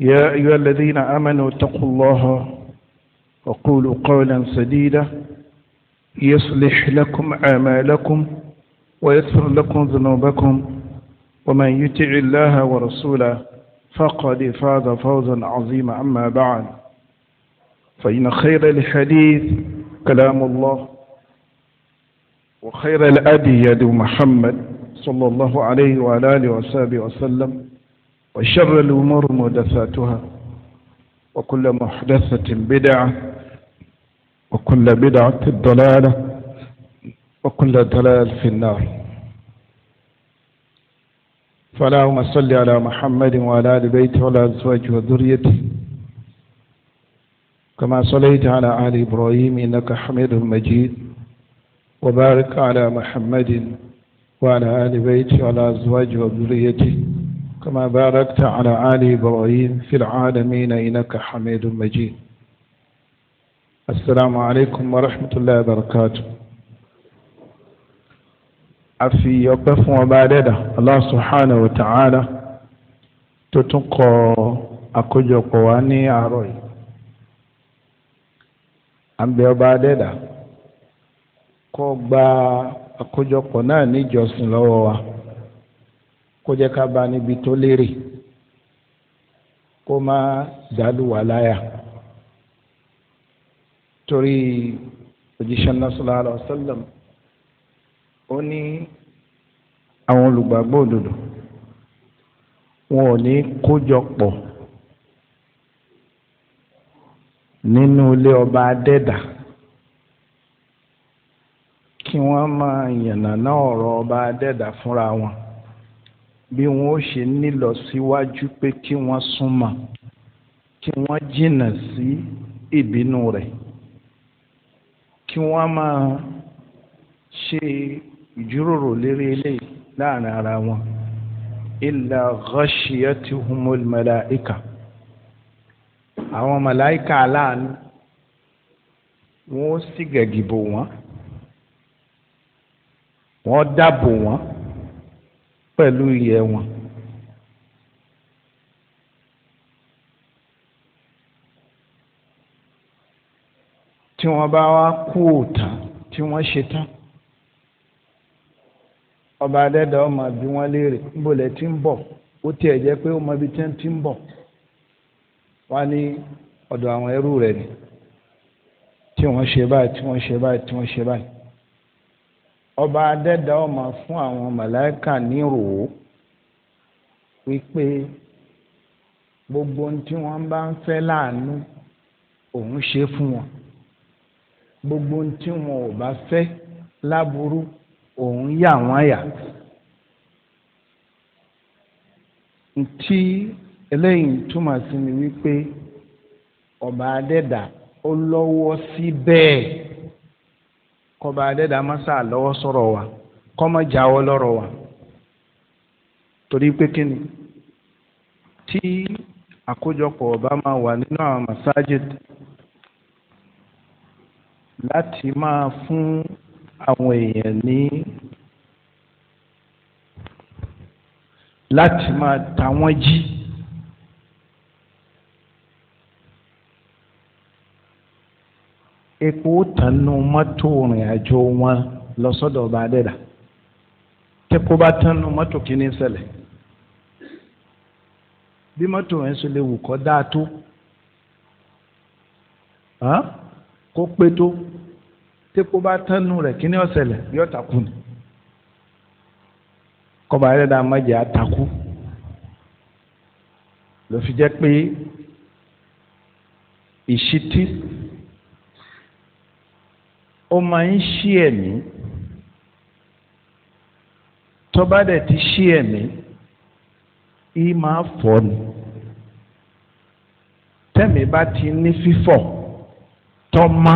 يا أيها الذين آمنوا اتقوا الله وقولوا قولا سديدا يصلح لكم أعمالكم ويغفر لكم ذنوبكم ومن يطع الله ورسوله فقد فاز فوزا عظيما أما بعد فإن خير الحديث كلام الله وخير الأدي يد محمد صلى الله عليه وعلى آله وصحبه وسلم وشر الأمور محدثاتها وكل محدثة بدعة وكل بدعة ضلالة وكل ضلال في النار فاللهم صل على محمد وعلى آل بيته وعلى أزواجه وذريته كما صليت على آل إبراهيم إنك حميد مجيد وبارك على محمد وعلى آل بيته وعلى أزواجه وذريته كما باركت على آل إبراهيم في العالمين إنك حميد مجيد السلام عليكم ورحمة الله وبركاته afi ọpẹ́ fún ọba adẹ́dà Allah subhanahu wa ta'ala tó tún kọ àkójọpọ̀ wa ní àárọ̀ yìí àbẹ̀ ọba adẹ́dà kó gba àkójọpọ̀ náà níjọsìn lọ́wọ́ wa kó jẹ́ ká bá níbi tó lérè kó má dàlú wà láyà torí òjíṣẹ́ náà sallallahu alaihi wasallam ó ní àwọn olùgbàgbọ́ òdodo wọn ò ní kójọ pọ̀ nínú ilé ọba adẹ́dà kí wọ́n máa yànnàná ọ̀rọ̀ ọba adẹ́dà fúnra wọn bí wọn ó ṣe nílọ síwájú pé kí wọn súnmọ́ kí wọn jìnnà sí ìbínú rẹ̀ kí wọn máa ṣe ìjíròrò lérí eléyìí láàrin ara wọn illa ghashiyatuhumul malaika àwọn màláìka aláàánú wọn ó sì gẹ̀gìbò wọn wọn dáàbò wọn pẹ̀lú ìyẹ́ wọn. tí wọ́n bá wá kú òtá tí wọ́n ṣe tán ọba adẹ́dà ọmọ bí wọ́n léèrè ńbọ̀lẹ̀ tí ń bọ̀ ó tiẹ̀ jẹ́ pé ó mọ ibi tí ń ti ń bọ̀ wá ní ọ̀dọ̀ àwọn ẹrú rẹ̀ ni tí wọ́n ṣe báyìí tí wọ́n ṣe báyìí tí wọ́n ṣe báyìí ọba adẹ́dá ọmọ fún àwọn màláíkà nírò wípé gbogbo ohun tí wọ́n bá ń fẹ́ láàánú òun ṣe fún wọn gbogbo ohun tí wọn ò bá fẹ́ láburú òun yà wọ́n yà. ntí eléyìí túmọ̀ sí ni wípé ọba adẹ́dá ó lọ́wọ́ sí bẹ́ẹ̀ kọba adẹ́dá masa lọ́wọ́ sọ̀rọ̀ wa kọ́mọ jáwọ́ lọ́rọ̀ wa torí pé kí ni tí àkójọpọ̀ ọba máa wà nínú àwọn láti máa fún àwọn èèyàn ní láti máa ta wọ́n jí. epo tanu mọ́tò rìn àjò wọn lọ sọ́dọ̀ ọba adẹ́dà tẹ́kọ bá tanu mọ́tò kìíní ṣẹlẹ̀ bí mọ́tò yẹn ṣe lè wù kọ́ dáa tó kó pé tó tẹ́kọ bá tanu rẹ̀ kìíní ó ṣẹlẹ̀ yóò takú ni kọ́ba adẹ́dà má jẹ́ àtakú ló fi jẹ́ pé ìṣítí ó máa ń ṣí ẹ̀mí tó bá dẹ̀ ti ṣí ẹ̀mí yìí máa fọ́ ni tẹ́mi bá ti ní fífọ̀ tó má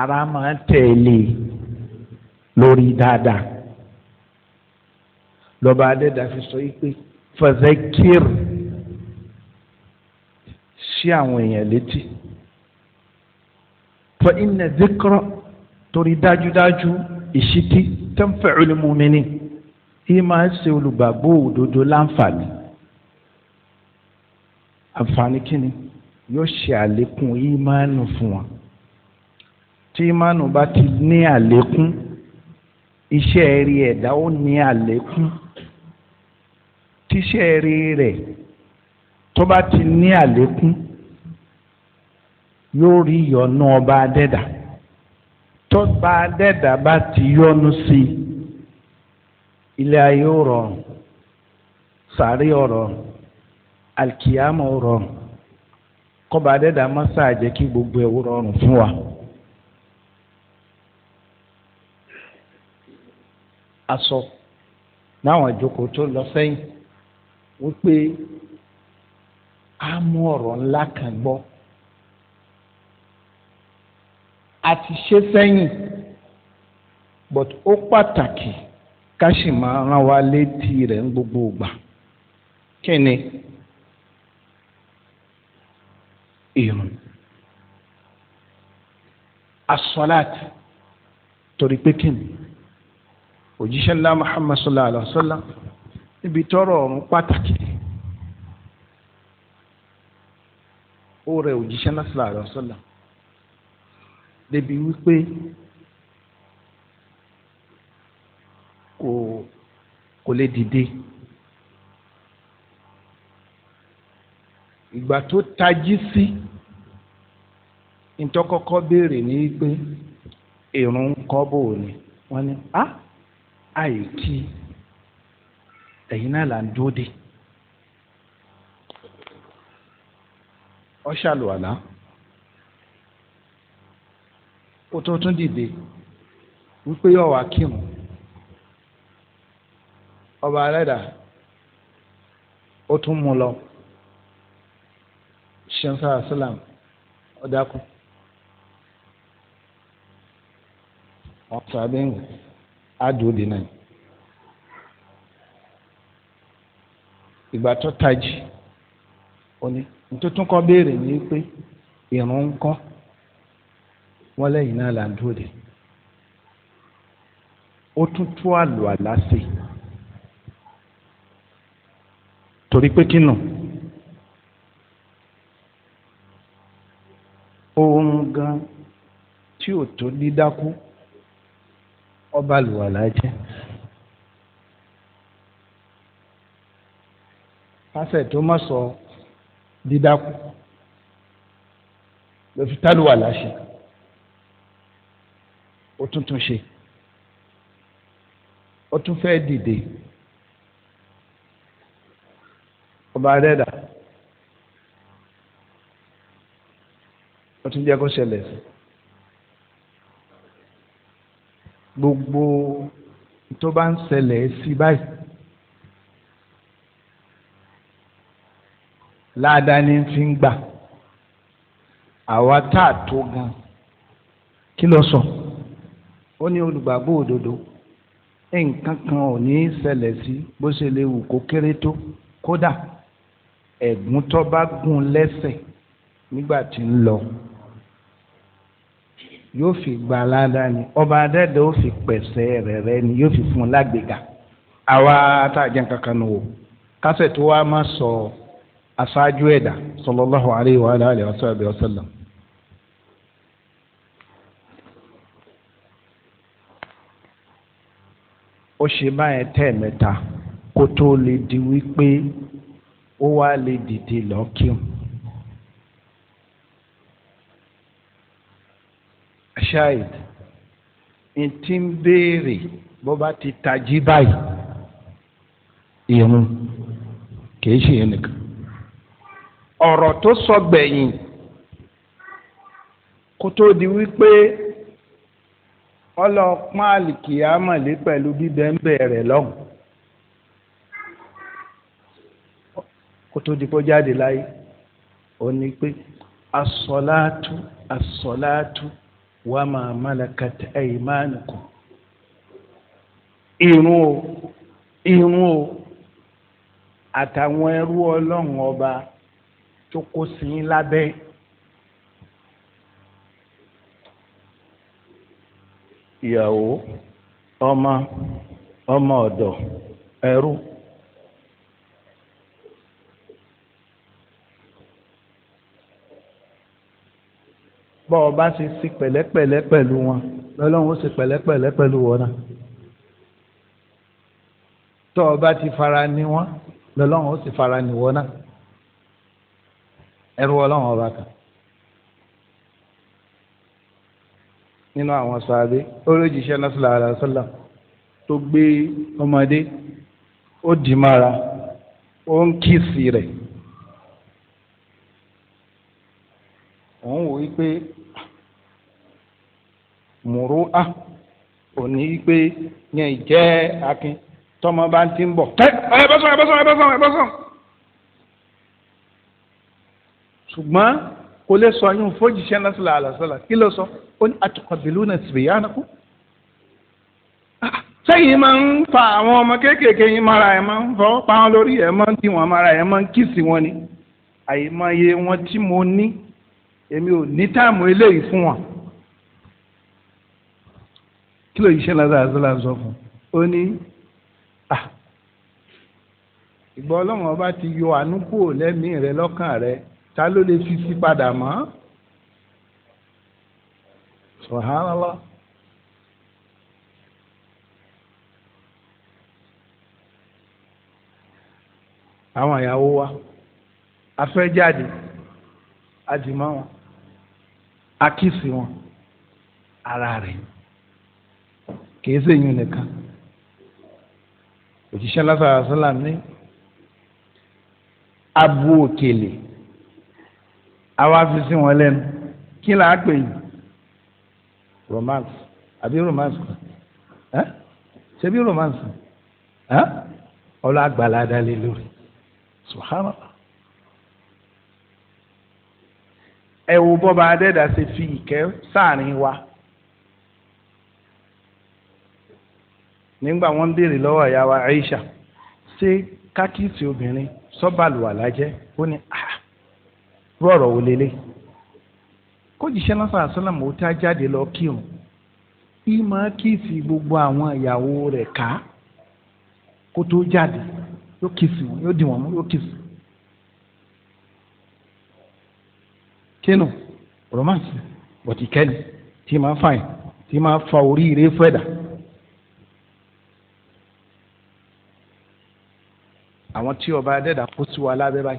ara máa tẹ̀lé lórí dáadáa lọ́ba adẹ́dàá fi sọ yìí pé fazakir sí àwọn èèyàn létí fa inna zikra torí dájúdájú ìṣítí tanfa'ul mu'minin yìí máa ń ṣe olùgbàgbọ́ òdodo láǹfààní àǹfààní kíni yóò ṣe àlékún ìmánu fún wọn tí ìmánu bá ti ní àlékún iṣẹ́ rí ẹ̀dá ó ní àlékún tíṣẹ́ rí rẹ̀ tó bá ti ní àlékún yóò rí ìyọ́nú ọba adẹ́dà tọ́ba adẹ́dà bá ti yọ́nú sí i ilé ayé ó rọrùn sàárè ó rọrùn alikiyama ó rọrùn kọ́ba adẹ́dà má ṣàjẹ́ kí gbogbo ẹ̀ rọrùn fún wa. aṣọ láwọn ìjókòó tó lọ sẹ́yìn wípé a mú ọ̀rọ̀ ńlá kan gbọ́. àti ṣe sẹ́yìn but ó pàtàkì ká sì máa rán wa létí rẹ̀ ń gbogbo ìgbà kí ni irun asọ́láàtì torí pé kí ni òjíṣẹ́ ńlá muhammad sallallahu alayhi wa sallam níbi tọ́rọ̀ ọ̀run pàtàkì ó rẹ òjíṣẹ́ ńlá sallallahu alayhi sallam débi wípé kò kò lè dìde ìgbà tó tají sí ntọ́kọ́kọ́ béèrè ní pé ìrun kọ́ bò ní wọ́n ní a àìkí ẹ̀yin náà là ń dúró de ọ̀ṣàlùwàlà kó tó tún dìde wípé yóò wá kírun ọba alẹ́dà ó tún mú lọ ṣẹ́ńsá asálàm ọ̀dàkù àwọn sàbẹ̀ ń adùn dì náà ìgbà tó tají ó ní nítorí tó béèrè ní pé ìrún ń kọ́ wọ́n lẹ́yìn náà là ń dúró de ó tún tú àlò àlá sí i torí pé kí nù oorun gan tí ò tó dídákú ọba lùwàlá jẹ pásẹ tó má sọ dídákú lọ fi tá lùwàlá ṣe ó tún tún ṣe ó tún fẹ́ dìde ọba adẹ́dà ó tún jẹ́ kó ṣẹlẹ̀ sí gbogbo tó bá ń ṣẹlẹ̀ sí báyìí láàdá ni fi ń gbà àwa tá a tó gan kí ló sọ. So? ó ní olùgbàgbọ́ òdodo nǹkan kan ò ní í ṣẹlẹ̀ sí bó ṣe lè wù kó kéré tó kódà ẹ̀gún tó bá gún lẹ́sẹ̀ nígbà tí ń lọ yóò fi gba aládàá ni ọba adẹ́dẹ́ ó fi pẹ̀sẹ̀ rẹ̀ rẹ́ ni yóò fi fún un lágbègà àwa a kankan nù o kásẹ̀ tó wá má sọ aṣáájú ẹ̀dá wa ó ṣe báyẹn tẹ́ẹ̀mẹ́ta kó tó lè di wípé ó wá lè dìde lọ́kìún. ṣáìd n ti ń béèrè bó bá ti tají báyìí irun kìí ṣe é nìkan ọ̀rọ̀ tó sọ gbẹ̀yìn kó tó di wípé ọlọ́pàá àlìkìyàmọ̀lé pẹ̀lú bíbẹ́ńbẹ́ rẹ̀ lọ́hùn kó tó di kó jáde láyé ó ní pé asọ́láàtú asọ́láàtú wà máa málàkàtà aymanukum irun o irun o àtàwọn ẹrú ọlọ́run ọba tó kó sí lábẹ́. ìyàwó ọmọ ọmọ ọ̀dọ̀ ẹrú. bọ́ ọ bá ṣe sí pẹ̀lẹ́pẹ̀lẹ́ pẹ̀lú wọn lọ́lọ́run ó ṣe pẹ̀lẹ́pẹ̀lẹ́ pẹ̀lú wọn náà tọ́ ọ ti fara ní wọn lọ́lọ́run ó sì fara ní wọn náà ẹrú ọlọ́run ọba kan. nínú àwọn sàbẹ olójìṣẹ nasala alasala tó gbé ọmọdé ó dì mára ó ń kíìsì rẹ̀ òun wò wípé mùrú á òní wípé yẹn jẹ́ akin tọmọ bá ń ti ń bọ̀ ẹ ẹ bọ́sán ẹ bọ́sán ẹ bọ́sán ẹ bọ́sán ṣùgbọ́n kò lè sọ yín fojìṣẹ́ náà sílẹ̀ àlàsílẹ̀ kí ló sọ ó ní àtùkọ̀bìlú náà sì bìyà náà ń fa àwọn ọmọ kéékèèké yín mara ẹ̀ máa ń fọwọ́ pa wọn lórí ẹ̀ máa ń tì wọ́n mara ẹ̀ máa ń kíìsì wọn ni àyèmáyé wọn tí mo ní èmi ò ní táàmù eléyìí fún wọn. kí yìí ṣe náà àlàsílẹ̀ sọ fún un ó ní ah, ìgbọ́ ọlọ́run ọba ti yọ àánú lẹ́mìí rẹ lọ́kàn rẹ ta ló lè fi sí padà mọ́ subhanallah. àwọn ìyàwó wa afẹ́jáde àjùmọ̀ wọn akíìsì wọn ara rẹ̀ kìí ṣèyún nìkan òjíṣẹ́ lásàrà ní abu òkèlè àwa fi sí wọn lẹ́nu kí là á yìí romance àbí romance ẹ ṣe bí romance ẹ ọlọ́ àgbàlá adalẹ lórí subhanallah ẹ wo bọba adẹ́dà ṣe fi ìkẹ́ sáàrin wa nígbà wọn béèrè lọ́wọ́ ìyá Aisha ṣé kákìtì obìnrin sọ́bàlùwà lájẹ́ ó ní ah rọrọ wò lélẹ̀ kó jíṣẹ́ lọ́sàn àṣọlá mò ń tá jáde lọ kírun ìmọ̀ gbogbo àwọn ìyàwó rẹ̀ ká kó tó jáde yóò kíìsì wọn yóò dì mú yóò kíìsì. kínú romance bọ̀tìkẹ́ni tí máa fà yín tí máa fa oríire fẹ́dà. àwọn tí ọba adẹ́dà kó sí wa lábẹ́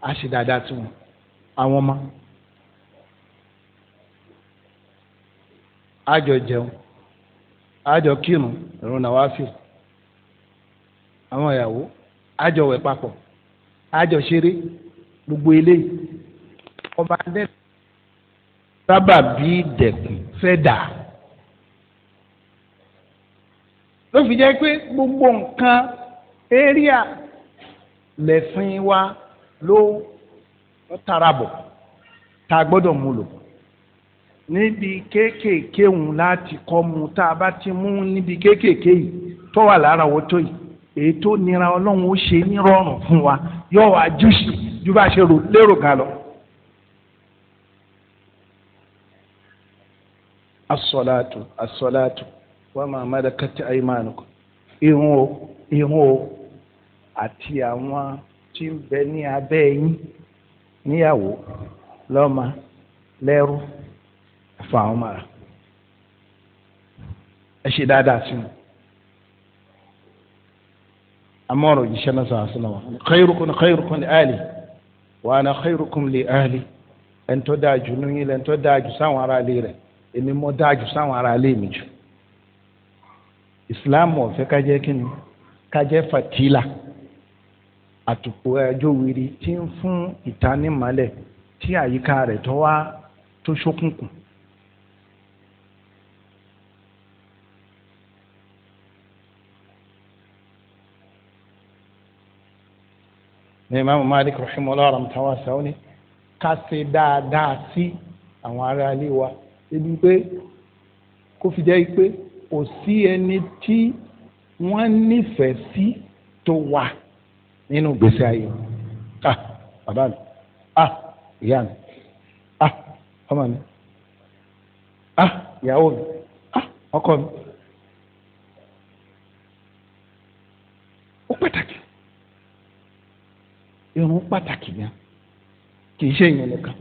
á ṣe dáadáa tí wọn àwọn ọmọ á jọ jẹun á jọ kírun ìrun náà wá fìl àwọn ìyàwó á jọ wẹ̀ papọ̀ á jọ ṣeré gbogbo eléyìí ọba adé sábà bí ìdẹ̀kùn fẹ́ dà ló fi jẹ́ pé gbogbo nǹkan éríà lẹ̀sìn wa. ló tarabọ̀ tá a gbọ́dọ̀ mú lò níbi kéékèèké òun láti kọ́ mu tá a bá ti mú níbi kéékèèké yìí tó wà lára owó nira ọlọ́run ó ṣe nírọ̀rùn fún wa yóò wá júṣì ju bá a ṣe lérò lọ. asọ́láàtù asọ́láàtù wọ́n máa má kẹ́tẹ́ máa nù. tí ń bẹ ní abẹ́ yín níyàwó lọ́mọ lẹ́rú fún àwọn ọmọ rẹ̀ ẹ ṣe dáadáa sí wọn. amọ́rọ̀ òjíṣẹ́ náà sọ̀rọ̀ sọ́nà wọn khayrukum khayrukum li ahli wa ana khayrukum li ahli ẹni tó dáa jù nínú yín sáwọn ará ilé rẹ̀ èmi mo dáa sáwọn ará ilé mi jù. ìsìláàmù ọ̀fẹ́ kájẹ́ kí kájẹ́ fatila àtùpò ẹjọ́wìrì tí ń fún ìtanímọ́lẹ̀ tí àyíká rẹ̀ tó wá tó ṣókùnkùn. ní imaamu malik rahimahullah ramtawa sauni ká ṣe dáadáa sí àwọn aráalé wa ebi pé kó fi jẹ́ pé kò sí ẹni tí wọ́n nífẹ̀ẹ́ sí tó wà nínú gbèsè ayé ah bàbá mi ah ìyá mi ah ọmọ mi ah ìyàwó mi ah ọkọ mi. ó pàtàkì irun pàtàkì gan kì í ṣe ìyẹn nìkan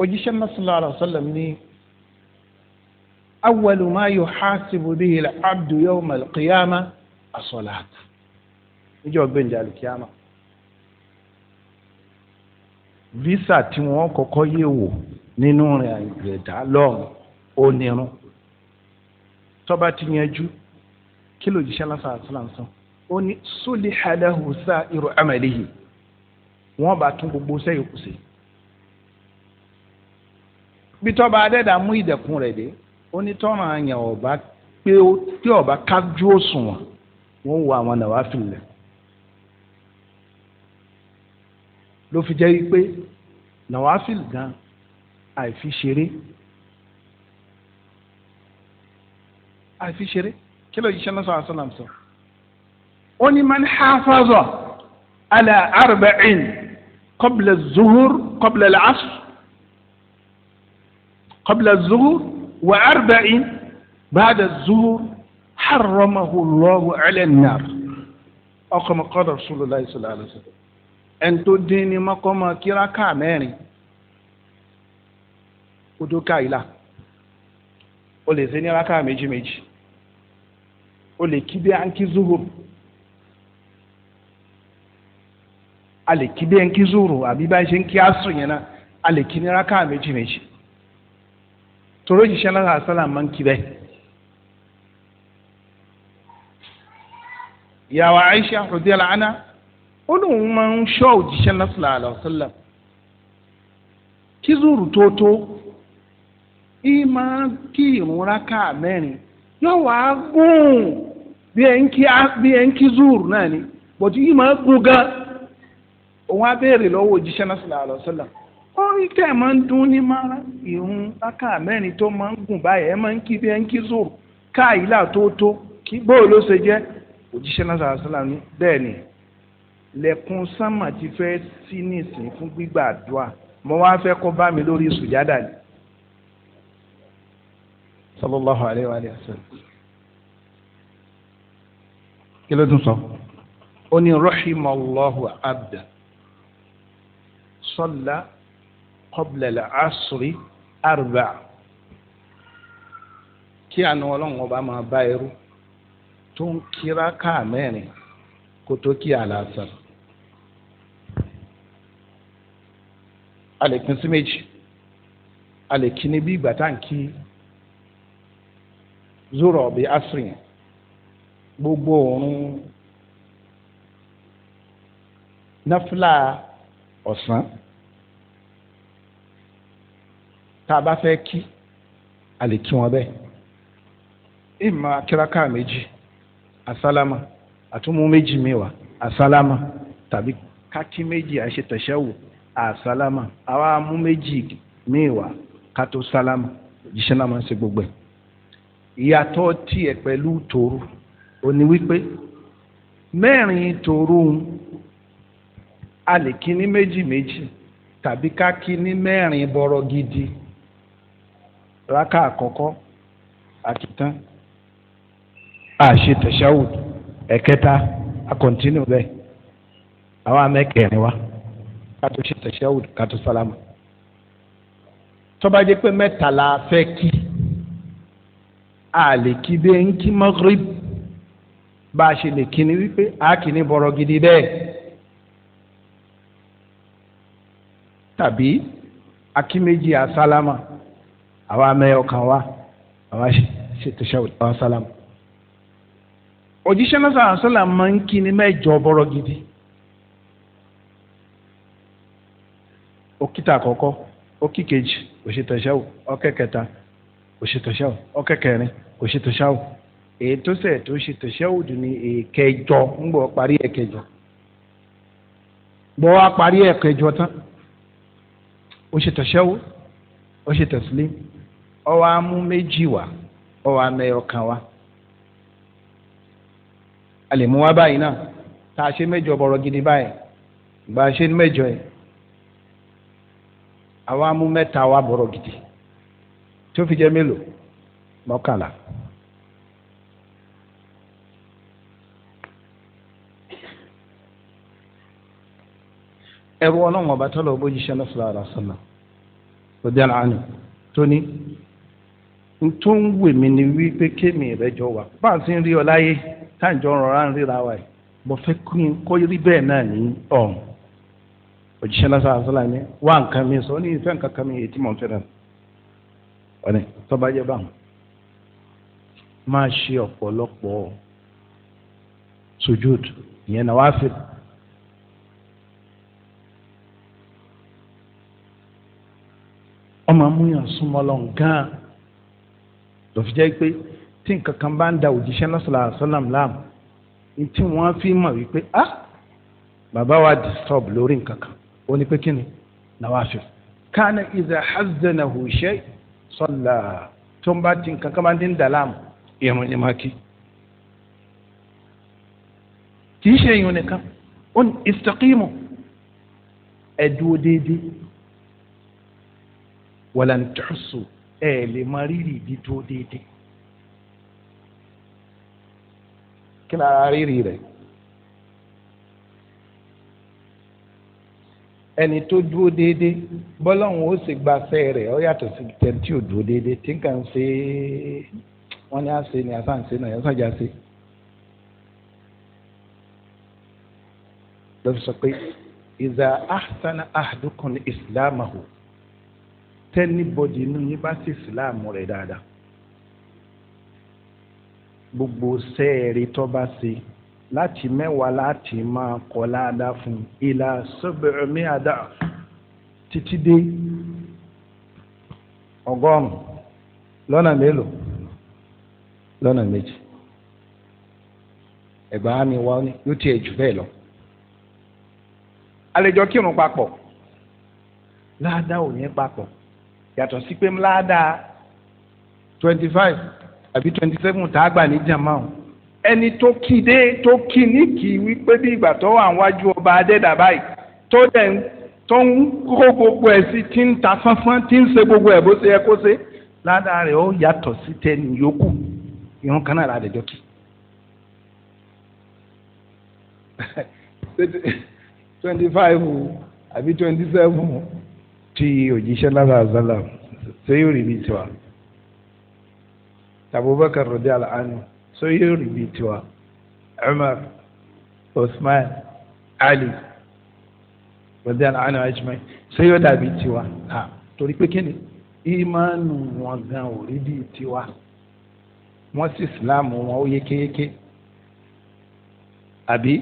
òjíṣẹ́ masala alaṣọ́lẹ̀m ní awwalu ma bihi al-abdu yawma al-qiyama níjọ́ gbẹ̀ǹdà lùkíámà visa tí wọ́n kọ́kọ́ yẹ̀ wò nínú rìn àgbẹ̀dá lọ́rùn onírun tọ́ba ti yanjú kí ló jíṣẹ́ lásán àtúnlánsán ó ní sólì halahu sa irú amẹ́lẹ́yìí wọ́n bá tún gbogbo sẹ́yìn kù sí. bí tọ́ba adẹ́dà mú ìdẹ̀kùn rẹ̀ dé ó ní tọ́ràn àyàn ọ̀bá pé ọ̀bá kájú òṣùwọ̀n wọ́n wo àwọn nàwáfìlẹ̀ ló fi jẹ́ pé nàwáfíìl gan àìfi ṣeré àìfi ṣeré kí ló yíṣẹ́ náà sọ àṣọlàm sọ. ó ní man hafaza ala arba'in qabla zuhur qabla al-asr qabla zuhur wa arba'in ba'da zuhur haramahu Allahu ala ọkọ̀ mọ̀kọ́ rasulullah sallallahu alaihi wasallam. ẹni tó dín ní mọ́kọ́mọ́ kíráká mẹ́rin odóka o lè ṣe ole ráká o lè kí bí anki zuhur a lè kí bí anki zuhur àbí bá ṣe ń kí asùn yẹn náà a lè kí ní ráká tòró náà sálà máa ń kí bẹ́ẹ̀. Aisha radiyallahu anha ó lóun máa ń ṣọ́ òjíṣẹ́ náà sílẹ̀ àlọ́sílà kí zuru tó tó í máa kí ìrun rákà mẹ́rin yóò wá gùn bí ẹ ń kí zuru náà ni bọ̀dú yìí máa gùn gan òun á béèrè lọ́wọ́ òjíṣẹ́ náà sílẹ̀ àlọ́sílà ó rí tẹ́ ẹ̀ máa ń dún ní mara ìrun rákà mẹ́rin tó máa ń gùn báyìí ẹ máa ń kí bí ẹ ń kí zuru káàyílà tó tó kí bóòló ṣe jẹ́ òjíṣẹ́ náà sílẹ̀ bẹ́ẹ̀ ni lẹ̀kùn sánmà ti fẹ́ sí nísìn fún gbígbà àdúrà mo wá fẹ́ kó bá mi lórí sùjádà ni. sallallahu alayhi wa sallam. kí ló tún sọ. ó ní rahimallahu abda salla qabla al arba kí àna ọlọ́run ọba máa bá ẹrú tó ń kíra káà kó tó kí àlàásàrì a lè pín sí méjì a lè kí ni bí ìgbà tá à zoro ọbẹ asiri gbogbo òórùn náfìlà ọ̀sán tá a bá fẹ́ kí a kí wọn bẹ́ẹ̀ ìmọ̀ akẹ́rákà méjì asálámà àtúmú méjì mẹ́wàá àsálámà tàbí kákí méjì àṣetẹ̀ṣẹ́wò àsálámà àwa mú méjì mẹ́wàá kátó sálámà òjíṣẹ́ náà máa ń ṣe gbogbo ẹ̀. ìyàtọ̀ tiẹ̀ pẹ̀lú tòru ò ní wípé mẹ́rin tòru a lè kí ní méjì méjì tàbí ká ní mẹ́rin bọ̀rọ̀ gidi rákà àkọ́kọ́ àkìtàn àṣetẹ̀ṣẹ́wò ẹ̀kẹta a kọ̀ntínú bẹ́ẹ̀ àwọn amẹ́kẹ̀rin wa kátó ṣe tẹ̀síọ́wò kátó sálámù tọ́ba jẹ́ pé mẹ́ta la fẹ́ kí a lè kí bẹ́ẹ̀ ń kí magrib bá a ṣe lè kí wípé a kì ní bọ̀rọ̀ gidi bẹ́ẹ̀ tàbí akíméjì asálámà àwa amẹ́yọkàn wa àwa ṣe tẹ̀síọ́wò àwa sálámù. òjíṣẹ́ náà sọ̀rọ̀ sọ́là máa ń kí ni mẹ́jọ bọ́rọ̀ gidi òkìtà àkọ́kọ́ okikeji kejì òṣètòṣáwò ọ̀kẹ́kẹta òṣètòṣáwò ọ̀kẹ́kẹrin òṣètòṣáwò èyí tó sẹ̀ dùn ní èkẹjọ ń gbọ́ parí ẹ̀kẹjọ gbọ́ wá parí ẹ̀kẹjọ tán ọwọ́ amú méjì wá ọwọ́ a lè mú wá báyìí náà tá a ṣe mẹ́jọ bọ̀rọ̀ gidi báyìí ìgbà ṣe mẹ́jọ yìí àwa mú mẹ́ta wá gidi tó fi mélòó tọ́lọ̀ bójú ṣẹlẹ̀ fúlàrà tó ń wè mí ni wípé kémi rẹ jọ wà bá a sì ń rí ọ láyé táǹjọ rọra ń ríra wa yìí mo fẹ́ kó rí bẹ́ẹ̀ náà ní ọ̀hún òjíṣẹ́ lásán àṣọlá ni wá nǹkan mi sọ ní ìfẹ́ nǹkan kan mi èyí tí mò ń fẹ́ràn ọ̀nì tọ́ba jẹ́ báwọn máa ṣe ọ̀pọ̀lọpọ̀ sujud ìyẹn náà wáá fi. ọmọ amúyàn súnmọ́ lọ gan-an lọ́fi jẹ́ pé tí nǹkan kan bá ń da òjíṣẹ́ náà sọ̀rọ̀ àṣọ́nà láàmú tí wọ́n fi mọ̀ wípé ah bàbá wa disturb lórí nǹkan kan ó ní pé kí ni nawafil kana iza hazzanahu shay salla tó ń bá ti nǹkan kan bá ń dín láàmú ìrun ni máa kí kì í ṣe ìrun nìkan ó ní istaqimu ẹ déédéé walan ẹ lè mọ rírì dídúró déédéé kí lára rírì rẹ̀ ẹni tó dúró déédéé bọ́lọ́hún ó sì gbaṣẹ́ rẹ̀ ó yàtọ̀ sí tẹ̀lé tí ò dúró déédéé tí nǹkan ń ṣe wọ́n ní àṣe ni àṣà ń ṣe náà yẹ́n sàjà ṣe. lọ́sọ̀ pé ìzà ahsana ahdukum islamahu tẹ́nibọ́dì inú yín bá sì síláàmù rẹ̀ dáadáa gbogbo sẹ́ẹ̀rì tó bá ṣe láti mẹ́wàá láti máa kọ́ láadáa fún un ìlà sọ́bẹ̀rẹ̀ mi àdá títí dé ọgọ́rùn-ún lọ́nà mélòó lọ́nà méjì ẹ̀gbọ́n á mi wá ní yóò tiẹ̀ jù bẹ́ẹ̀ lọ. àlejò kírun papọ̀ láadáa ò yẹn papọ̀ yàtọ̀ sí pé ńláda twenty five àbí twenty seven tá a gbà ní jàmá o ẹni tó kí dé tó kí ní kí wípé bí ìgbà tó wà wájú ọba adẹ́dà báyìí tó dẹ̀ ń tó ń kó gbogbo ẹ̀ sí tí ń ta fánfán tí ń ṣe gbogbo ẹ̀ bó ṣe yẹ kó ṣe ládàá rẹ̀ ó yàtọ̀ sí tẹni yòókù ìrun kan náà ládẹjọ́ kí. twenty five àbí twenty seven ti òjíṣẹ́ lára àzálà ṣé yóò rí bí tiwa Abubakar rọdí àlàánú ṣé yóò rí bí tiwa Umar Usman Ali rọdí àlàánú ajmai ṣé yóò dàbí tiwa torí pé kí ni ìmánu wọn gan ò rí bí tiwa wọ́n sì islam wọn ó yékéyéké àbí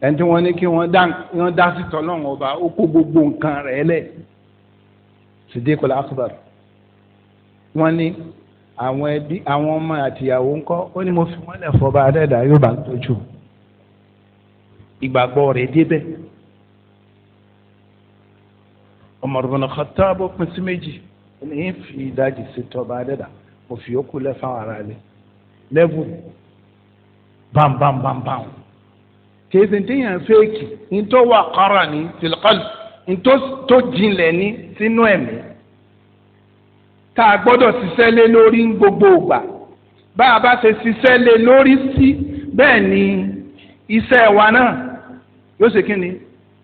ẹni tí wọ́n ní kí wọ́n dá sí tọ́lọ́run ọba ó kó gbogbo nǹkan rẹ̀ lẹ̀ Siddiq al-Akbar wọ́n ní àwọn ẹbí àwọn ọmọ àtìyàwó ńkọ́ ó ní mo fi wọ́n lẹ̀ fọba adẹ́dà yóò bá ń tọ́jú ìgbàgbọ́ rẹ̀ débẹ̀ Umar ibn Khattab pín sí méjì ní í fi ìdajì sí tọba adẹ́dà mo fi yókù lẹ̀ fáwọn ará rẹ̀ lẹ́bù bámbámbámbám kì í sì ń tẹ̀yàn fẹ́ẹ̀kì ní tó wà tó jinlẹ̀ ní sínú ẹ̀mí tá a gbọ́dọ̀ ṣiṣẹ́ lé lórí ń gbogbo ògbà bá a bá ṣe ṣiṣẹ́ lé lórí sí bẹ́ẹ̀ ni iṣẹ́ wa náà yóò ṣe kí ni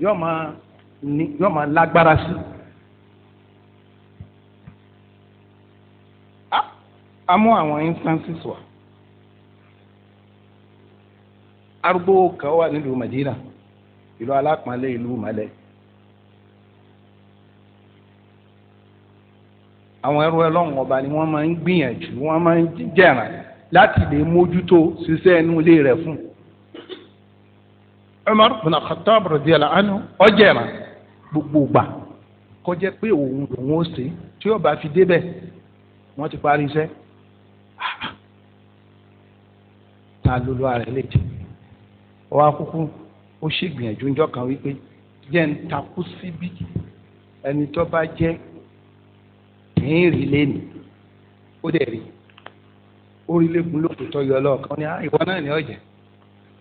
yóò máa ní yóò máa lágbára sí. a mú àwọn instances wá arúgbó kan wà nílùú Madina ìlú alápọ̀nlé ìlú malẹ̀. àwọn ẹrú Ọlọ́run ọba ni wọ́n máa ń gbìyànjú wọ́n máa ń jẹ̀ràn láti lè mójútó ṣiṣẹ́ inú ilé rẹ̀ fún. Umar bin Khattab radiyallahu anhu ọjẹ̀ràn gbogbo gbà kọjá pé òun lòun ó ṣe tí ó bá fi débẹ̀ wọ́n ti parí iṣẹ́ ta ló lọ ara ẹ̀ lè jẹ́ ọwọ́ akúkú ó ṣègbìyànjú ńjọ́ kan wípé jẹ́ ń takú síbí ẹni tó bá jẹ́ ń rí lẹ́nu ó dẹ̀ rí orílẹ̀-èdè lókè tó yọ lọ́ọ̀kan ní ah, ìwọ náà ní ọ̀jẹ̀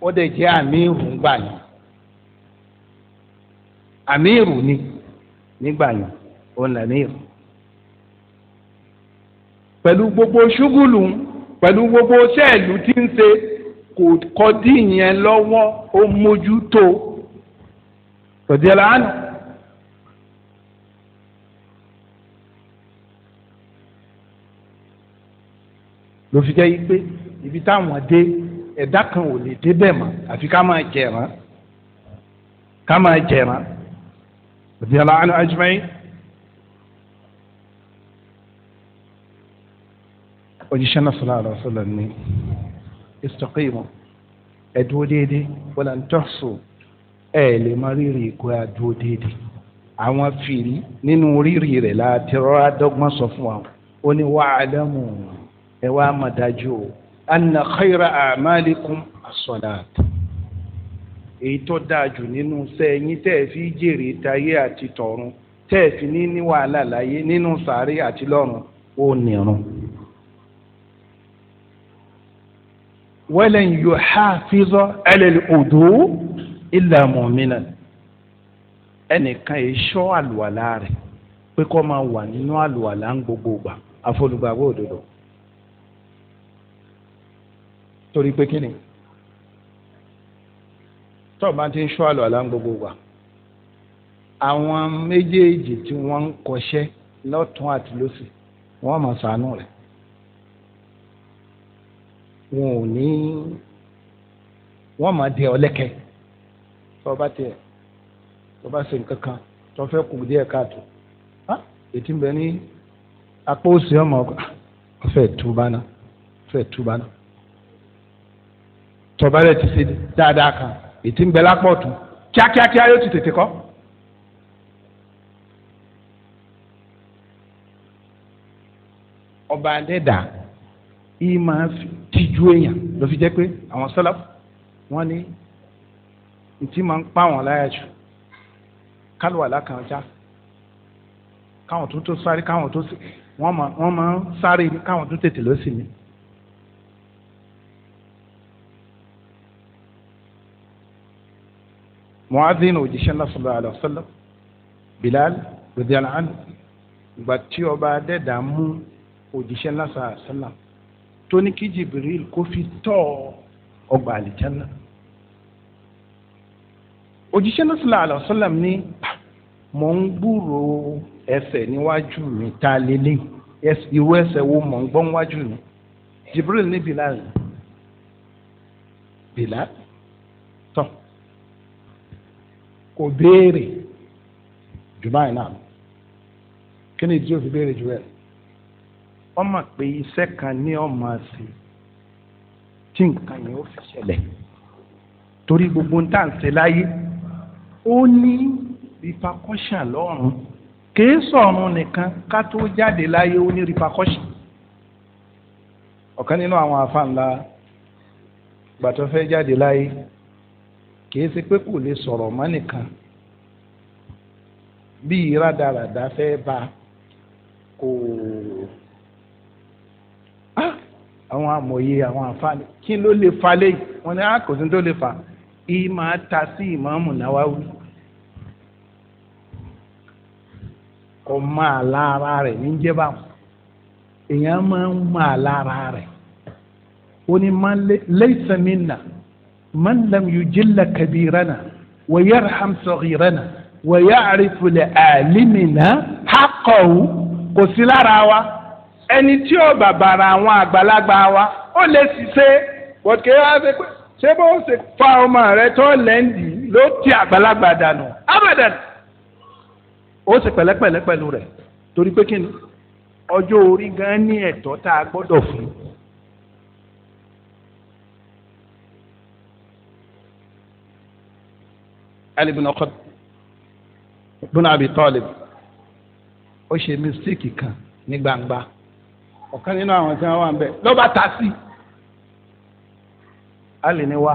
ó dẹ̀ jẹ́ àmì ìhùn gbà àmì ìrù ni nígbà yàn òun là ní ìrù pẹ̀lú gbogbo ṣúgùlù pẹ̀lú gbogbo sẹ́ẹ̀lù tí ń ṣe kò kọ́ dín yẹn lọ́wọ́ ó mójútó tòdìẹ̀ lánàá. ló fi jẹ́ pé ibi táwọn dé ẹ̀dá kan ò lè débẹ̀ mọ́ àfi ká máa jẹ̀rán ká máa jẹ̀rán radiyallahu anhu ajma'in. òjíṣẹ́ náà sallallahu alaihi wasallam ní istaqimu ẹ̀dúró déédéé wala tuhsu ẹ̀ lè má rírì kó ẹ̀ déédéé àwọn fìrí nínú rírì rẹ̀ láti rọra dọ́gbọ́n sọ fún wa ó ní wa'lamu ẹ wá mà dájú o anna khayra amalikum as-salat èyí tó dáa jù nínú sẹ́yìn tẹ́ ẹ fi jèrè tayé àti tọ̀run tẹ́ ẹ fi ní ní wàhálà láyé nínú sàárè àti lọ́run ó nìrun. walan yuhafiza ala al-wudu illa mu'minan ẹnìkan yìí ṣọ́ àlùwàlá rẹ̀ pé kó máa wà nínú àlùwàlá ń gbogbo gbà àfọlùgbàgbọ́ òdodo torí pé kí ni tọ́ọ̀ bá ti ń ṣọ́ àlọ́ àlá ń gbogbo wa àwọn méjèèjì tí wọ́n ń kọṣẹ́ lọ́tún àti lọ́sì wọ́n máa ṣàánú rẹ̀ wọn ò ní wọ́n máa dẹ ọ lẹ́kẹ̀ẹ́ tọ́ọ̀ bá tiẹ̀ tọ́ọ̀ bá ṣe nǹkan kan tọ́ọ̀ fẹ́ kù díẹ̀ káàtó ètí ń bẹ ní apá òsì ọmọ ọfẹ́ ah, túbánà ọfẹ́ túbánà tọba rẹ ti ṣe dáadáa kan ètí ń bẹ lápá ọ̀tún kíákíákíá yóò ti tètè kọ́. ọba adẹ́dà yìí máa tijú èèyàn ló fi jẹ́ pé àwọn sọ́lá wọ́n ní ntí máa ń pa àwọn láyà jù kálùwàlá kan já káwọn tó tó sáré káwọn tó wọ́n máa ń sáré káwọn tó tètè lọ sí muazin òjíṣẹ́ náà sallallahu alaihi wasallam bilal radiyallahu anhu ìgbà tí ọba adẹ́dà mú òjíṣẹ́ náà sallallahu alaihi wasallam tó ní kí jibril kó fi tọ́ ọgbà àlìjánná òjíṣẹ́ náà sallallahu alaihi wasallam ní mò ń gbúrò ẹsẹ̀ níwájú mi tá a lélẹ̀ irú ẹsẹ̀ wo mò ń gbọ́ níwájú mi jibril ní bilal bilal. kò béèrè jù báyìí náà kí ni ìdí tí ó fi béèrè jù bẹ́ẹ̀. wọ́n mọ̀ pé iṣẹ́ kan ní ọmọ sí tí nǹkan yẹn ó fi ṣẹlẹ̀ torí gbogbo ń tà ń ṣe láyé ó ní repercussion lọ́rùn kìí sọ̀run nìkan ká tó jáde láyé ó ní repercussion ọ̀kan nínú àwọn afáńlá gbàtọ́ fẹ́ jáde láyé kìí ṣe pé kò lè sọ̀rọ̀ mọ́ nìkan bí rádaràdà fẹ́ bá kò àwọn amòye àwọn àǹfààní kí ló lè fa léyìí wọn ni a ah, kò sí tó lè fa ìyí máa ta sí ìmáàmù Nawawi kò máa lára rẹ̀ ní jẹ́bà èèyàn máa ń máa lára rẹ̀ ó máa lé lẹ́sẹ̀ mi nà. من لم يجل كبيرنا ويرحم صغيرنا ويعرف لعالمنا حقه kò sí lára wa ẹni tí ó bàbàrà àwọn àgbàlagbà wa ó lè ṣiṣẹ́ wọ̀kẹ́ wá ṣe pé ṣé bó ṣe fa ọmọ rẹ tó lẹ́ǹdì ló ti àgbàlagbà dànù abadan ó ṣe pẹ̀lẹ́pẹ̀lẹ́ pẹ̀lú rẹ̀ torí pé kí ni ọjọ́ orí gan ní ẹ̀tọ́ tá a gbọ́dọ̀ fún un. Ali bin ọkọ bin Abi Talib ó ṣe mistake kan ní gbangba ọ̀kan nínú àwọn tí wọ́n wà ń bẹ̀ lọ́ba ta sí Ali ni wá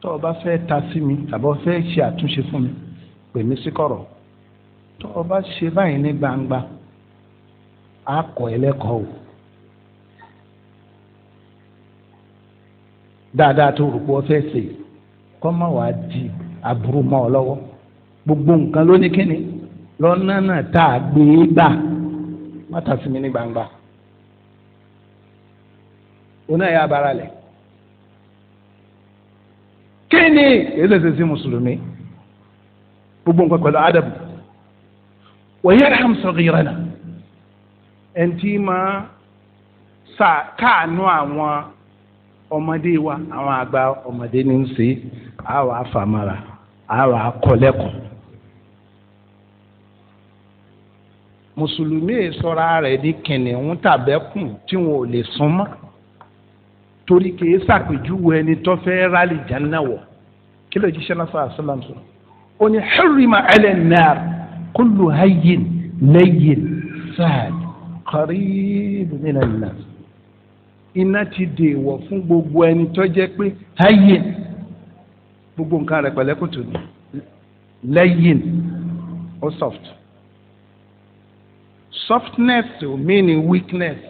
tó o bá fẹ́ ta sí mi tàbí o fẹ́ ṣe àtúnṣe fún mi pè mí sí kọ̀rọ̀ tó o bá ṣe báyìí ní gbangba á kọ́ ẹ lẹ́kọ̀ọ́ o. dáadáa tó rò pé o fẹ́ ṣe kọ́mọ wà á di aburú mọ́ ọ lọ́wọ́ gbogbo nǹkan ló ní kíni lọ́nà náà tá a gbé e gbà mọ́tà sí mi ní gbangba oná yà abara lẹ̀ kíni èsèsè sí mùsùlùmí gbogbo nǹkan pẹ̀lú adabu wa yarham saghirana ẹ̀ntì máa káànú àwọn ọmọdé wa àwọn àgbà ọmọdé ní ń ṣe àwọn afàmàrà àwọn akọlẹ́kọ̀ọ́. mùsùlùmí sọra rẹ̀ di kìnìún tàbẹ́kùn tí wọn ò lè sún mọ́ torí kìí ṣàpèjúwe ẹni tó fẹ́ rálì jánná wọ̀ kí ló náà sọ̀rọ̀ sọ́làm sọ̀rọ̀ ó ní hurrima ala nnar kullu hayyin layyin sad qarib minan nas iná ti dèèwọ̀ fún gbogbo ẹni tó jẹ́ pé hayyin gbogbo nǹkan rẹ̀ pẹ̀lẹ́kùtù ni lẹ́yìn ó soft softness ò meaning weakness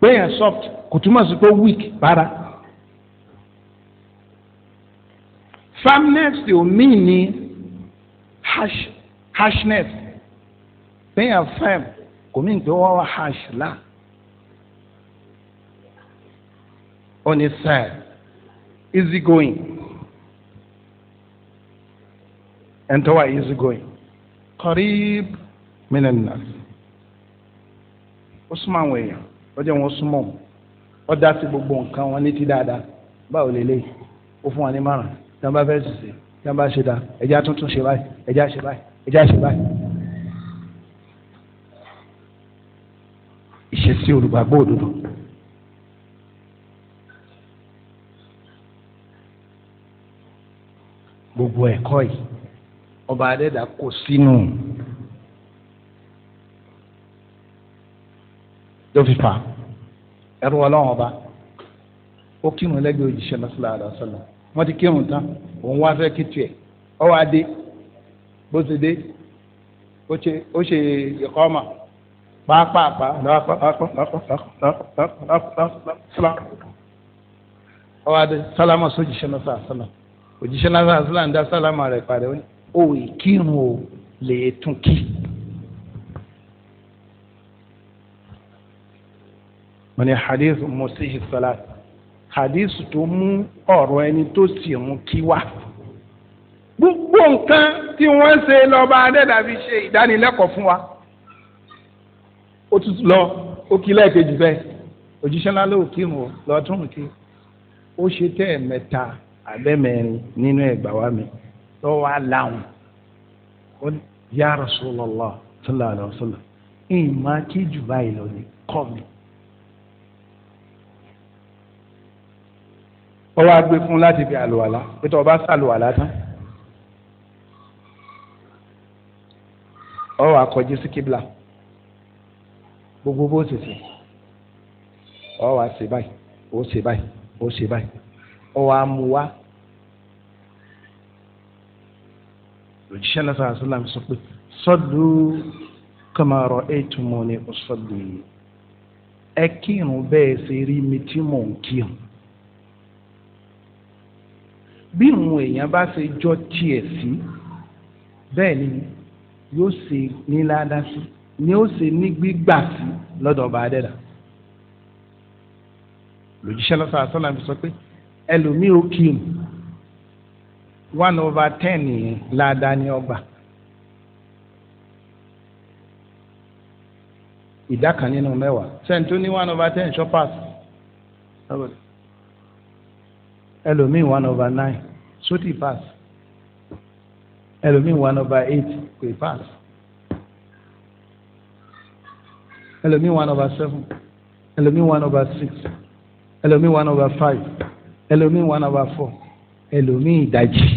péyàn soft kò túmọ̀ sí pé weak bára firmness ò meaning harsh harshness téèyàn fẹ́m kò mí pé wọ́n wá hajj là ó ní sẹ́ẹ̀ easy going ẹni tó wà easy going kọ́rí mìíràn náà ó súnmọ́ àwọn èèyàn ó jẹ́ wọn súnmọ́ ó dá sí gbogbo nǹkan wọn ní ti dáadáa báwo lè léyìí ó fún wa ní márùn tí wọn bá fẹ́ ṣe tí wọn bá ṣe dáa ẹja tuntun ṣe báyìí ẹja ṣe báyìí ẹja ṣe báyìí ìṣesí olùgbàgbọ́ òdodo. gbogbo ẹ̀kọ́ yìí ọba adẹ́dà kò sínú lọ́fífà ẹ̀rọ ọlọ́run ọba ó kírun lẹ́gbẹ̀ẹ́ òjíṣẹ́ lọ́sọ̀lá àdàsọ̀lá wọ́n ti kírun tán òun wá fẹ́ kí tiẹ̀ ọ wá bó ti dé ó ṣe ìkọ́ ọmọ pàápàá ọwọ́ adé sálámà sójìṣẹ́ náà sàásánà òjìṣẹ́ náà sàásánà ń dá sálámà rẹ̀ padà ó wì kírun o lè tún kí. wọ́n ní hadith mọ̀síhì salat hadith tó mú ọ̀rọ̀ ẹni tó sì mú kí wá. gbogbo nǹkan tí wọ́n ń ṣe lọ́ba adẹ́dàbí ṣe ìdánilẹ́kọ̀ọ́ fún wa ó tutù lọ ó kí lẹ́ẹ̀kejì bẹ́ẹ̀ òjíṣẹ́ ńlá ló kí wọn lọ́tún kí ó ṣe tẹ́ ẹ̀ mẹ́ta abẹ́mẹ́rin nínú ẹ̀gbà wa mi lọ́wọ́ aláwọn ó yá Rasulullah sallallahu alaihi wasallam ìmọ̀ kí jù báyìí lọ ní kọ́ mi. ó wá gbé fún láti fi àlùwàlá pé tó o bá sàlùwàlá tán ó wá kọjú sí kíbla gbogbo bó ṣe ṣe ọ wá ṣe báyìí ó ṣe báyìí ó ṣe báyìí ọ wá mú wá. òjíṣẹ́ náà sọ̀rọ̀ sọ́lá mi sọ pé sọ́dù kọ́mọ̀rọ̀ ètùmọ̀ ni ó sọ́dù yìí ẹ kírun bẹ́ẹ̀ ṣe rí mi tí mò ń kírun. bí ìrùn èèyàn bá ṣe jọ tiẹ̀ sí bẹ́ẹ̀ ni yóò ṣe ní ládàá sí ni ó sì ní gbígbà sí lọ́dọ̀ ọba adẹ́dà lòjíṣẹ́ lọ́sọ̀ àtọ́là fi sọ pé ẹlòmíì ó kí ni one over ten yẹn láadáa ní ọgbà ìdá kan nínú mẹ́wàá sẹ́ńtú ní one over ten shoppers ẹlòmíì one over nine sótì pass ẹlòmíì one over eight kò pass. ẹlòmíì one over seven ẹlòmíì one over six ẹlòmíì one over five ẹlòmíì one over four ẹlòmíì ìdajì.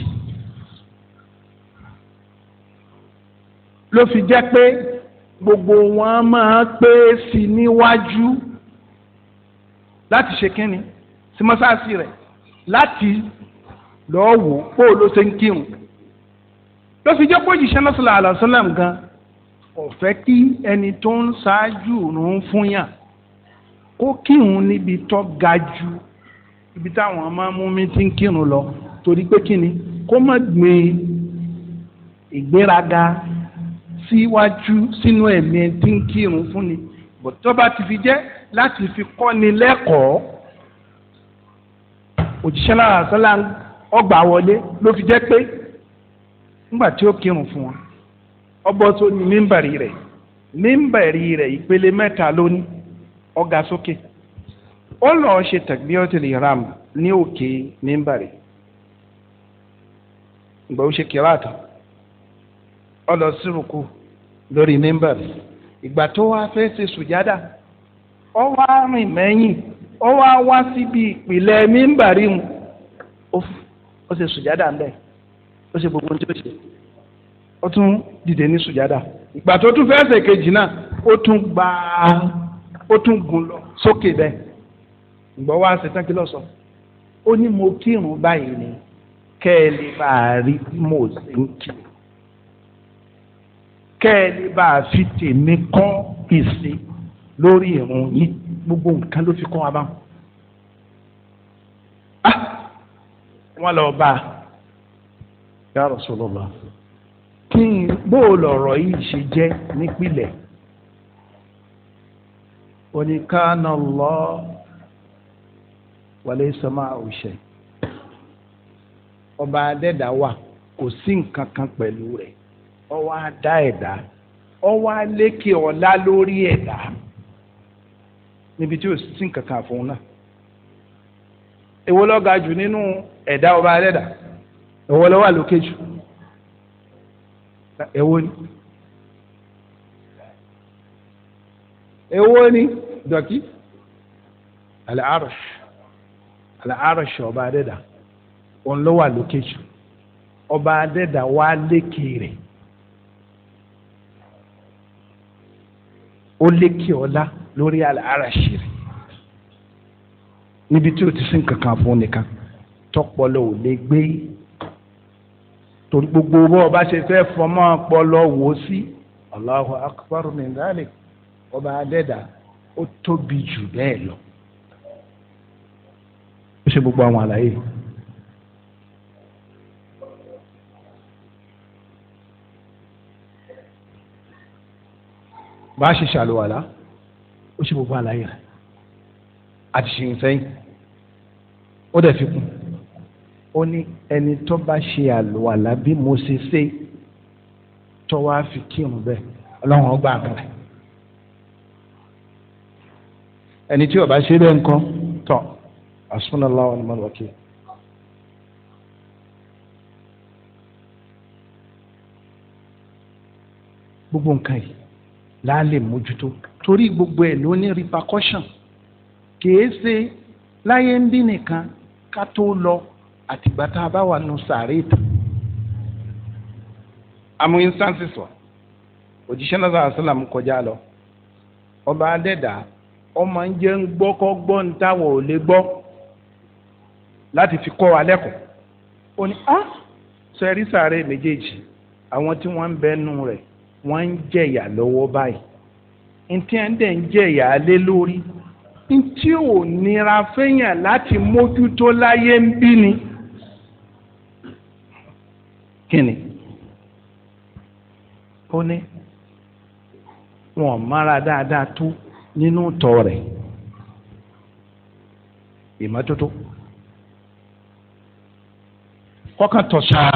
ló fi jẹ́ pé gbogbo wọn máa pé sí níwájú láti ṣe kínni sí mọ́sáàsì rẹ̀ láti lọ́ọ́ wò ó ló ṣe ń kírun ló fi jẹ́ pé òjìṣẹ́ náà sallallahu alaihi gan-an ọ̀fẹ́ kí ẹni tó ń ṣáájú òun fún yàn kó kírun níbi tó ga ju ibi táwọn máa mú mi ti ń kírun lọ torí pé kí ni kó má gbin ìgbéraga síwájú sínú ẹ̀mí ẹ ti ń kírun fún ni bọ̀tọ́ bá ti fi jẹ́ láti fi kọ́ni lẹ́kọ̀ọ́ òjíṣẹ́ náà sọ́lá ọgbà wọlé ló fi jẹ́ pé nígbà tí ó kírun fún wọn ọbọ tó ní mímbàrí rẹ̀ mímbàrí rẹ̀ ìpele mẹ́ta lónìí ọ̀gá sókè ó lọ ṣe takbiratul ihram ní òkè mímbàrí ìgbà ó ṣe kíláàtà ó lọ sírùkù lórí mímbàrí ìgbà tó wá fẹ́ ṣe sùjádà ó wá rìn mẹ́yìn ó wá wá síbi ìpìlẹ̀ mímbàrí mu ó ṣe sùjádà ń ó ṣe gbogbo ó tún dìde ní sùjádà ìgbà tó tún fẹsẹ̀ kejì náà ó tún gba ó tún gùn lọ sókè bẹ́ẹ̀ ìgbọ́ wá ṣe tán kí lọ sọ ó ní mo kírun báyìí ni kẹ́ ẹ lè bá a rí bí mo ṣe ń kí kẹ́ ẹ lè bá a fi tèmi kọ́ ìsìn lórí ìrun yìí gbogbo nǹkan ló fi kọ́ wa báwọn. Ah! wọ́n lọ bá a ya Rasulullah. kí n bó lọ̀rọ̀ yìí ṣe jẹ́ nípìlẹ̀ oníkànnà lọ wàlẹ́ sọmọ àwùṣẹ ọba adẹ́dá wà kò sí nǹkan kan pẹ̀lú rẹ̀ ó dá ẹ̀dá ó wá ọlá lórí ẹ̀dá níbi tí ò sí nǹkan fún un ọba adẹ́dá èwo èwo ni èwo ni dọ̀kí àlàárọ̀ṣ àlàárọ̀ṣ ọba adẹ́dà òun ló wà lókè jù ọba adẹ́dà wà lékè rẹ̀ ó lékè ọlá lórí àlàárọ̀ṣ rẹ̀ níbi tí o ti sin kankan fún nìkan tọpọlọ ò lè gbé torí gbogbo bó o bá ṣe fẹ́ fọmọ́ ọpọlọ wò ó sí Allahu akbar min dhalik ọba adẹ́dà ó tóbi jù bẹ́ẹ̀ lọ. ó ṣe gbogbo àwọn àlàyé. bá a ṣe ṣàlùwàlá ó ṣe gbogbo àlàyé rẹ̀ àti ṣìyìn sẹ́yìn ó dẹ̀ fi kún un ó ní ẹni tó bá ṣe àlùwàlá bí mo ṣe ṣe tó wá fi kírun bẹ́ẹ̀ ọlọ́run ó gbà bẹ́ẹ̀. ẹni tí ó bá ṣe bẹ́ẹ̀ ńkọ́ tọ̀ asúnàlá ọ̀nà mọ́lọ́kì. gbogbo nǹkan yìí láàlè mójútó torí gbogbo ẹ̀ ló ní repercussion kìí ṣe láyé ń bí nìkan ká tó lọ àtìgbà tá a bá wà nù sàárè tán àmú instances wa òjíṣẹ́ náà sàrà sílà mú kọjá lọ ọba adẹ́dà ọmọ ń jẹ́ ń gbọ́ kọ́ gbọ́ ń táwọn ò lè gbọ́ láti fi kọ́ wa lẹ́kọ̀ọ́ ó ní á ah, sọ ẹ̀rí sàárè méjèèjì àwọn tí wọ́n ń bẹ́nu rẹ̀ wọ́n ń jẹ̀yà lọ́wọ́ báyìí ntí ẹ̀ ń dẹ̀ ń jẹ̀yà lé lórí ntí ò nira fẹ́yàn láti mójútó láyé ń bí ni kíni ó ní wọn mára dáadáa tó nínú tọ rẹ̀ ìmọ́tótó kọ́kàn tọ̀ ṣáà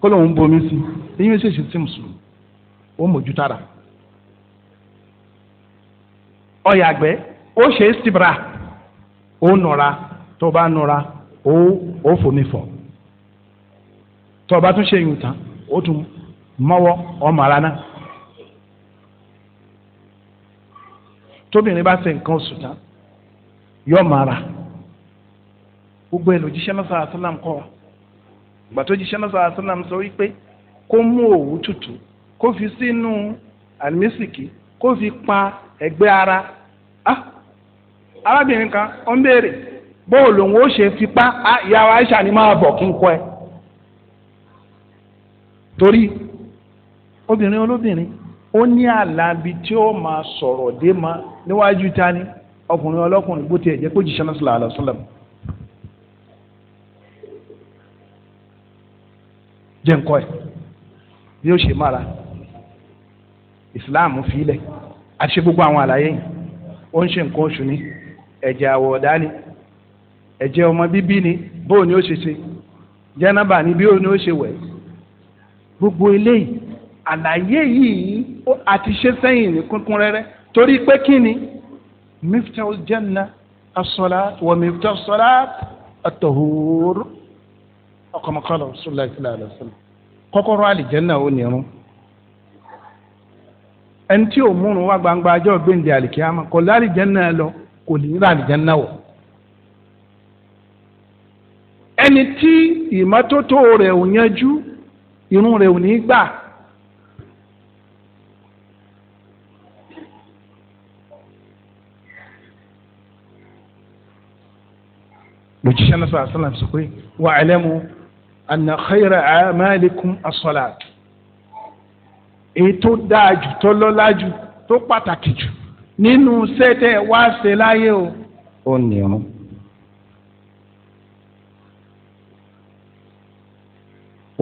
kó lóun bomi sí eyín méjèèjì tí mùsùlùmí ó mójútára ọ̀yàgbẹ́ ó ṣe é síbra ó nọra tó bá nọra ó ó fomi fọ̀. tọba tún ṣe yùn tán ó tún m'ọwọ ọmọ ara náà tóbìnrin bá ṣe nǹkan oṣù tán yọ ọmọ ara gbogbo ẹ̀ lòjíṣẹ́ náà sọ̀rọ̀ àtúnlám kọ́ wa ìgbà tó náà sọ wípé kó mú òwú kó fi sínú àlùmísìkì kó fi pa ẹgbẹ ara ah! arábìnrin kan ó ń béèrè bóòlù òun ó ṣe fipá ah! máa bọ kí n ẹ. torí obìnrin olóbìnrin ó ní àlàbí tí ó máa sọ̀rọ̀ dé ma níwájú ta ni ọkùnrin ọlọ́kùnrin bó tiẹ̀ jẹ́ kó jíṣẹ́ náà jẹ́ nǹkọ́ ẹ̀ bí ó ṣe mara ìsìláàmù fílẹ̀ àti gbogbo àwọn àlàyé yìí ó ń ni ẹ̀jẹ̀ àwọ̀ ọ̀dá ni ẹ̀jẹ̀ ọmọ bíbí ni ni ó ṣe ṣe jẹ́nàbà ni bí òun gbogbo eléyìí àlàyé yìí àti ṣe sẹ́yìn ní kúnkúnrẹ́rẹ́ torí pé kí ni miftahul janna as-salat wa miftahus salat at-tahur ọkọ̀mọkọ́lá rasulullah sallallahu alaihi wasallam kọ́kọ́rọ́ àlìjẹ́nà ò ní irun ẹni tí ò múrun wá gbangba ajọ́ gbèǹde àlìkíyàmá kò lálìjẹ́nà lọ kò ní rà àlìjẹ́nà wọ̀ ẹni tí ìmọ́tótó rẹ̀ ò yanjú irun rẹ̀ ò ní gbà. lójúṣẹ́ náà sọ àṣàlàm sọ pé wà á lẹ́mu àna xeyra àmàlẹ́kùn àṣọlá èyí tó dáa jù tó lọ́lá jù tó pàtàkì jù nínú o. ó irun.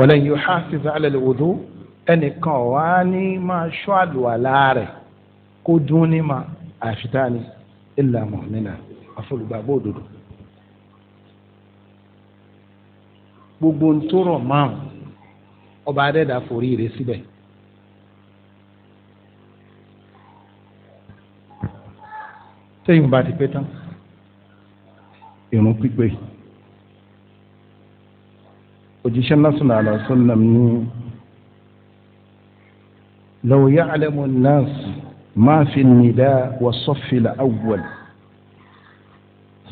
wọlé yìí ha sì fẹ́ alẹ́ lòdù ẹnìkan wà ní máa ṣọ́ àlùwàlá rẹ̀ kó dún ní ma àfitáni ilà mọ̀mìnà àfọlùgbàgbọ́ òdodo. gbogbo ń tó ọba adẹ́dà forí rẹ̀ síbẹ̀. sẹ́yìn bá ti pẹ́ tán ìrún pípé òjíṣẹ́ násùnà àlàsùnà ní law ya'lamu an-nas ma fi an-nida' wa as-saffi al-awwal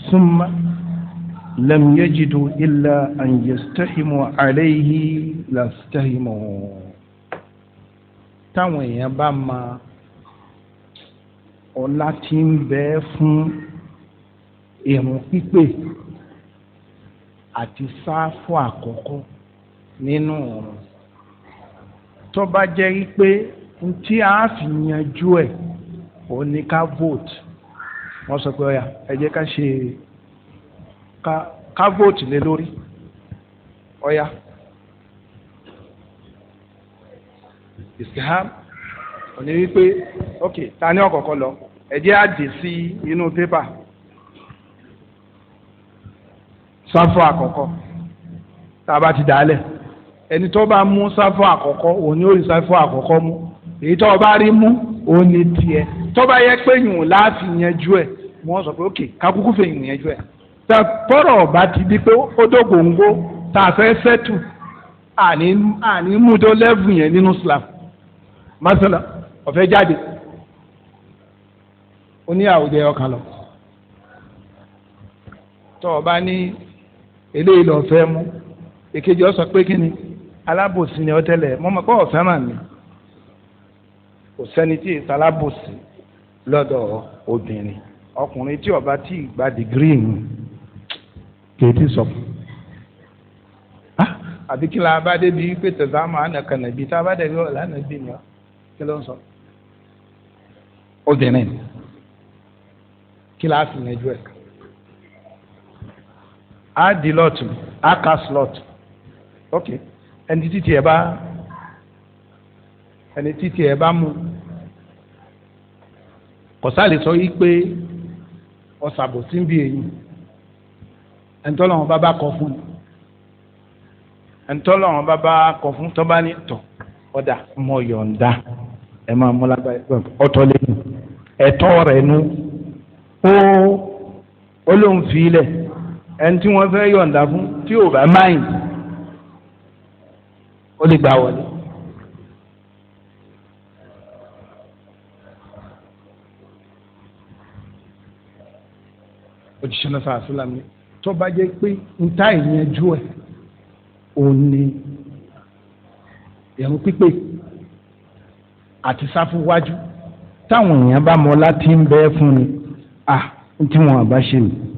thumma lam yajidu illa an yastahimu alayhi lastahimu táwọn èèyàn bá máa ọlá tí ń bẹ fún ìrun pípé àti sáfù àkọ́kọ́ nínú ọ̀run tó bá jẹ́ pé tí a fi yanjú ẹ̀ ò ní ká vote wọ́n sọ pé ọ̀yà ẹ jẹ́ ká ṣe ká vote lé lórí ọ̀yà ìsìlám òní wípé ok ta ni ọ̀kọ̀ọ̀kan lọ ẹ jẹ́ àdè sí inú pépà. sáfù àkọ́kọ́ tá a bá ti dálẹ̀ ẹni tó bá mú sáfù àkọ́kọ́ òun ni ó rí sáfù àkọ́kọ́ mú èyí tó bá rí mú òun ni tiẹ̀ tó bá yẹ pé yùn láti yanjú ẹ̀ wọ́n sọ pé ok kakuku fèyìn yanjú ẹ̀ tá pọ́rọ̀ ọ̀bá ti di pé ó dógóńgó tá a fẹ́ sẹ́tù àní mú tó lẹ́vù yẹn nínú Islam masala ọ̀fẹ́ jáde oníyàwó jẹ́ ọkàn lọ tọ́ ọ ní eléyìí lọ fẹ́ mú èkejì ọ pé kí ni alábòsí ni ọ tẹ́lẹ̀ mọ́ mọ́ pé ọ̀fẹ́ mà mí kò sẹ́ni tí èsì alábòsí lọ́dọ̀ obìnrin ọkùnrin tí ọba tí ìgbà dìgírì mi kèétí sọ fún ah, àbí kí la bá débi wípé tẹ̀sán máa nà kànà bí tá a bá débi ọ̀la nà bí ni, ọ kí ló ń sọ obìnrin kí la sì nà ju ẹ̀ka á di lọ́ọ̀tù á ka slọ́ọ̀tù ok ẹni títí ẹ bá ẹni títí ẹ bá mú kọ̀sálì sọ yìí pé ọ̀sàbò sí ń bí èyí ẹ̀ńtọ́lọ́wọ́n bá bá kọ fún un ẹ̀ńtọ́lọ́wọ́n bá bá kọ fún tó bá ní tọ̀ ọ̀dà mọ̀ ẹ̀ máa mú lágbàá ọ̀tọ̀ lẹ́nu ẹ̀tọ́ rẹ̀ nu ó ó lóun fi ilẹ̀ ẹni tí wọ́n fẹ́ yọ̀ǹda fún tí ò bá máyìn ó lè gbà wọlé. òjíṣẹ́ náà sàásùlà mi tó bá jẹ́ pé n ta ìyẹnjú ẹ̀ òun ni ìrun pípé àti sáfúwájú táwọn èèyàn bá mọ láti ń bẹ́ fún ni à tí wọn àbá ṣe nìyí.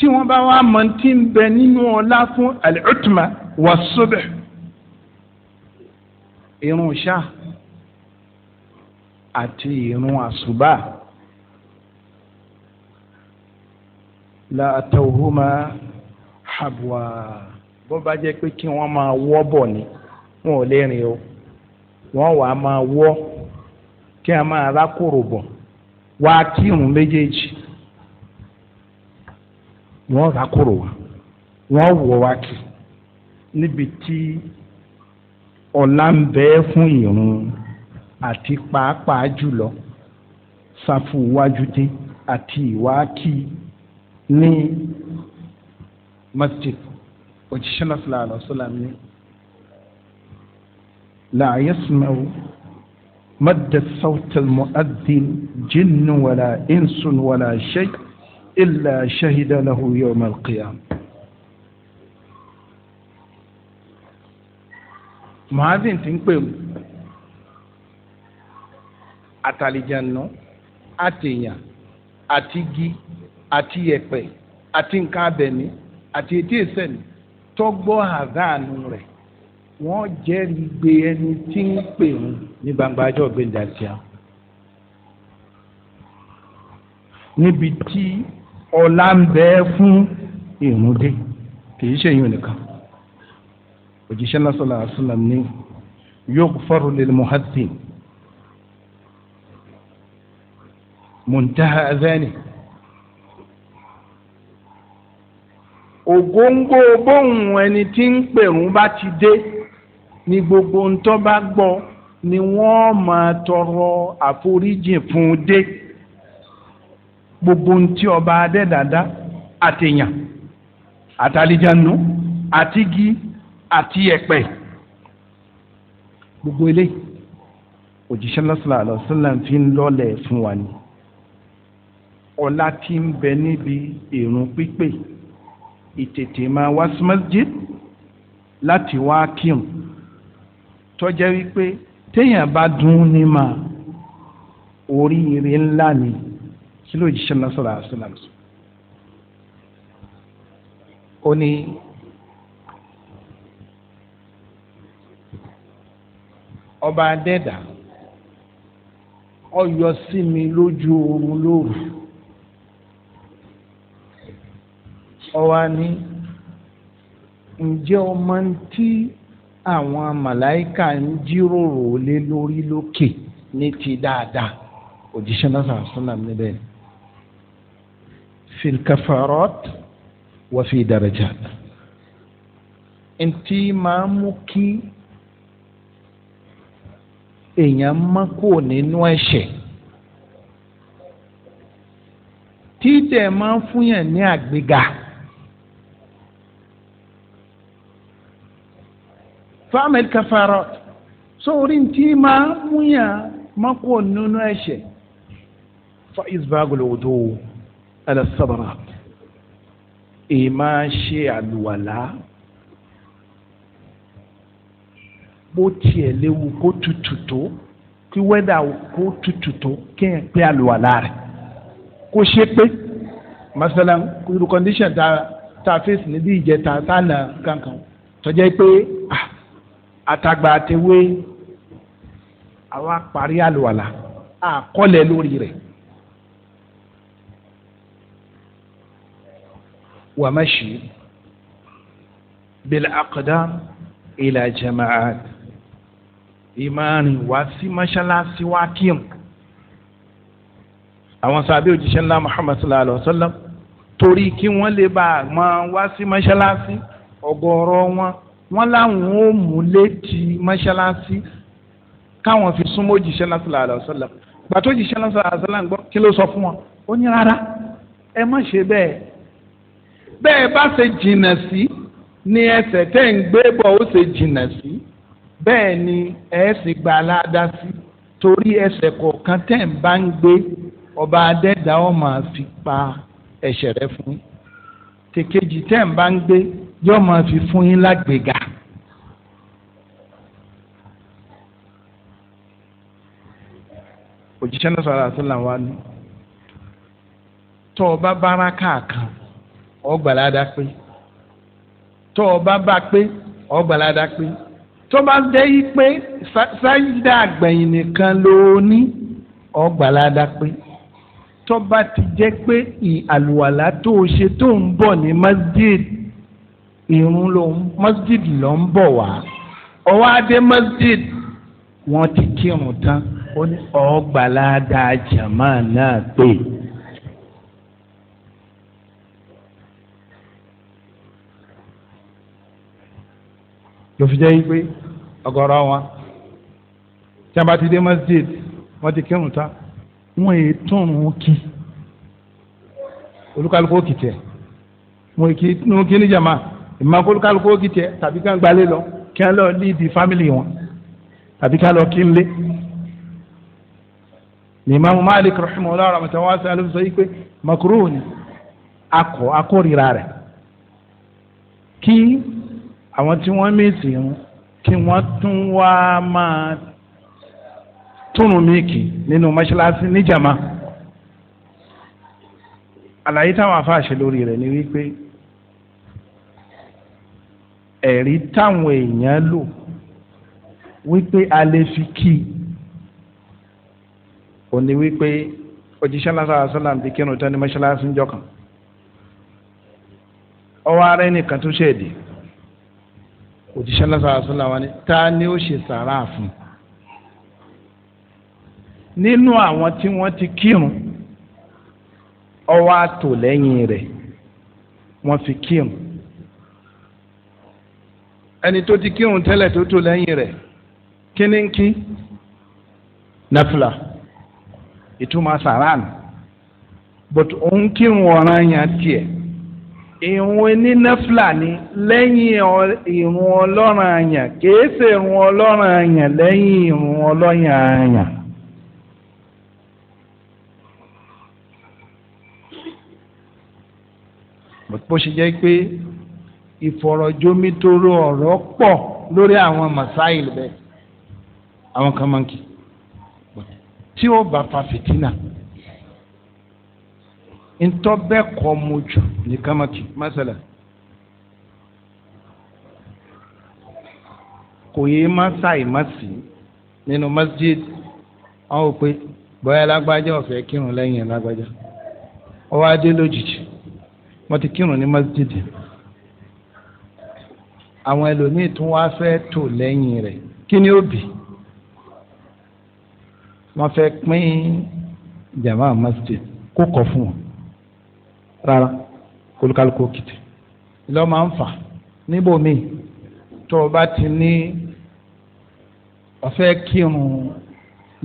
tí wọ́n bá wá mọ̀ tí ń bẹ nínú ọlá fún al-utma wa irun ṣá àti irun àṣùbà la àtàwùhùmá habwa bó bá jẹ́ pé kí wọ́n máa wọ́ bọ̀ ni wọn ò lè rìn o wọ́n wàá máa wọ́ kí wọ́n máa rákòrò bọ̀ wá kírun méjèèjì wọ́n ra kóró wa wọ́n wọ̀ wá kì níbi tí ọ̀la ń bẹ fún ìrun àti pàápàá jùlọ sáfù iwájú dé àti ìwáàkì ní masjid òjíṣẹ́ náà sallallahu alaihi wasallam ní la yasma'u madda sawt al-mu'adhdhin jinn wala insun إلا شهد له يوم القيامة muhammed ti ń pè mú àtàlìjànà àtẹ̀yàn àtigi àti yẹ̀pẹ̀ àti nǹkan abẹ̀mí àti etí ìsẹ̀mí tọ́gbọ́ àdánù rẹ̀ wọ́n jẹ́rìí gbé ẹni tí ń pè mú ní gbangba ajọ́ gbẹ̀dàdìá níbi tí ọ̀la ń bẹ fún ìrun dé kì í ṣe yín nìkan òjíṣẹ́ náà sallallahu alaihi wasallam ní yughfaru lil muhaddin muntaha adhani ògóńgó bóun ẹni tí ń pèrún bá ti dé ni gbogbo ń tọ́ bá gbọ́ ni wọ́n máa tọrọ àforíjì fún un dé gbogbo ntí ọba adẹ́dàdá àtẹ̀yàn àtàlìjànú àtigi àti ẹ̀pẹ̀ gbogbo eléyìí òjíṣẹ́ lọ́sọ̀lá àlọ́sọ̀lá fi ń lọ́lẹ̀ fún wa ni ọlá tí ń bẹ níbi ìrun pípé ìtètè máa wá sí láti wá kírun tọ́jẹ́ wípé téèyàn bá dún ní mà oríire ńlá ni. Ma, kí ló jíṣẹ́ ńlá sọ̀rọ̀ àṣìlám sọ. ó ní ọba adẹ́dà ó yọ sí mi lójú oorun lóru ó wá ní ǹjẹ́ o tí àwọn màláìka ń jíròrò lé lórí lókè ní ti dáadáa òjíṣẹ́ náà sàásùnà níbẹ̀ ni. في kafarot وفي درجات. انتي ntí máa mú kí èèyàn má kó nínú ẹ̀ṣẹ̀ títẹ̀ máa ń fúnyàn ní àgbéga. fáàmì kafarọ sórí tí máa múyàn mako nínú ẹ̀ṣẹ̀ fa isbagul wudu alasabara èèmà ṣe àlùwàlá bó tiẹ̀ léwu kó tutù tó kí wẹ́dà kó tutù tó kí ẹ̀ pé àlùwàlá rẹ̀ kó ṣe pé masalan irú condition ta ta face níbi ìjẹta tá nà kankan tọ́jà pé àtàgbà àtẹwé àwa parí àlùwàlá àkọlẹ̀ lórí rẹ̀. ومشي بالأقدام إلى جماعات ìmánì wá sí mọ́ṣáláṣí wá kírun àwọn sàbí òjíṣẹ́ ńlá Muhammad sallallahu alayhi wa sallam torí kí wọ́n lè bá a máa wá sí mọ́ṣáláṣí ọ̀gọ̀ọ̀rọ̀ wọn wọn láwọn ò mú létí mọ́ṣáláṣí káwọn fi súnmọ́ òjíṣẹ́ ńlá sallallahu alayhi wa sallam gbàtọ́ òjíṣẹ́ ńlá sallallahu kí ló sọ fún wọn ó ní rárá ẹ má ṣe bẹ́ẹ̀ bẹ́ẹ̀ bá ṣe jìnnà sí ni ẹsẹ̀ tẹ́ ń gbé bọ̀ ó ṣe jìnnà sí bẹ́ẹ̀ ni ẹ sì gba aláàdá sí torí ẹsẹ̀ kọ̀ọ̀kan tẹ́ ń bá ń gbé ọba adẹ́dá ọ máa fi pa ẹ̀ṣẹ̀ rẹ fún yín tèkejì tẹ́ ń bá ń gbé yọ máa fi fún yín lágbègà. òjíṣẹ́ náà sọ̀rọ̀ àti làwọn ni tọ́ ọ bá bára káàkan ọgbàládá pé tó o bá bá pé ọgbàládá pé tó bá jẹ́ yí pé sáyidá àgbẹ̀yìn nìkan ló ní ọgbàládá pé tó bá ti jẹ́ pé àlùwàlá tó o ṣe tó ń bọ̀ ní masjid irun ló ń masjid ló ń bọ̀ wá ó wá dé masjid wọ́n ti kírun tán ó ní ọgbàládá jàmáà náà pé. ló fi jẹ́ pé ọ̀gọ̀rọ̀ wọn tí a bá ti dé masjid wọ́n ti kírun tán wọ́n yìí túnrun kí olúkálùkù òkì tiẹ̀ wọ́n kì í túnrun kí níjàmá ìmọ̀ olúkálùkù òkì tiẹ̀ tàbí ká gbalé lọ kí wọ́n lọ líìdì fámìlì wọn tàbí ká lọ kí n lé ní imaamu malik rahimahullah rahmatan wa sallam sọ yìí pé makruh ni akọ akórira rẹ̀ kí àwọn tí wọ́n mèsì irun kí wọ́n tún wá máa túrun míìkì nínú mọ́ṣáláṣí níjàmá àlàyé táwọn afáàṣẹ lórí rẹ̀ ni wípé ẹ̀rí táwọn èèyàn lò wípé a lè fi kí i ò ní wípé òjíṣẹ́ lásán àṣàlám ti kírun tán ní mọ́ṣáláṣí ń jọ ọwọ́ ara ẹnìkan tó ṣèdè òjíṣẹ́ lásàásùlà wa ni ta ni ó ṣe sàrà fún nínú àwọn tí wọ́n ti kírun ọwọ́ àtò lẹ́yìn rẹ̀ wọ́n fi kírun ẹni tó ti kírun tẹ́lẹ̀ tó tò lẹ́yìn rẹ̀ kíníkí nàfìlà ìtumọ̀ sàrà nù bọ̀t òun kírun ọ̀ràn yẹn tiẹ̀. ìrun onínáfìlà ni lẹ́yìn ìrun ọlọ́run àyàn kìí ṣe ìrun ọlọ́run àyàn lẹ́yìn àyàn. bó ṣe jẹ́ pé ìfọ̀rọ̀jomitoro ọ̀rọ̀ pọ̀ lórí àwọn masáìl bẹ́ẹ̀ àwọn kan máa ń kí tí ó bá fa fìtínà. ntọ́bẹ̀ kọ́ mu jù ní kámátì masala kò yé má sáì má sí nínú masjid àwọn ò pé bọ́yá lágbájá ọ̀fẹ́ kírun lẹ́yìn lágbájá ọwọ́ adé lójijì wọ́n ti kírun ní masjid àwọn ẹlòmíì tún wá fẹ́ tò lẹ́yìn rẹ̀ kí ni ó bì wọ́n fẹ́ pín jama masjid kó kọ́ fún wọn rárá kólúkálukú kìtì lọ́ máa ń fà níbòmíì tó o bá ti ní ọ̀fẹ́ kírun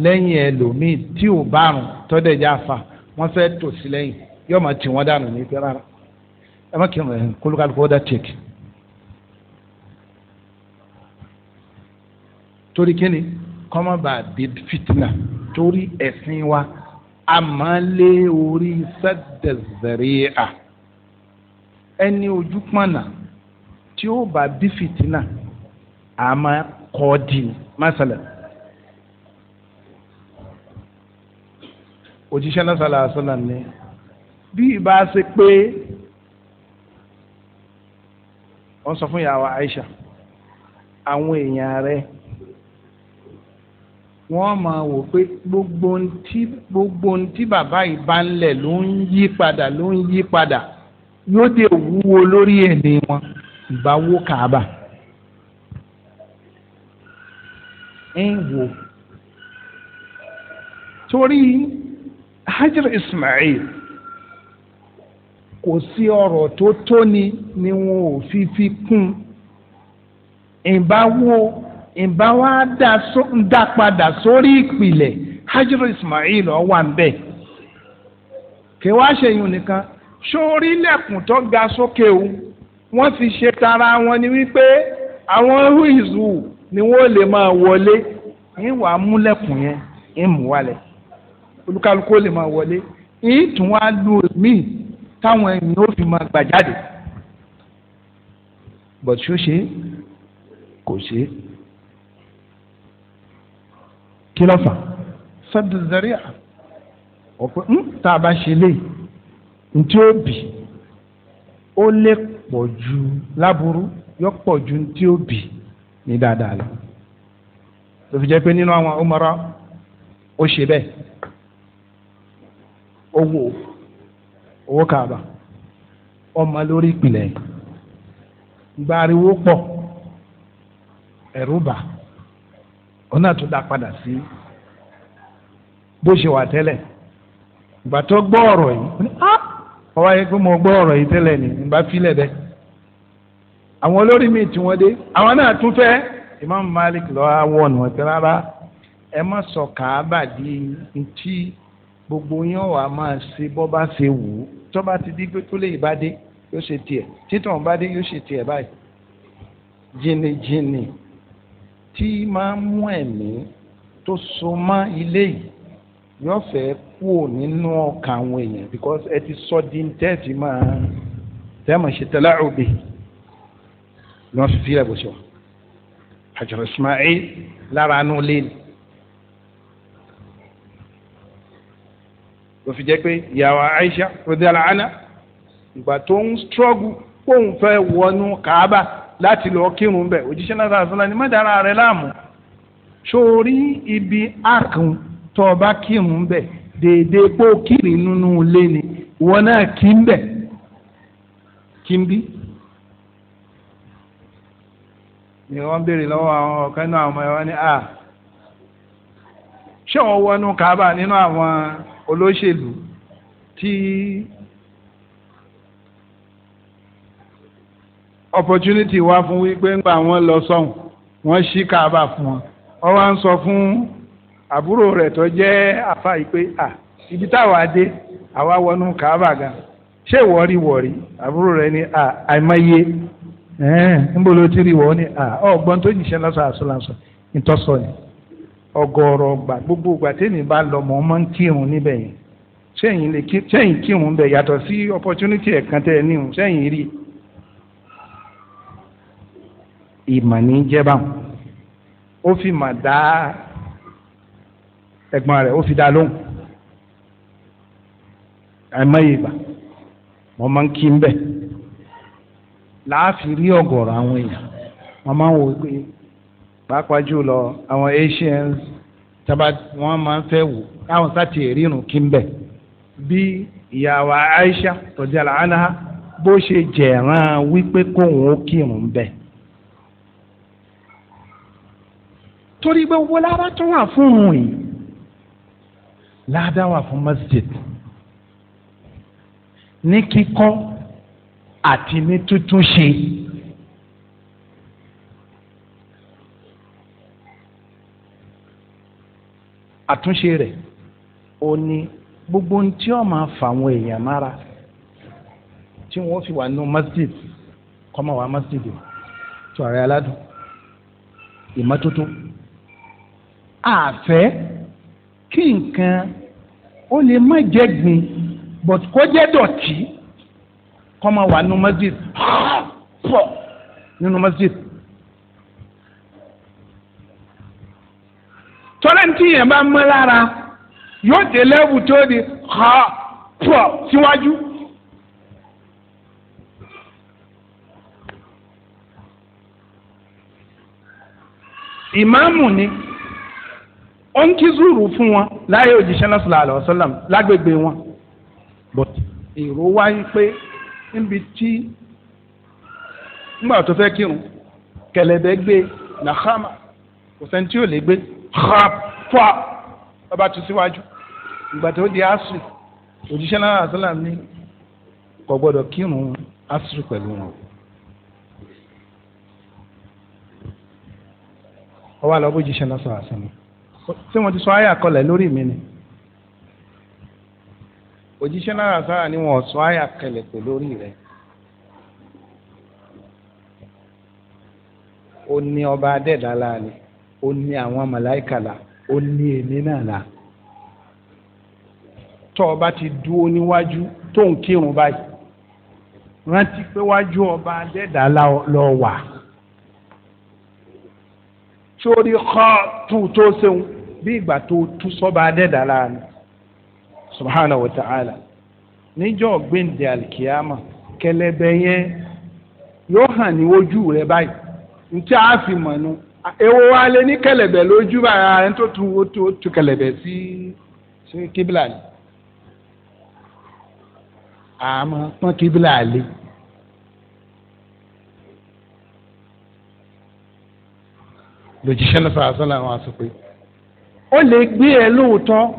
lẹ́yìn ẹlòmíì tí ò bá rùn tọ́dẹ̀já fà wọ́n fẹ́ tò sí lẹ́yìn yóò máa tì wọ́n dànù ní pẹ́ rárá ẹ má kírun ẹ̀hìn kólúkálukú ọ̀dà tèkì. torí kíni kọ́mọ́bà bíi fìtínà torí ẹ̀sìn wa àmọ́ lé orí sẹ́dẹ̀zẹ̀rẹ́ à ẹni ojú pọ̀nà tí ó bá bí fìtínà àmọ́ kọ́ di masalan. òjíṣẹ́ náà sọ̀rọ̀ àṣọ̀nà ni bí ìbá ṣe pé wọ́n sọ fún ìyàwó Aisha àwọn èèyàn rẹ̀ wọ́n máa wò pé gbogbo ohun tí gbogbo ohun tí bàbá yìí bá ń lẹ̀ ló ń yí padà ló ń yí padà yóò dé wúwo lórí ẹ̀mí wọn ìbá wó kàába. ń wò torí Hajar Ismail kò sí ọ̀rọ̀ tó tóni ni wọn ò fi fi kún ìbá wó ìbá wa dá padà sórí ìpìlẹ̀ hajiru ismail ọwà ń bẹ̀ kí wá ṣe yun nìkan sórí lẹ́kùn tó ga sókè o wọ́n fi ṣe tara wọn ni wípé àwọn húìzù ni wọ́n lè máa wọlé ní wà á múlẹ̀kùn yẹn ń mú wálẹ̀ olúkálukú lè máa wọlé ní tún wá lu míì táwọn ènìyàn ó fi máa gbà jáde bọ̀tú ṣe kò ṣe kí ló fà. sọ́dọ̀ zaria ọ̀pẹ hmm? tá a bá ṣe lè ntí ó bì ó lè pọ̀ ju láburú yọ pọ̀ ju ntí ó bì ní dáadáa lọ. tó fi jẹ́ pé nínú àwọn umara ó ṣe bẹ́ẹ̀ owó owó kaaba ọmọ lórí ìpìlẹ̀ gbariwo pọ̀ ẹ̀rú bà. E òun náà tún dá padà sí bó ṣe wà tẹ́lẹ̀ ìgbà tó gbọ́ ọ̀rọ̀ yìí ó wáyé pé mo gbọ́ ọ̀rọ̀ yìí tẹ́lẹ̀ ni ìgbà filẹ̀ bẹ́ẹ̀ àwọn olórí míì tí wọ́n dé àwọn náà tún fẹ́ Imam Malik lọ́wọ́ wọ̀ ní wọ́n pẹ́ rárá ẹ má sọ kàábà di ntí gbogbo yín ọ̀ wá máa ṣe bọ́ bá ṣe wù ú tó bá ti di pé tó lè bá dé yóò ṣe tiẹ̀ títàn bá dé yóò ṣe tiẹ̀ báyìí jìnnìjìnnì tí máa ń mú ẹ̀mí tó so mọ́ ilé yìí yóò fẹ́ kúrò nínú ọkàn àwọn èèyàn because ẹ ti sọ di tẹ́ẹ̀tì máa tẹ́ẹ̀mọ̀ ṣe tẹ́lá òbí ni wọ́n fi fi rẹ̀ bó ṣe wọ́n àjọ Ismail lára anú léèlì. ló fi jẹ́ pé ìyàwó Aisha rẹ̀ dí àlàánà ìgbà tó ń struggle kóun fẹ́ wọnú Kaaba láti lọ kírun bẹ̀ òjíṣẹ́ náà sàṣàlá ni mọ́tàrà rẹ̀ láàmú sórí ibi àkùn tó o bá kírun bẹ̀ déédéé pé ó kírì nínú ilé ni ìwọ náà kí ń bẹ̀ kí ń bí. ni wọ́n béèrè lọ́wọ́ àwọn ọ̀kan náà ọmọ ẹ̀wọ́n ni a ṣé wọ́n wọnú Kaaba nínú àwọn olóṣèlú tí opportunity wá fún wípé ńgbà wọn lọ sọ́hùn wọn ṣí káàbà fún wọn wọ́n wá ń sọ fún àbúrò rẹ tó jẹ afa yìí pé à ibi táwa dé àwa wọnú káàbà gan ṣé wọ́rí wọ́rí àbúrò rẹ ni à àìmọye níbo ló ti rí wọ́n ni à ọ̀gbọ́n tó yìí ṣe lọ́sọ̀ àṣọlọ́sọ ìtọ́sọ ni ọgọrọ gbà gbogbo gbà tẹ́mi bá lọ mọ́ ọmọ ń kírun níbẹ̀ yẹn sẹ́yìn kírun bẹ̀ yàtọ̀ sí opportunity ẹ kàn tẹ ẹ níhùn sẹ́yìn rí i ìmọ̀ ní jẹ́bà ó fi mà dá ẹ̀gbọ́n rẹ̀ ó fi dá lóhùn àìmọye ìgbà wọ́n máa ń kí ń bẹ̀ láàfin rí ọ̀gọ̀rọ̀ àwọn èèyàn wọ́n máa ń wò pé pàápàá lọ, àwọn Asians tábà wọ́n máa ń fẹ́ wò káwọn kí ń bẹ̀ bí ìyàwó Aisha tọ́jà làánà bó ṣe jẹ̀ràn wípé kóun ó kírun bẹ́ẹ̀. torí pé owó lára tó wà fún òun yìí láàdá wà fún masjid ní kíkọ́ àti ní tuntun ṣe. àtúnṣe rẹ̀ ó ní gbogbo ohun tí ó máa fà àwọn èèyàn mára tí wọ́n fi wà nù masjid kọ́mọ wà masjid tí wàá rẹ̀ aládùn ìmọ́tótó àfẹ́ kí nǹkan ó lè má jẹ́ gbin but kó jẹ́ dọ̀tí kó máa wà nínú masjid pọ̀ nínú masjid. tọ́lẹ́ntì yẹn bá mọ́ lára yóò dé lẹ́wù tó di pọ̀ síwájú. ìmáàmù ni ó ń kí zuru fún wọn láyé òjíṣẹ́ náà sallallahu alaihi wasallam lágbègbè wọn but èrò wáyé pé níbi tí nígbà tó fẹ́ kírun kẹlẹ́bẹ́ gbé nàhámà kò sẹ́ni tí ò lè gbé xapá ọba tó síwájú ìgbà tó di asri òjíṣẹ́ náà sallallahu ní kò gbọ́dọ̀ kírun asri pẹ̀lú wọn. ọwọ́ àlọ́ bójúṣe náà sọ̀rọ̀ àṣẹ ni ṣé wọ́n ti sọ àyà kọlẹ̀ lórí mi ni òjíṣẹ́ náírà sára ni wọ́n sọ àyà kẹlẹ̀ pé lórí rẹ̀ ó ní ọba adẹ́ẹ̀dá láàlẹ́ ó ní àwọn màláìkà là ó ní èmi náà là tọ́ ọba ti dúró níwájú tó ń kírun báyìí rántí pé wájú ọba adẹ́ẹ̀dá lọ wà sórí kọ́ tù tó bí ìgbà tó tú sọ́ba adẹ́dà láàánú subhanahu wa ta'ala níjọ́ gbẹ̀ǹdẹ̀ alikiyama kẹlẹ́bẹ̀ yẹn yóò hàn ní ojú rẹ báyìí ntí a fi mọ̀ nu ewo wa lé ní kẹlẹ́bẹ̀ lójú báyìí ara tó tu tu kẹlẹ́bẹ̀ sí sí kíbla ni àmọ́ pọ́n kíbla lé. lójúṣẹ́ lọ́sọ̀rọ̀ àṣọ làwọn aṣọ pé ó lè gbé ẹ lóòótọ́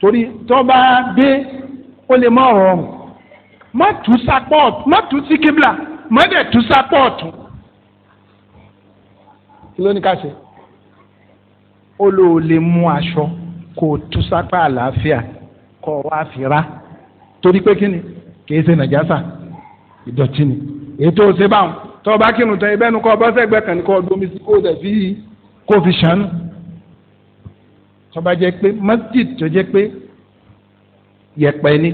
torí tó bá dé ó lè má rọrùn má tú sápọ́ọ̀tù má tú sí kíbla má dẹ̀ tú sápọ́ọ̀tù kí ló ní ká ṣe ó lò ó lè mú aṣọ kó o tú sápá àlàáfíà kó o wá fi rá torí pé kí ni kì í ṣe nàjásà ìdọ̀tí ni ètò òsè báwọn tó o bá kírun tán ibẹ̀ nu kó o bọ́ sẹ́gbẹ̀ẹ́ kan ní kó o domi sí kó o dẹ̀ fi kó o fi ṣàánú tó bá pé masjid tó jẹ́ pé yẹ̀pẹ̀ ni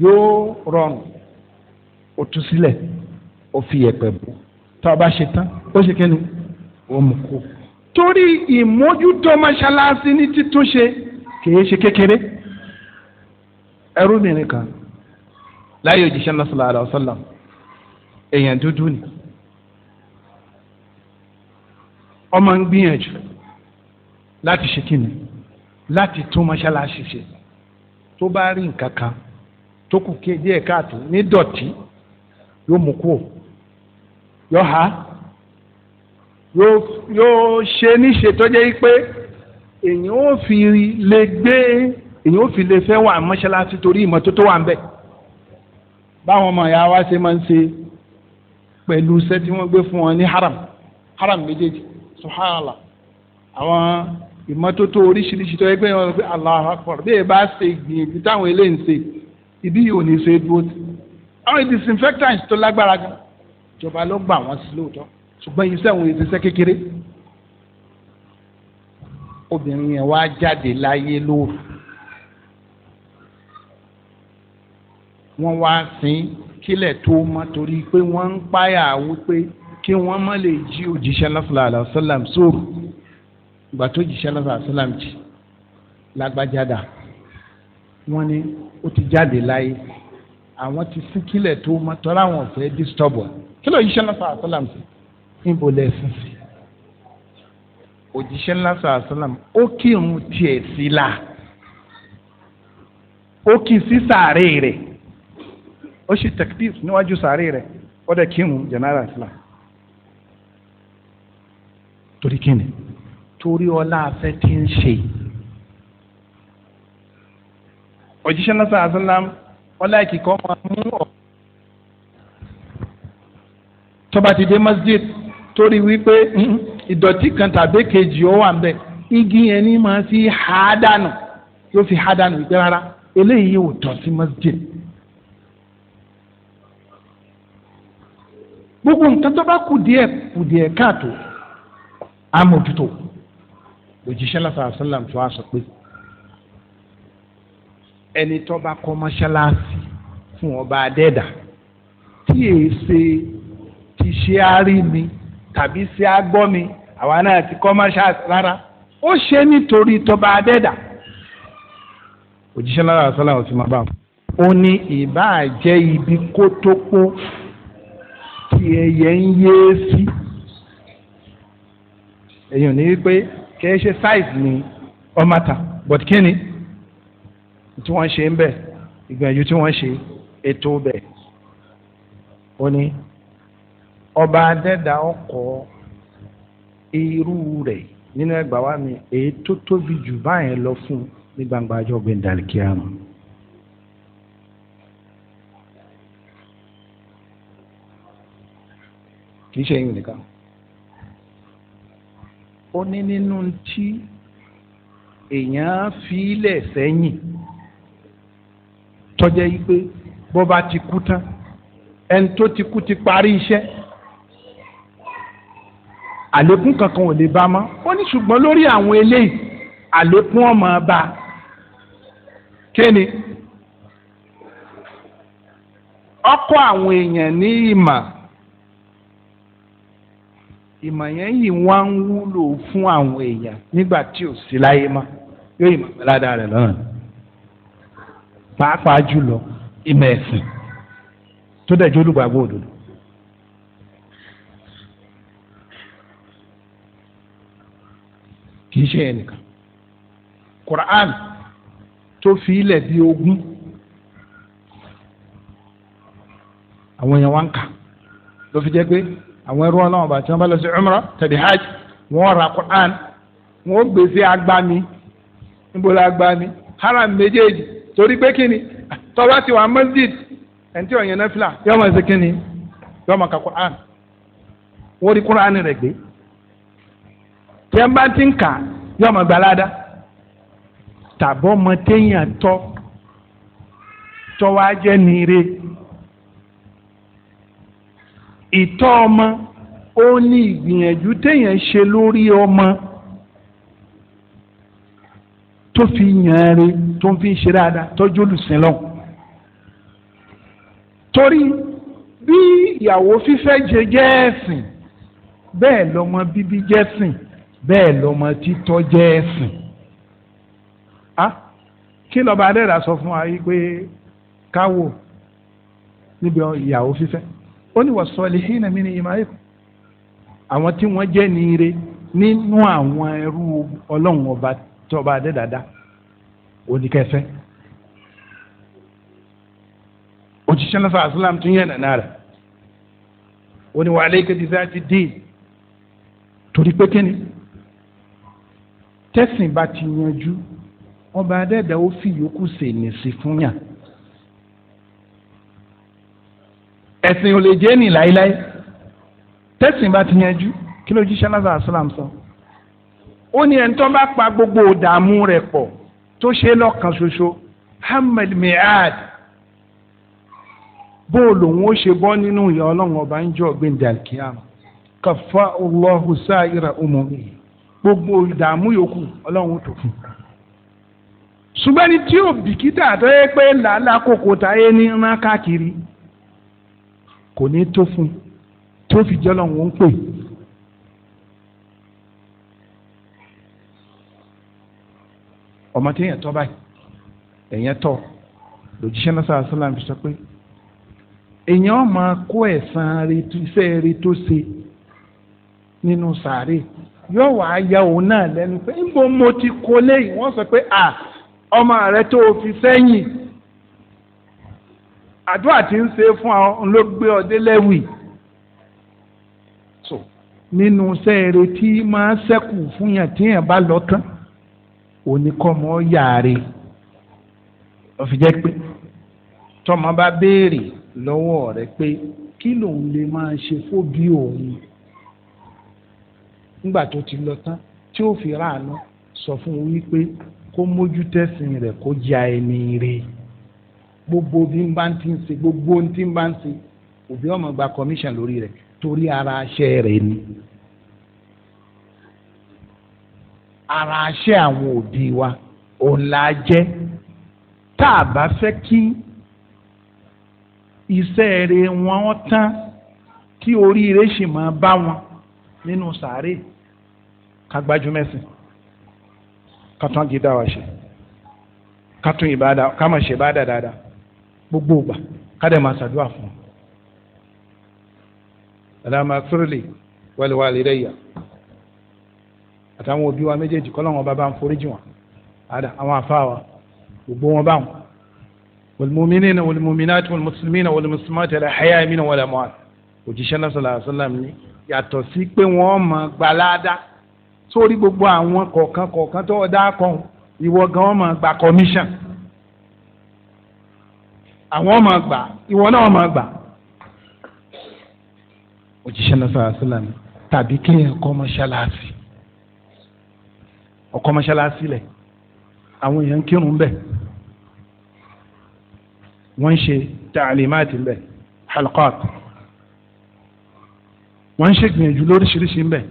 yóò rọrùn o tú sílẹ̀ ó fi yẹ̀pẹ̀ bò tó bá ṣe tán ó ṣe kíni ó mú kó. torí ìmójútó mọ́ṣáláṣí ní títúnṣe kìí ṣe kékeré ẹrúbìnrin kan láyé òjíṣẹ́ náà sallallahu alaihi wasallam èèyàn dúdú ni ọmọ ń gbìyànjú láti ṣe kíni láti tún mọ́ṣáláṣí ṣe tó bá rí nǹkan kan tó kù díẹ̀ káàtó ní dọ̀tí yóò mú kúrò yóò ha yóò ṣe níṣe tó jẹ́ pé èyàn ò fi lè gbé èyàn ò fi lè fẹ́ wà mọ́ṣáláṣí torí ìmọ́tótó wà ń bẹ̀ báwọn ọmọ ìyá wa ṣe máa ń ṣe pẹ̀lú iṣẹ́ tí wọ́n gbé fún wọn ní haram haram méjèèjì subhanallah àwọn ìmọ́tótó oríṣiríṣi tó ẹgbẹ́ wọn pé Allahu Akbar bí ẹ bá ṣe gbìyànjú táwọn eléyìí ń ṣe ibi yìí ò ní ṣe dúró tì àwọn disinfectants tó lágbára gan ìjọba ló gbà wọ́n sí lóòótọ́ ṣùgbọ́n iṣẹ́ òun ìṣiṣẹ́ kékeré obìnrin yẹn wá jáde láyé lóru wọ́n wá sin kílẹ̀ tó mọ́ torí pé wọ́n ń páyà wípé kí wọ́n má lè jí òjíṣẹ́ lọ́sọ̀lá àlọ́ ìgbà tó jíṣẹ́ lọ́sà sálàm jì lágbájádà wọ́n ní ó ti jáde láyé àwọn ti síkílẹ̀ tó mọ tọ́lá àwọn ọ̀fẹ́ distọ́bù kí ló jíṣẹ́ lọ́sà sálàm sí níbo lẹ́sìn sí òjíṣẹ́ lọ́sà sálàm ó kírun tiẹ̀ sí la ó kì í sí sàárè rẹ̀ ó ṣe tẹkbír níwájú sàárè rẹ̀ ó dẹ̀ kírun jẹ̀nára islam torí kíni. torí ọlá afẹ́ tí ń ṣe. òjíṣẹ́ náà ọlá ìkìkọ́ máa mú ọ ti dé masjid torí wípé ìdọ̀tí kan tàbí kejì ó wà igi yẹn ni máa fi há dànù yóò fi há dànù ìgbẹ́ rárá eléyìí si masjid. gbogbo nǹkan tó bá kù díẹ̀ òjíṣẹ́ lásán àṣàlám tó a sọ pé ẹni tó bá kọ́ mọ́ṣáláṣí fún ọba adẹ́dà tí èé ṣe ti ṣe árí mi tàbí ṣe ágbọ́ mi àwa náà ti kọ́ mọ́ṣáláṣí rárá ó ṣe nítorí tọba adẹ́dà òjíṣẹ́ lásán àṣàlám ti máa bá wọn ó ní ìbáà jẹ́ ibi kó tó pọ̀ tí ẹyẹ ń yé sí ẹ̀yìn ní wípé kì í ṣe size ni ọmọ ta but kí ni tí wọ́n ṣe ń bẹ̀ ìgbìyànjú tí wọ́n ṣe ètò bẹ̀ ó ní ọba adẹ́dà ọkọ̀ irú rẹ̀ nínú ẹgbàá wa mi èyí tó tóbi jù báyẹn lọ fún ní gbangba ajọ́ ọ̀gbìn dàlíkíyàmù. kì í ṣe yín nìkan ó ní nínú tí èèyàn fílẹ̀ sẹ́yìn tọ́jẹ́ yí pé bó bá ti kú tán ẹni tó ti kú ti parí iṣẹ́ àlékún kankan ò lè bá mọ́ ó ní ṣùgbọ́n lórí àwọn eléyìí àlékún ọmọ bá kéne ọkọ àwọn èèyàn ní ìmọ̀ ìmọ̀ yẹn yìí wá ń wúlò fún àwọn èèyàn nígbà tí ò sí láyé mọ́ yóò ìmọ̀ pẹ̀ládàá rẹ̀ lọ́nà pàápàá jùlọ ìmọ̀ ẹ̀sìn tó dẹ̀jọ́ olùgbàgbọ́ òdodo. kì í ṣe ẹnìkan Quran tó fi ilẹ̀ bíi ogún àwọn èèyàn wá ń kà ló fi jẹ́ pé àwọn ẹrú ọlọ́run bá tí wọ́n bá lọ sí umra tàbí hajj wọ́n ra quran wọ́n gbèsè agbami níbo agbami haram méjèèjì torí pé kí ni tọ́ba ti wà masjid ẹ̀ǹtí ọ̀yàn náà fìlà yọ ọmọ ẹ̀sẹ̀ kí ni yọ ọmọ ka quran wọ́n rí quran rẹ̀ gbé tí wọ́n bá ti ń kà yọ ọmọ gbalada tàbọ̀ ọmọ téèyàn tọ́wọ́ ajẹ́ nire ìtọ́ ọmọ ó ní ìgbìyànjú téèyàn ṣe lórí ọmọ tó fi yàn án re tó fi ń ṣe dáadáa tọ́jú olùsìn lọ. torí bí ìyàwó fífẹ́ jẹ jẹ́ ẹ̀sìn bẹ́ẹ̀ lọ́mọ bíbí jẹ́ sìn bẹ́ẹ̀ lọ́mọ títọ́ jẹ́ sìn. kí lọ́ba adẹ́rà sọ fún wa yìí pé káwò níbi ìyàwó fífẹ́ ó ní wasalihina min imaikum àwọn tí wọ́n jẹ́ ní ire nínú àwọn ẹrú ọlọ́run ọba tọba adẹ́dàdá oníkẹfẹ́ òjíṣẹ́ náà sàásùlám tún yẹn nàná rẹ̀ ó ní wa alayka bi zati din torí pé kíni tẹ̀sìn bá ti yanjú ọba adẹ́dàá ó fi yòókù sèǹsì fún yàn. ẹ̀sìn ò lè jẹ́ ní láéláé tẹ̀sìn bá ti yanjú kí ló jíṣẹ́ náà sàlám sọ. ó ní ẹni tó bá pa gbogbo ìdààmú rẹ̀ pọ̀ tó ṣe lọ́kàn ṣoṣo hamad miad bó lòun ó ṣe bọ́ nínú ìyà ọlọ́run ọba ń jọ gbẹ̀ndẹ̀ alkiyam kàfà ọlọ́hu sáírà ọmọ gbogbo ìdààmú yòókù ọlọ́run tó fún ṣùgbọ́n ní tí ò bìkítà tó yẹ pé làálàá kòkòtà yé ní rán káàkiri kò ní tó fún tó fi jẹ́ lọ́wọ́ ń pè. ọmọ tí èèyàn tọ́ báyìí èèyàn tọ́ lòjíṣẹ́ náà sáà sálàm fi sọ pé èèyàn máa kó ẹ̀san iṣẹ́ rẹ̀ tó ṣe nínú sàárè yóò wá ya òun náà lẹ́nu pé níbo mo ti kó léyìn wọ́n sọ pé ọmọ rẹ tó o fi sẹ́yìn àdúrà tí ń ṣe fún àwọn ló ọdẹ lẹ́wì so nínú sẹ́ẹ̀rẹ̀ tí máa ṣẹ́kù fún yàn tí yàn bá lọ tán oníkọ́mọ yàrá ọ̀fìjẹ́ pé tọmọ bá béèrè lọ́wọ́ rẹ pé kí lòun lè máa ṣe fóbi òun nígbà tó ti lọ tán tí ó fi ráàánú sọ fún un wípé kó mójú tẹ̀sìn rẹ̀ kó ja ẹni rèé gbogbo bí n bá ń ti ń ṣe gbogbo ń ti ń bá ń ṣe òbí ọmọ gba commission lórí rẹ̀ torí ara aṣẹ rẹ̀ ni ara aṣẹ àwọn òbí wa òun la jẹ́ tá a bá fẹ́ kí iṣẹ́ rẹ̀ wọn tán kí oríire sì máa bá wọn nínú sàárè ká mẹ́sìn ká tán gidá wa ṣe dáadáa gbogbo ìgbà kádẹ máa ṣàdúrà fún un. Àdàmà Sírìlì wàlúwàlú rẹ̀ yà àtàwọn òbí wa méjèèjì kọ́ lọ́wọ́n bàbá ń foríjì wọn àdà àwọn afá gbogbo wọn bá wọn. والمؤمنين والمؤمنات والمسلمين والمسلمات على حياة من ولا مؤمن òjíṣẹ́ lọ́sọ̀lá àṣọlám ni yàtọ̀ sí pé wọ́n mọ̀ gbalada sórí gbogbo àwọn kọ̀ọ̀kan kọ̀ọ̀kan tó ọ̀dà kan ìwọ gan mọ̀ gba commission àwọn ọmọ gbà ìwọ náà ọmọ gbà òjíṣẹ́ náà sọ̀rọ̀ sílẹ̀ mi tàbí kéèyàn kọ́ mọ́ṣáláṣí ọkọ́ mọ́ṣáláṣí lẹ̀ àwọn èèyàn kírun bẹ̀ wọ́n ń ṣe tàlímáàtì bẹ̀ halqat wọ́n ń ṣe gbìyànjú lóríṣiríṣi bẹ̀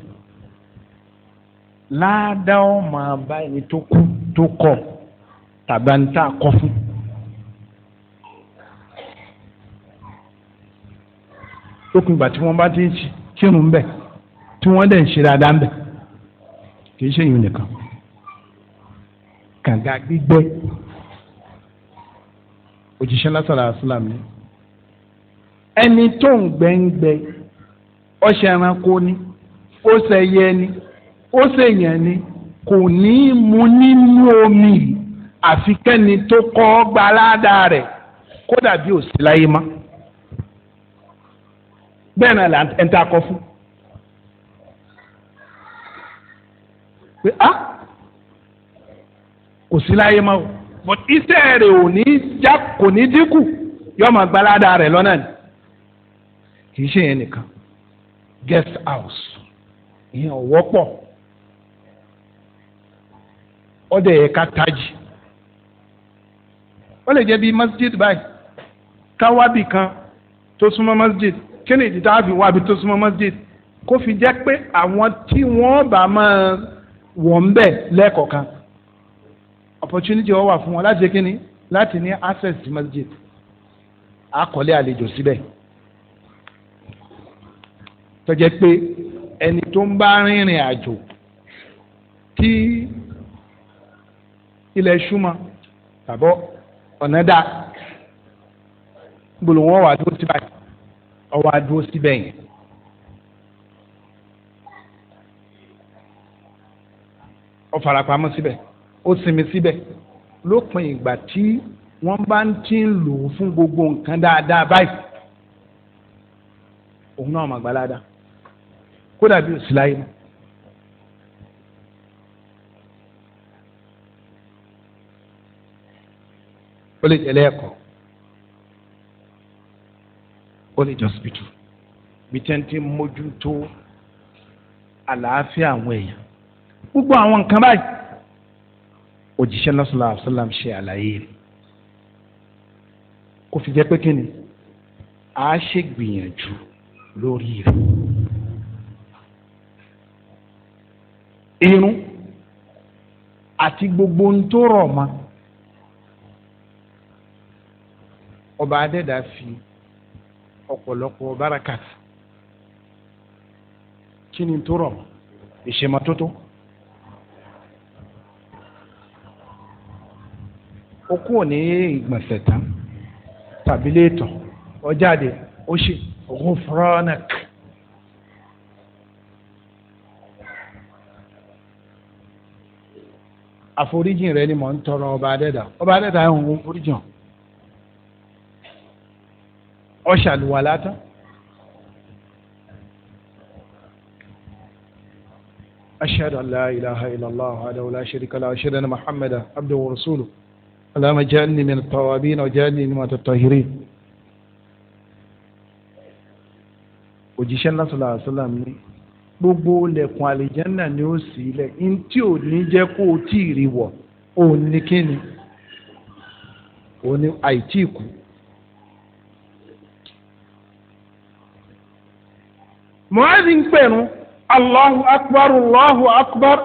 ládàá ọmọ abáyé tó kú tó kọ̀ tàbí à ń tà kọ́ fún. lókun ìgbà tí wọ́n bá ti kírun bẹ̀ tí wọ́n dẹ̀ ń ṣe dáadáa bẹ̀ kì í ṣe ìyún nìkan kànga gbígbẹ́ òjíṣẹ́ lásàrà islam ni ẹni tó ń gbẹ́ngbẹ́ ọṣẹ ẹranko ni ó ṣẹyẹ ni ó ṣèyàn ni kò ní í mu nínú omi àfikẹ́ni tó kọ́ gbaládàá rẹ̀ kódà bí ò sí láyé mọ́ bẹ́ẹ̀ náà là ń ta akọ fún. pé a ah, kò sí láyé mọ́ but iṣẹ́ rẹ̀ ò ní já kò ní dínkù yóò máa gbalada rẹ̀ lọ́nà ni kì í ṣe yẹn nìkan guest house ìyẹn ò wọ́pọ̀ ọdẹ yẹ ká tají ó lè jẹ́ bí masjid báyìí káwábì kan tó súnmọ́ masjid kí ni ìdí tá a fi wá ibi tó súnmọ́ masjid kó fi jẹ́ pé àwọn tí wọ́n bá máa wọ̀ bẹ̀ lẹ́ẹ̀kọ̀kan opportunity wọ́n wà fún wọn láti ṣe kí ni láti ní access to masjid àkọlé àlejò síbẹ̀ tó jẹ́ pé ẹni tó ń bá rìnrìn àjò tí ilẹ̀ ṣúmọ́ tàbọ̀ ọ̀nà dá wà tó ti báyìí ọwọ́ adúró síbẹ̀ yẹn. ó farapamọ́ síbẹ̀ ó sinmi síbẹ̀ lópin ìgbà tí wọ́n bá ń tí ń lò ó fún gbogbo nǹkan dáadáa báyìí òun náà mà gbalada kódà bí òsì láyé mọ́. ó lè jẹ́ lẹ́ẹ̀kọ́. ó hospital, jọ síbìtù bí tẹ́ ń ti mójútó àlàáfíà àwọn èèyàn gbogbo àwọn nǹkan báyìí òjíṣẹ́ lọ́sọ̀lá àbúsọ́làm ṣe àlàyé rẹ̀ kò fi jẹ́ pé kí ni a ṣe gbìyànjú lórí rẹ̀ irun àti gbogbo ohun tó rọ̀ mọ́ ọba adẹ́dàá fi ọ̀pọ̀lọpọ̀ barakat kí ni tó rọ̀ ìṣèmọ́tótó ó kúrò ní ìgbọ̀nsẹ̀ tán tàbí léètọ̀ ó jáde ó ṣe ògùn fúrọ́nàk. àforíjìn rẹ ni mò ń tọrọ ọba adẹ́dà ọba adẹ́dà ń foríjìn ọ̀ṣàlùwàlá tán. أشهد أن لا إله إلا الله وحده لا شريك له أشهد أن محمدا عبده ورسوله اللهم اجعلني من التوابين واجعلني من الطاهرين òjíṣẹ́ ńlá sọ̀rọ̀ àṣọlám ní gbogbo lẹ̀kùn àlìjẹ́nà ni ó sì ilẹ̀ ní tí ò ní jẹ́ kó o tí ì rí wọ̀ òun ní kíni òun ní àìtí kù mọ́ẹ́sì ń pẹ̀rù allahu akbar allahu akbar.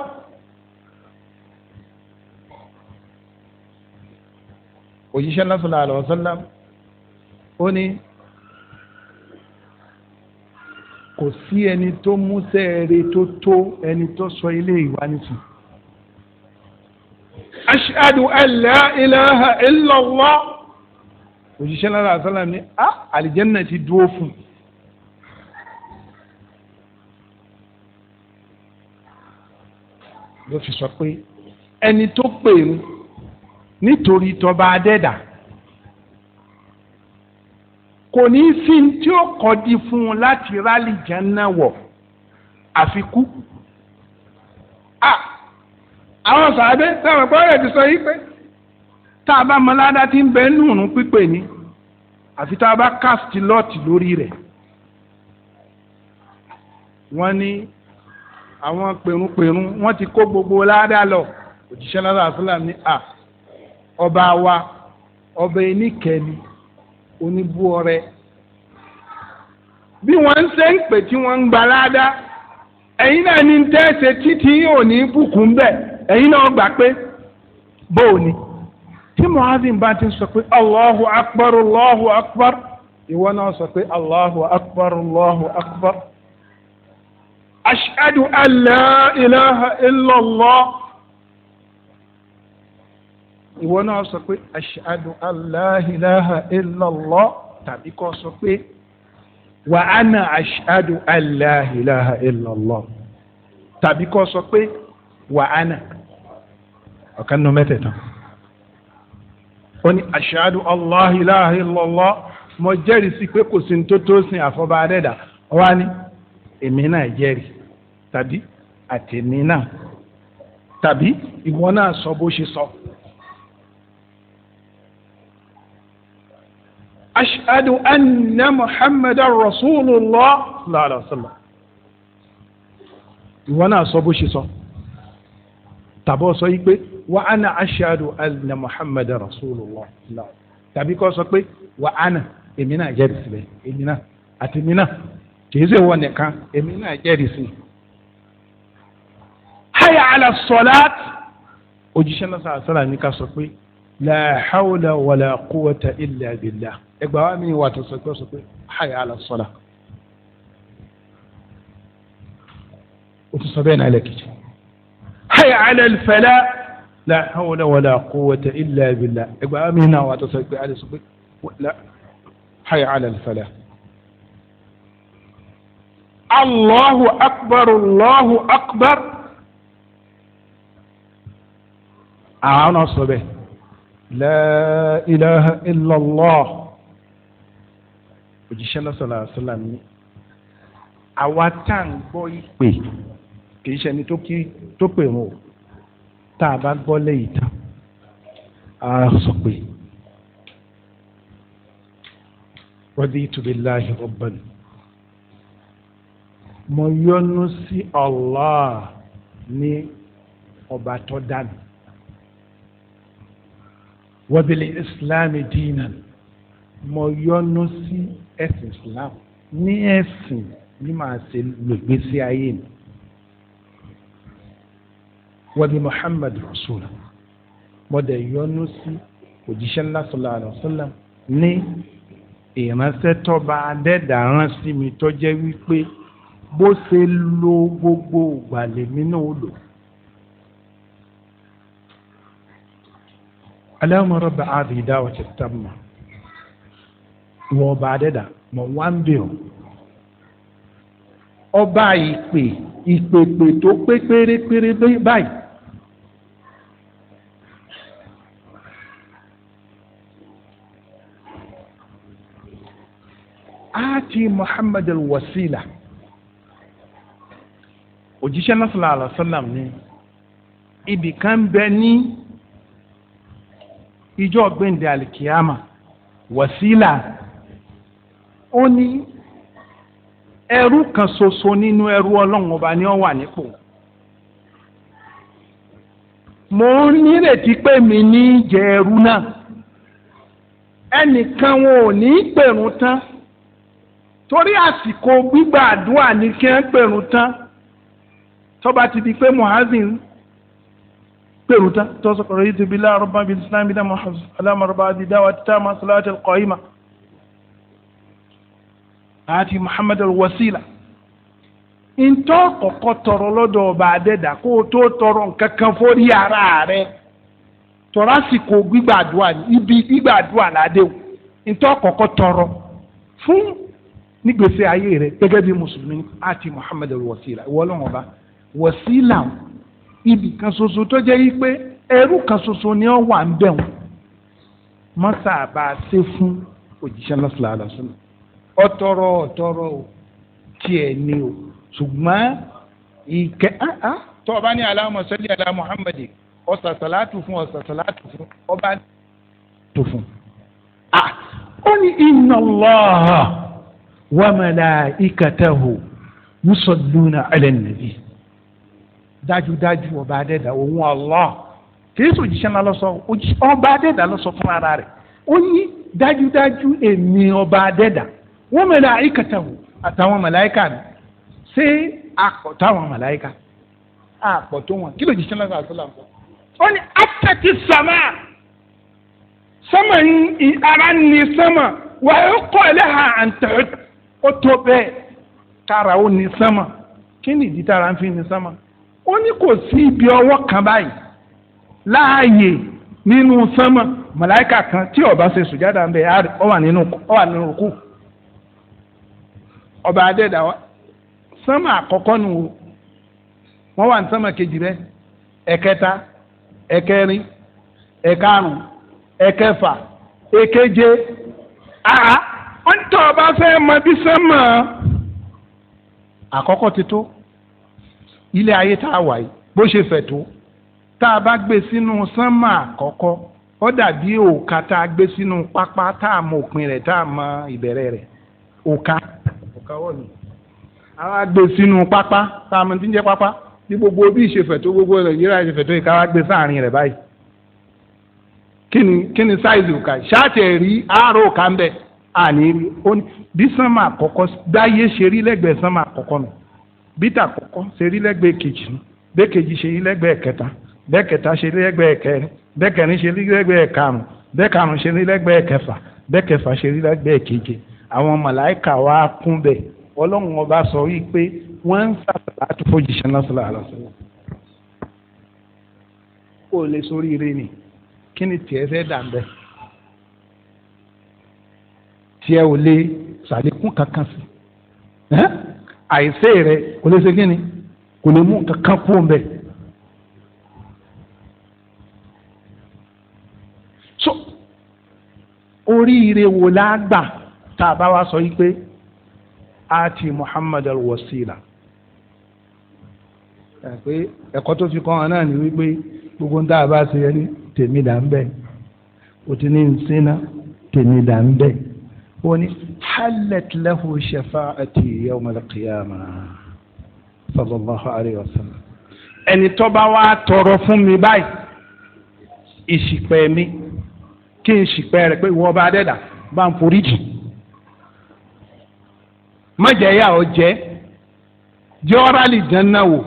òjíṣẹ́ náà sọ̀rọ̀ àlọ́ sọ́lá ó ní kò sí ẹni tó múṣẹ́ rẹ̀ tó tó ẹni tó sọ ilé ìwà nìsín. ashadu an la ilaha illallah òjíṣẹ́ náà sọ̀rọ̀ àlọ́ sọ́lá ní ah, àlìjẹ́nà ti dúró fún un. ló fi sọ pé ẹni tó pè ń nítorí tọba adẹ́dà kò ní sí tí ó kọ́ fún un láti rálì jẹ́nà wọ̀ àfikún. àwọn sàábé táwọn ẹ̀kọ́ rẹ̀ ti sọ yìí pé tá a bá mọládá tí ń bẹ nùrún pípé ni àfi tá a bá cast lot lórí rẹ̀ wọ́n ní. àwọn pẹ̀rùnpẹ̀rùn wọ́n ti kó gbogbo ládàá lọ òjíṣẹ́ lọ́dọ̀ àfúlà ní à ọba wa ọba eníkẹ́ni oníbú ọrẹ bí wọ́n ń ṣe ń pè tí wọ́n ń gba ládàá ẹ̀yin náà ní tẹ́sẹ̀ títí òní bùkún bẹ́ẹ̀ ẹ̀yin náà gbà pé tí muhammed bá ti sọ pé allahu akbar allahu akbar ìwọ náà أشهد أن لا إله إلا الله ìwọ náà sọ pé ashhadu an la ilaha illallah tàbí kọ́ sọ pé wa ana ashhadu an la ilaha illallah tàbí kọ́ sọ pé wa ana ọ̀kan nù mẹ́tẹ̀ẹ̀tàn. ó ní ashhadu an la ilaha illallah mo jẹ́rìí sí pé kò sí ní tó tó sin àfọ̀bá adẹ́dà ọ̀wá ni èmi náà jẹ́rìí tàbí àtẹ̀mí náà tàbí ìwọ náà sọ bó ṣe sọ. ashadu anna muhammadan rasulullah sallallahu alaihi wa sallam ìwọ náà sọ bó ṣe sọ tàbí sọ yìí pé wa ana ashadu anna muhammadan rasulullah tàbí kó sọ pé wa ana èmi náà jẹ́rìí síbẹ̀ èmi náà àti náà kìí ṣe wọ nìkan èmi náà jẹ́rìí sí i. hayya ala sọ̀láàt òjíṣẹ́ náà sàásàlà ní ká sọ pé la hawla wala quwwata illa billah ẹgbàá wa mi wà tó sọ pé sọ pé hayya ala sọ̀lá. o ti sọ bẹ́ẹ̀ náà lẹ́kìtì. hayya ala al-fala la hawla wala quwwata illa wa mi náà wà tó sọ pé hayya ala al Allahu akbar Allahu akbar àwọn náà sọ bẹ́ẹ̀ la ilaha illallah òjíṣẹ́ lọ́sọ̀lá àṣọlá mi àwa tá à ń gbọ́ ìpè kì í ṣe ẹni tó pè wọn o tá a bá gbọ́ lẹ́yìn tán a sọ pé raditu billahi rabban mo yọ́nú sí Allah ní ọba tó dá mi wa bil islam dinan mo yọ́nú sí ẹ̀sìn islam ní ẹ̀sìn bí màá ṣe lògbèsè ayé mi wa bi muhammad rasulullah mo dẹ̀ yọ́nú sí òjíṣẹ́ ńlá sallallahu alaihi ní ìránṣẹ́ tó bá adẹ́dàá mi tó wípé bó ṣe lo gbogbo ìgbàlèmí náà lò. Allahumma rabba hadhihi da'wati tamma wọ́n ọba adẹ́dà mọ̀ wá ń bẹ̀ ọba ìpè ìpèpè tó pé pérépéré báyìí. آتي محمد الوسيلة òjíṣẹ́ náà sallallahu alaihi wasallam ni ibi kan bẹ ní ìjọ gbẹ̀ǹdẹ̀ alikiyama wasila ó ní ẹrú kan ṣoṣo nínú ẹrú ọlọ́run ọba ni ó wà nípò mo ń nírètí pé mi ní jẹ ẹrú náà ẹnìkan wọn ò ní pèrún tán torí àsìkò gbígbà àdúrà kí pèrún tán tọ́ba ti di pé muhazin pèrú tán tó sọ kọ̀rọ̀ yìí ti bí láàárọ̀ bá bí islam bí dáhùn alámọ̀rọ̀bá àti dáwà títà máa sọ láti kọ́ ìmà àti muhammad al-wasila ntọ́ kọ̀kọ́ tọrọ lọ́dọ̀ ọba adẹ́dà kó o tó tọrọ nǹkan kan fórí ara rẹ tọ́ra sì kò gbígbàdúrà ibi gbígbàdúrà ládéwò ntọ́ kọ̀kọ́ tọrọ fún nígbèsè ayé rẹ gẹ́gẹ́ bí mùsùlùmí àti muhammad wasila ìwọ́lọ́wọ́n ọba wọ̀sílà ibì kan ṣoṣo tó jẹ́ wípé ẹrú kan ṣoṣo ni ó wà ń bẹ̀ wọ́n mọ́sà bá a ṣe fún òjíṣẹ́ lọ́sọ̀lá àlọ́sọ̀lá ọ̀tọ̀rọ̀ ọ̀tọ̀rọ̀ tiẹ̀ ni o ṣùgbọ́n ìkẹ́ tọ́ ọba ní aláwọ̀ sọ́lí alá muhammadi ọ̀sàsàlátù fún ọ̀sàsàlátù fún ọba tó fún. ó ní inna Allaha wa malaikatahu yusalluna ala nabi dájúdájú ọba adẹ́dà òun Allah kì í sùn jíṣẹ́ ńlá lọ́sọ ọba adẹ́dà lọ́sọ fún ara rẹ̀ ó ní dájúdájú èmi ọba adẹ́dà wọ́n mẹ́lẹ̀ àyíkàtà wò àtàwọn màláíkà mi ṣé àpọ̀tọ́ àwọn màláíkà àpọ̀tọ́ wọn kí ló jíṣẹ́ ńlá lọ́sọ làǹfọ̀ ó ní àtẹ̀tì sàmà sàmà yìí ara ní sàmà wà á kọ́ ẹ̀ lẹ́hà àǹtẹ̀ ó tó bẹ́ẹ̀ kára ó ní sàmà kí ó ní kò sí ibi ọwọ́ kan báyìí láàyè nínú sánmọ̀ màláìkà kan tí ọba ṣe sùjádà ń bẹ ọ wà nínú ọ wà nínú kù ọba adẹ́dà sánmọ̀ àkọ́kọ́ nù wọ́n wà ní sánmọ̀ kejì rẹ̀ ẹ̀kẹta ẹ̀kẹrin ẹ̀karùn ẹ̀kẹfà ẹ̀keje àá wọ́n ní tọ́ ọba fẹ́ mọ bí sánmọ̀ àkọ́kọ́ ti tó ilé ayé tá a wà yìí bó ṣe fẹ̀ tó tá a bá gbé sínú sánmà àkọ́kọ́ ó dàbí òòkà tá a gbé sínú pápá tá a mọ òpin rẹ̀ tá a mọ ìbẹ̀rẹ̀ rẹ̀ òòkà òòkà wọ̀ ni a wá gbé sínú pápá tá a mọ tí ń jẹ́ pápá ní gbogbo bí ìṣèfẹ̀ tó gbogbo nàìjíríà ìṣèfẹ̀ tó ìka wá gbé sáàrin rẹ̀ báyìí kíni kíni sáìzì òkà ṣáàtì rí àárò òkà ń bẹ àní bí sánmà àkọ́kọ́ dáyé ṣe rí lẹ́gbẹ̀ẹ́ sánmà àkọ́kọ́ náà bítà kọ́kọ́ ṣe rí lẹ́gbẹ̀ẹ́ kejì ni bẹ́ẹ̀ kejì ṣe rí lẹ́gbẹ̀ẹ́ kẹta bẹ́ẹ̀ kẹta ṣe rí lẹ́gbẹ̀ẹ́ kẹrin bẹ́ẹ̀ kẹrin ṣe rí lẹ́gbẹ̀ẹ́ karùn bẹ́ẹ̀ karùn ṣe rí lẹ́gbẹ̀ẹ́ kẹfà bẹ́ẹ̀ kẹfà ṣe rí lẹ́gbẹ̀ẹ́ keje àwọn màláìkà wa kún bẹ̀ ọlọ́run ọba sọ wípé wọ́n ń sàtàlá tó fojìṣẹ́ náà sọ̀rọ̀ àlọ́sọ̀rọ̀ kó lè sórí ire ni kí ni tiẹ̀ fẹ́ dà bẹ́ẹ̀ tiẹ̀ ò lè sàlékún kankan sí àìsè rẹ kò lè ṣe kí ni kò lè mú kankan kú ń bẹ. so oríire wo la gbà tá a bá wa sọ yìí pé àti Muhammad al-wasila pé ẹ̀kọ́ tó fi kọ́ ọ náà ni wípé gbogbo ń tá a bá ṣe yẹn ní tèmi dà ń bẹ̀ o ti ní nsínà tèmi dà ń bẹ̀ wọ́n ní حلت له شفاعتي يوم القيامة صلى الله عليه وسلم ẹni tó bá wá tọrọ fún mi báyìí ìṣìpẹ̀ mi kí ìṣìpẹ̀ rẹ̀ pé ìwọ ọba adẹ́dà bá ń forí jì mọ̀jẹ̀yà ó jẹ́ jọ́rálì dáná wò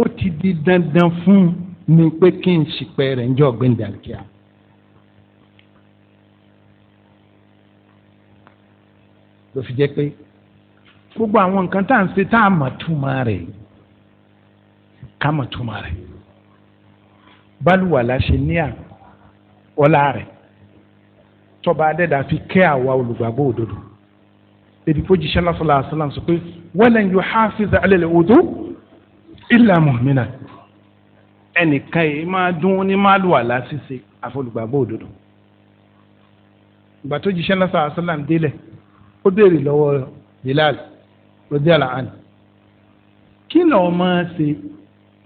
ó ti di dandan fún mi pé kí n ṣìpẹ̀ rẹ̀ ń jọ́ gbẹ̀ǹdàkíá. ló fi jẹ́ pé gbogbo àwọn nǹkan tá à ń ṣe tá a mọ̀ túmọ̀ rẹ̀ ká mọ̀ túmọ̀ rẹ̀ bálùwàlà ṣe ní ọlá rẹ̀ tọba adẹ́dà fi kẹ́ àwa olùgbàgbọ́ òdodo ebi fojì sálásálà àsálàm sọ pé walan yuhafiza ala al-wudu illa mu'mina ẹnìkan yìí máa dún ní málùwàlà ṣíṣe àfọlùgbàgbọ́ òdodo ìgbà tó jíṣẹ́ lásán àsálàm délẹ̀ ó béèrè lọ́wọ́ Bilal lọ́dí àlàáni kí lọ́ọ́ máa ṣe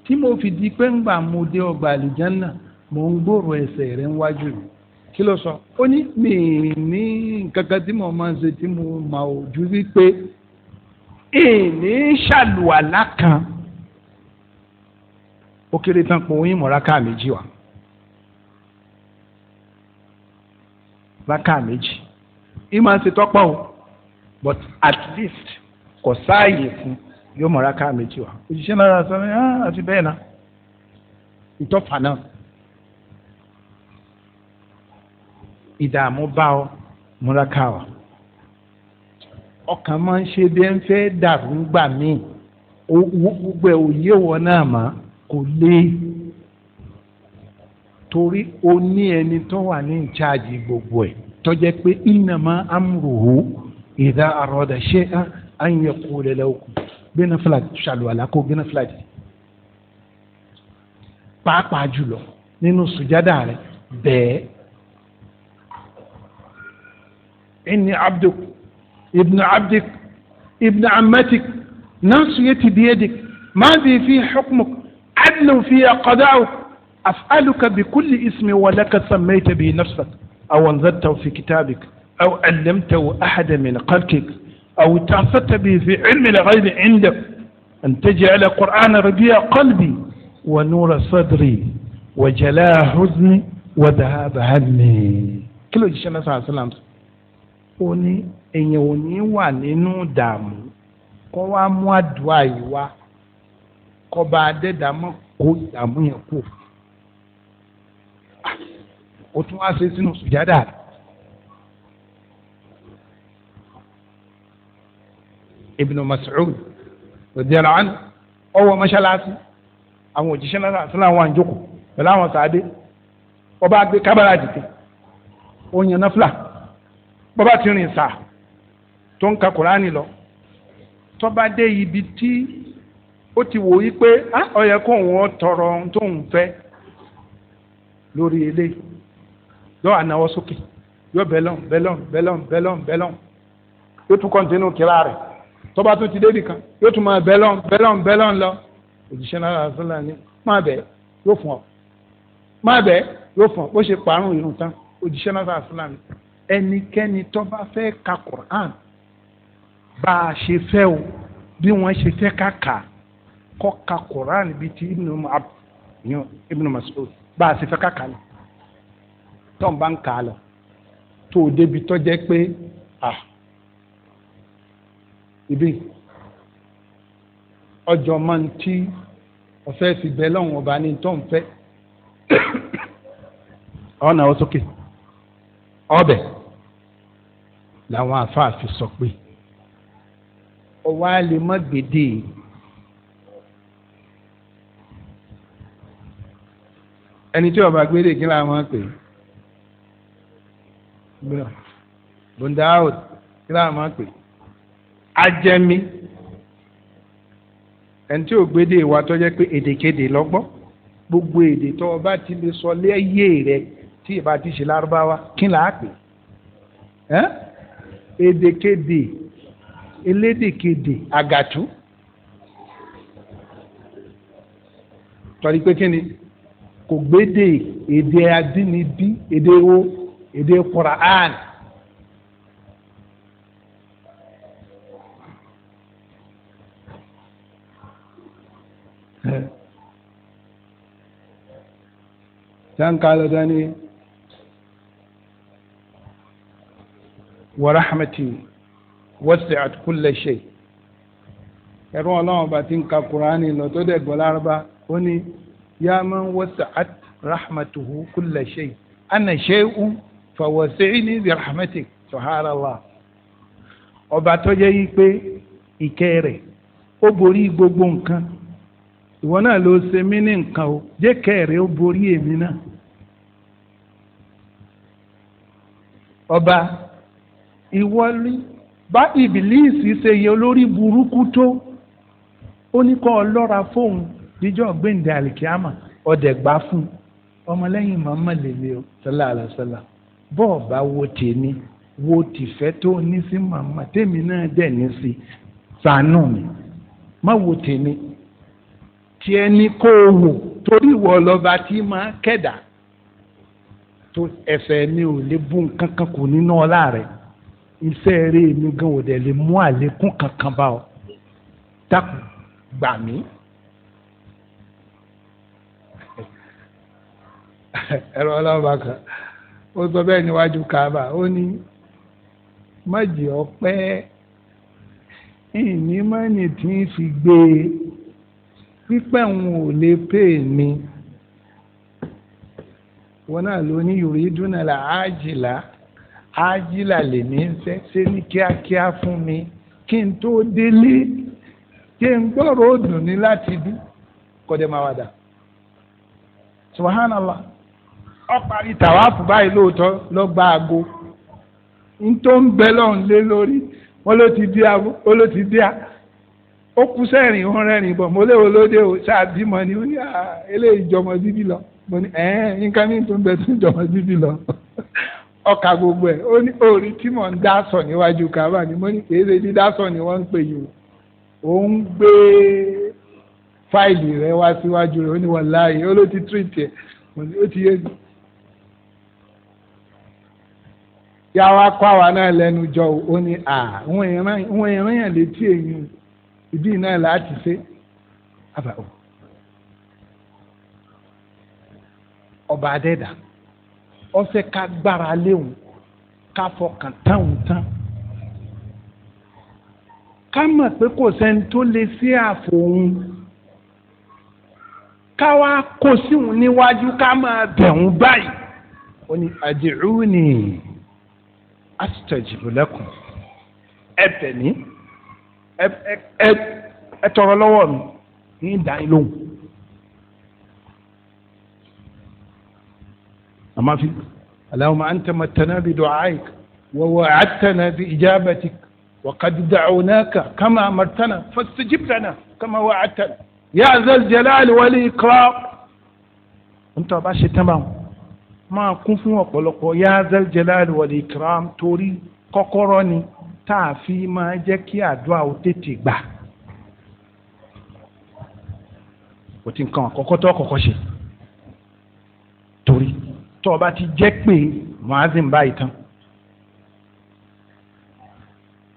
tí mo fi di pé ńgbà mo dé ọgbà àlìjánná mo ń gbòòrò ẹsẹ̀ rẹ̀ níwájú mi kí ló sọ ó ní mi ní nǹkan kan tí mo máa ń ṣe tí mo mà ò ju wípé ìní ṣàlùwàlá kan ó kéré tán pé oyún mọ̀ráká méjì wá ráká méjì ìmọ̀ ṣe tọ́pọ̀ o. but at least kò sáàyè fún yóò mọ̀ra ká méjì wá òṣìṣẹ́ náà sọ ah àti bẹ́ẹ̀ náà ìtọ́fà náà ìdààmú bá ọ múra ká wa ọkàn máa ń ṣe bí fẹ́ dàrú gbà gbogbo ẹ̀ òye wọn náà mà kò lé torí o ní ẹni tó wà ní ìcháàjì gbogbo ẹ̀ tó pé ìnàmọ́ amúròhó. إذا أراد شيئا أن يقول لكم بين فلاج شالوا لكم بين فلاج بابا جلو نينو سجادة ب إني عبدك ابن عبدك ابن عمتك ناس يتي بيدك ما بي في حكمك عدل في قضاؤك أسألك بكل اسم ولك سميت به نفسك أو أنزلته في كتابك أو علمته أحدا من خلقك أو تعصت به في علم الغيب عندك أن تجعل قرآن ربيع قلبي ونور صدري وجلاء حزني وذهاب همي kí ló jíṣẹ́ náà sàn sílám sí. ó ní èèyàn ò ní wà nínú ìdààmú kó wá mú àdúrà yìí wá kó bá adẹ́dàmọ́ kó ìdààmú yẹn kù. Ah, ó tún wá ṣe sínú sùjádà rẹ̀. ibnu Mas'ud radiyallahu anhu ọwọ́ mọ́ṣáláṣí àwọn òjíṣẹ́ náà àti láwọn àjòkò pẹ̀lú àwọn sàádé ọba gbé kábàrà dìde ó yan náfìlà bọ́bá ti rìn sà tó ń ka kùránì lọ tọ́ba dé ibi tí ó ti wò yí pé ah, ó yẹ kó òun tọrọ ohun tó ń fẹ́ lórí ilé yóò ànáwó sókè yóò bẹ́lọ̀n bẹ́lọ̀n bẹ́lọ̀n bẹ́lọ̀n bẹ́lọ̀n yóò tún kọ́ńtínú kíra rẹ̀ tọ́ba tó ti débì kan yóò tún máa bẹ́lọ́n bẹ́lọ́n bẹ́lọ́n lọ òjíṣẹ́ náà sọ́lá ni má bẹ́ yóò fún ọ má bẹ́ yóò fún ọ bó ṣe parun irun tán òjíṣẹ́ náà sọ́lá ni ẹnikẹ́ni tọ́ba fẹ́ ka Quran bá a ṣe fẹ́ o bí wọ́n ṣe fẹ́ ká kà á kọ́ ka Quran bíi ti Ibn Ab yan Ibn Mas'ud bá a ṣe fẹ́ ká kà á lọ tọ́n bá ń kà á lọ tó o débi tọ́jẹ́ pé ah ibi ọjọ́ máa ń tí ọ̀fẹ́ fi bẹ́ẹ̀ lọ́wọ́n ọba ní tó ń fẹ́ ọ̀nà ọ̀sọ́kè ọbẹ̀ làwọn afáàfi sọ pé ọwọ́ á má gbèdé ẹni tí ọba gbèdé kí làwọn pè bọ́ndà áwòt kí làwọn pè ajẹmi ẹni tí ò gbédè wa tó jẹ́ pé èdèkedè lọ́gbọ́ gbogbo èdè tó o bá ti lè sọ léyè rẹ tí ìbá ti ṣe lárúbáwá kí n là á pè é èdèkedè elédèkedè àgàtú torí pé kí ni kò gbédè èdè àdínibí èdè wo èdè Kùránì. can kala dani wa rahmati wasi'at kulli shay ẹ̀rọ ọlọ́run bá ti ń ka kùránì lọ tó dẹ̀ gbọ́ lárúbá ya man wasi'at rahmatuhu kulli shay ana shay'un fa wasi'ni bi rahmatik subhanallah ọba tó jẹ́ yí pé ìkẹ́ rẹ̀ ó borí gbogbo nǹkan ìwọ náà ló ṣe mí ní nǹkan o jẹ́ kẹ́rẹ́ ó borí èmi náà. ọba ìwọlí bá ìbílíìsì ṣe yẹ olórí burúkú tó ó ní fóun níjọ́ gbẹ̀ǹdẹ̀ àlìkíámà ọ̀dẹ̀ gbá fún ọmọlẹ́yìn màmá lèlè o sọlá àlàsọlá wo tèmi wo tìfẹ́ tó ní sí màmá tèmi náà dẹ̀ ní sí sànù wo tèmi tiẹ̀ ní kó o wò torí ìwọ lọ́ba tí máa kẹ̀dá tó ẹ̀fẹ̀ mi ò lè bú nǹkan kan kù nínú ọlá rẹ̀ iṣẹ́ rẹ̀ mi gan ò lè mú àlékún kankan bá ọ dákun gbà mí. ẹ̀rọ ọlọ́ba kan ó sọ bẹ́ẹ̀ níwájú kaaba ó ní má jẹ́ ọpẹ́ ìní mọ́ni tí ń fi gbé e pípẹ́ òun ò lè pè mí wọn náà ló ní yorì dúnà là ájìlá ájìlá lèmi ń fẹ́ ṣe ní kíákíá fún mi kí n tó délé kí n gbọ́rọ̀ òdùn ní láti bí kọ́dẹ̀ máa wà dà subhanallah ọparí tàwáàfù báyìí lóòótọ́ lọ gba n tó ń bẹ lọ́hùn lé lórí wọn ló ti dé aago wọn ló ti dé aago ó kú sẹ́rìn ó rẹ́rìn bọ̀ mo léwo lóde o ṣáàbímọ ni ó ní eléyìí jọmọ bíbí lọ mo ní ẹ̀ẹ́n nǹkan mi tó ń bẹ tó ń jọmọ bíbí lọ ọkà gbogbo ẹ̀ ó ní orí tí mò ń dá níwájú kábà ni mo ní kì í ṣe ni wọ́n ń pè yìí o ó ń gbé fáìlì rẹ wá síwájú rẹ ó ní wàláhì ó ló ti tírìtì ẹ̀ mo ní ó ti yé mi. yàrá kọ́ àwa náà lẹ́nu jọ ó ní à ń wọ̀nyẹ̀rán yàn létí èyí o ìdí iná láti ṣe àbàwò ọba adẹ́dà ọfẹ́ ká gbára léwu ká fọkàn táwọn tán ká mọ̀ pé kò sẹ́ni tó lè sí àfòun ká wá kó síhun níwájú ká máa bẹ̀rùn báyìí ó ní àdìrú ni astajib lakum ẹ̀bẹ̀ ní. ẹ tọrọ اللهم أنت متنا بدعائك ووعدتنا بإجابتك وقد دعوناك كما أمرتنا فاستجب لنا كما وعدتنا يا ذا الجلال والإكرام أنت باش تمام ما كن في يا ذا الجلال والإكرام توري كوكوروني tá a fi máa jẹ́ kí àdúrà ó tètè gbà kò tí nǹkan àkọ́kọ́ tó kọ́kọ́ ṣe torí tó o bá ti jẹ́ pé muazin báyìí tán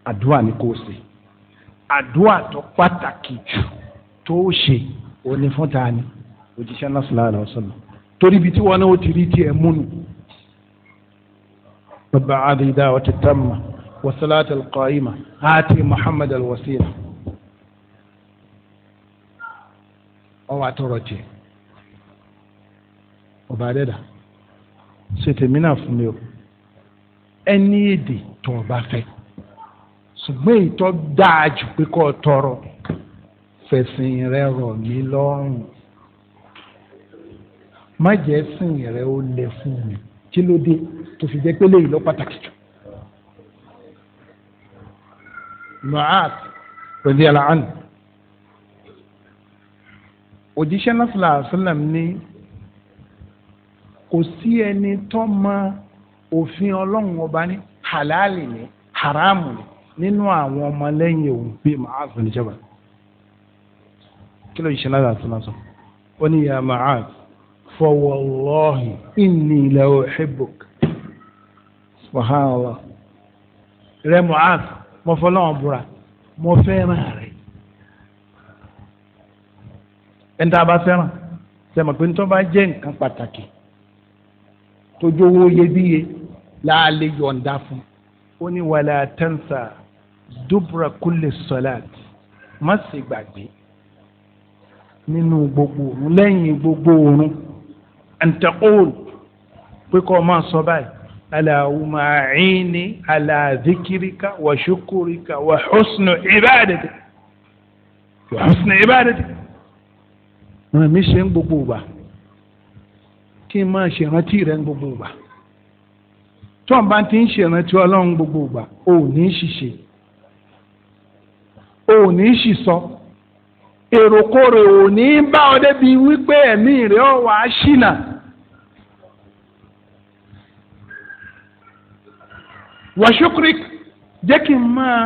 àdúrà ni kò ṣe àdúrà tó pàtàkì jù tó ṣe òní fún ta ni òjíṣẹ́ náà sallallahu alaihi wasallam torí ibi tí wọn náà ó ti rí tiẹ̀ múnu. Bàbá Adé dáwọ́ ti tán mọ́. والصلاة القائمة آتي محمد الوسيلة ọwọ àtọrọjẹ ọba adẹ́dà ṣètèmínà fún mi o ẹni èdè tó ọba fẹ́ ṣùgbọ́n ìtọ́ dáa jù pé kọ́ tọrọ fẹ̀sìn rẹ rọ̀ mí lọ́rùn má jẹ́ sìn rẹ ó lẹ̀ fún mi kí ló dé tó fi jẹ́ pé léyìí lọ pàtàkì jù. Mu'adh radiyallahu anhu òjíṣẹ́ náà sallallahu alaihi wasallam ní kò sí ẹni tó mọ òfin ọlọ́run ọba ní halali ní haramu ní nínú àwọn ọmọlẹ́yìn òun bíi Mu'adh bin Jabal kí ló yìí ṣe náà sallallahu alaihi ó ní ya Mu'adh fa wallahi inni la uhibbuk subhanallah rẹ Mu'adh mo fọlọ́wọ́n búra mo fẹ́ràn rẹ̀ ẹni tá a bá fẹ́ràn sẹ́mi pé nítorí bá jẹ́ nǹkan pàtàkì tójú owó iyebíye la lè yọ̀ǹda fún ó ní wàlá tẹ́ǹsà dúbúra kúlè sọ́láàt má sì gbàgbé nínú gbogbo òrùn lẹ́yìn gbogbo òrùn ẹ̀ǹtẹ̀kóòlù pé kọ́ ọ máa sọ báyìí. Allahumma aini ala dhikirika wa shukurika wa husnu ibadati wa husnu ibadati ràn mí ṣe ń gbogbo ìgbà kí n máa ṣèrántí rẹ ń gbogbo ìgbà tó ń bá ti ń ṣèrántí ọlọ́run gbogbo ìgbà ò ní ṣìṣe ò ní ṣìṣọ èròkòrò ò ní bá ọ débi wípé ẹ̀mí rẹ ọ̀ wá ṣìnà. wàṣúkúrì jẹ́ kí n máa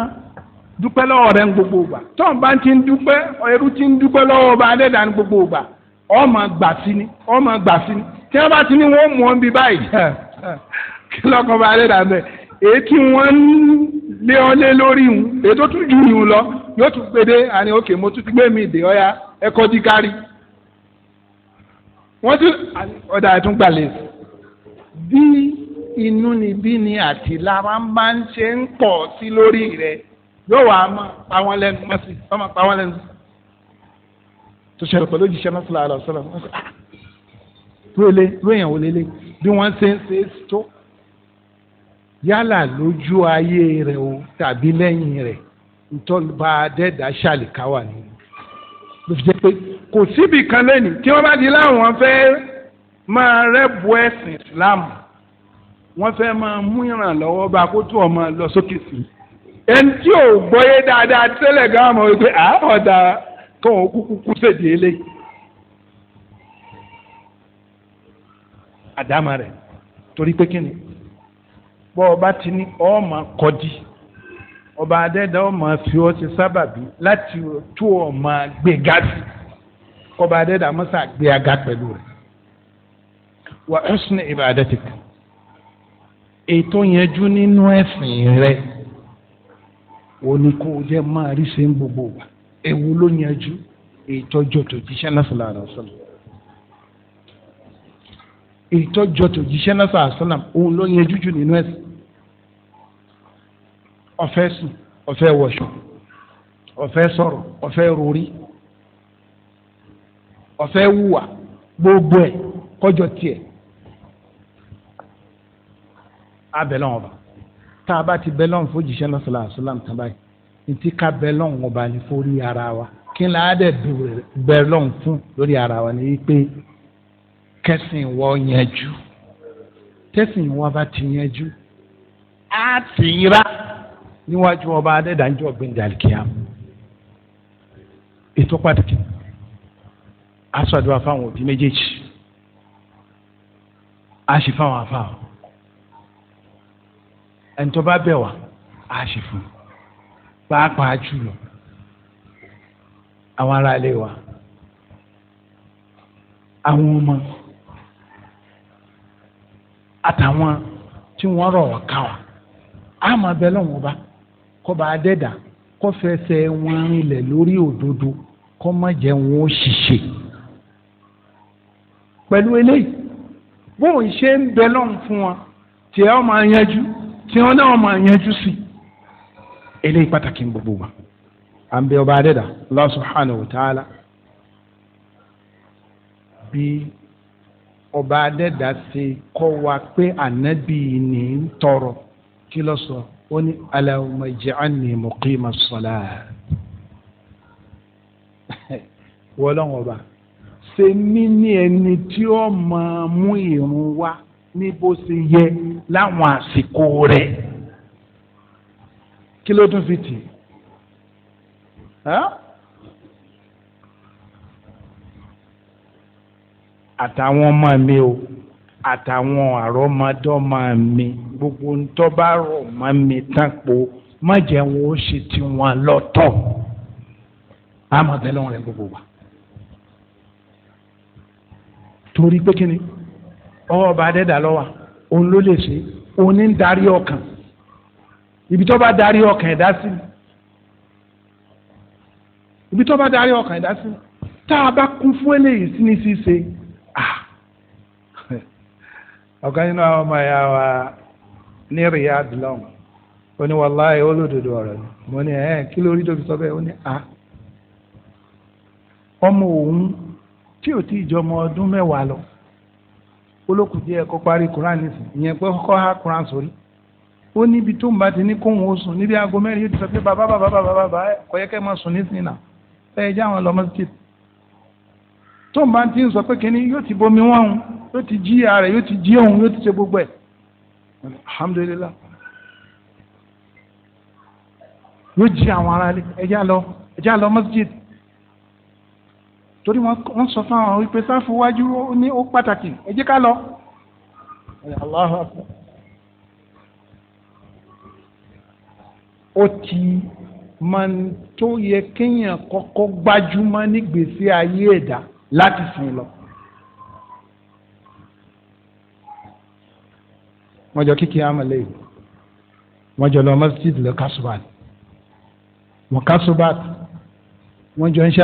dúpẹ́ lọ́wọ́ rẹ̀ ń gbogbo ìgbà tó ń bá ti ń dúpẹ́ ẹrú ti ń dúpẹ́ lọ́wọ́ ọba adẹ́dà ń gbogbo ìgbà ó gbà sí ni ó máa gbà sí ni tí wọ́n bá ti ní wọ́n mú ọ́n bí báyìí kí lọ́kàn bá adẹ́dà bẹ̀ èyí tí wọ́n ń lé ọ lé lórí ń èyí tó tún ju ìhun lọ yóò tún gbede àní òkè mo tún ti gbé mi ìdè ọ̀ya ẹ̀kọ́ di kárí wọ́n tún ọ̀dà ẹ̀tún gbàlè bí inú níbí ni àti lára máa ń ṣe ń pọ̀ sí lórí rẹ yóò wá ma pa wọ́n lẹ́nu mọ́sí wọ́n máa pa wọ́n lẹ́nu tó ṣẹlẹ̀ pẹ̀lú òjíṣẹ́ náà sílá àlọ́ sọ́lá wọlé lóyìn wọlé lé bí wọ́n ṣe ń ṣe é tó yálà lójú ayé rẹ̀ o tàbí lẹ́yìn rẹ̀ ntọ́ba adẹ́dá ṣàlìkáwà ni ló fi jẹ́ pé kò síbi kan lẹ́nu tí wọ́n bá di láwọn fẹ́ máa rẹ́bù ẹ̀sìn Islam wọ́n fẹ́ máa mú ìrànlọ́wọ́ bá kó tó ọmọ lọ sókè sí i. ẹni tí ò gbọ́yé dáadáa tẹ́lẹ̀ gan mọ̀ wípé àádọ́ta tó ń kúkú kú sèdí ilé. àdámà rẹ̀ torí pé kí ni bọ́ ọba ti ní ọmọ kọ́dí ọba adẹ́dá ọmọ fi ọ́ ti sábàbí láti tó ọmọ gbẹ̀gá sí kọba adẹ́dá mọ́sá gbé aga pẹ̀lú rẹ̀ wà ẹ́sùn ìbàdàn ti kàn. ètò yẹnjú nínú ẹ̀sìn rẹ òní kò jẹ́ máa rí gbogbo wa ewu ló yẹnjú ìtọ́jọ́ tó jíṣẹ́ náà sọ̀rọ̀ àrà sọ̀rọ̀ ìtọ́jọ́ tó jíṣẹ́ náà sọ̀rọ̀ sọ̀rọ̀ òun ló gbogbo ẹ̀ kọjọ tiẹ̀ á ọba tá a bá ti bẹ̀ lọ́wọ́ fojìṣẹ́ náà sọ̀rọ̀ àṣọlám tán báyìí ntí ká bẹ̀ lọ́wọ́ ọba ní forí ara wa kí ni á dẹ̀ bẹ̀ lọ́wọ́ fún lórí ara wa ni wípé kẹsìn wọ yanjú tẹsìn wọ bá ti yanjú á ti ra níwájú ọba adẹ́dàájọ́ gbẹ̀ndàlìkíá ètò pàtàkì aṣọ àdúrà fáwọn òbí méjèèjì a sì fáwọn afáwọn ẹni tó bá bẹ̀ wá á ṣe fún un pàápàá jùlọ àwọn ará ilé wa àwọn ọmọ àtàwọn tí wọ́n rọ̀ wá ká wa á máa bẹ lọ́wọ́n bá kó bá a dẹ́dà kó fẹsẹ̀ wọn rinlẹ̀ lórí òdodo kó má jẹ́ wọn ó ṣìṣe pẹ̀lú eléyìí bóun ṣe ń bẹ lọ́wọ́n fún wọn tí ẹ máa yanjú tí wọn náà máa yanjú sí eléyìí pàtàkì ń gbogbo wa à ń bẹ ọba adẹ́dà Allah subhanahu wa ta'ala bí ọba adẹ́dà ṣe kọ́ wa pé ànábì ní ń tọrọ kí ló sọ ó ní Allahumma ij'alni muqima as-salah wọ́n lọ́wọ́ ọba ṣe mí ní ẹni tí ó máa mú ìrun wá ní bó ṣe yẹ láwọn àsìkò rẹ̀ kí ló tún fi tì àtàwọn ọmọ mi o àtàwọn àrọ́mọdọ́mọ mi gbogbo ńtọ́ bá rọ̀ mọ́ mi tán po má jẹ́ wọn ó ṣe tiwọn lọ́tọ̀ àmọ́ gbogbo wa torí pé kí ni. ọwọ́ ọba adẹ́dà lọ́wà òun ló lè ṣe òun ní darí ọkàn ibi tó bá darí ọkàn ẹ̀dá sí ibi tó bá darí ọkàn ẹ̀dá sí tá a bá kún fún eléyìí sí ní ṣíṣe ọ̀kan nínú àwọn ọmọ ẹ̀yà wa ní Riyadh ni mo ní ẹ̀ kí tó fi sọ bẹ́ẹ̀ ó ní a ọmọ òun tí ò tí ì ọdún olókùn díẹ̀ kó parí Quran nísìn ìyẹn pé kọ́ ha Quran sórí ó níbi tó ń bá ti ní kóhùn ó sùn níbi aago mẹ́rin yóò ti sọ pé bàbá bàbá bàbá bàbá kò yẹ kẹ́ máa sùn nísìn náà ẹ jẹ́ àwọn lọ tó ń bá ti ń sọ pé kínní yóò ti bomi wọ́n yóò ti jí ìyá rẹ̀ yóò ti jí òun yóò ti ṣe gbogbo ẹ̀ alhamdulilah yóò jí àwọn aráalé ẹ jẹ́ àlọ́ ẹ jẹ́ àlọ́ mọ́sítì torí wọ́n sọ fún àwọn wípé sáfù wájú ní ó pàtàkì ẹ jẹ́ ká lọ. ó ti máa ń tó yẹ kéèyàn kọ́kọ́ gbájúmọ́ nígbèésí ayé ẹ̀dá láti sìn lọ. wọ́n jọ kíkí amalẹ̀ yìí wọ́n jọ lọ masjid lọ kasubat wọ́n kasubat wọ́n jọ ń ṣe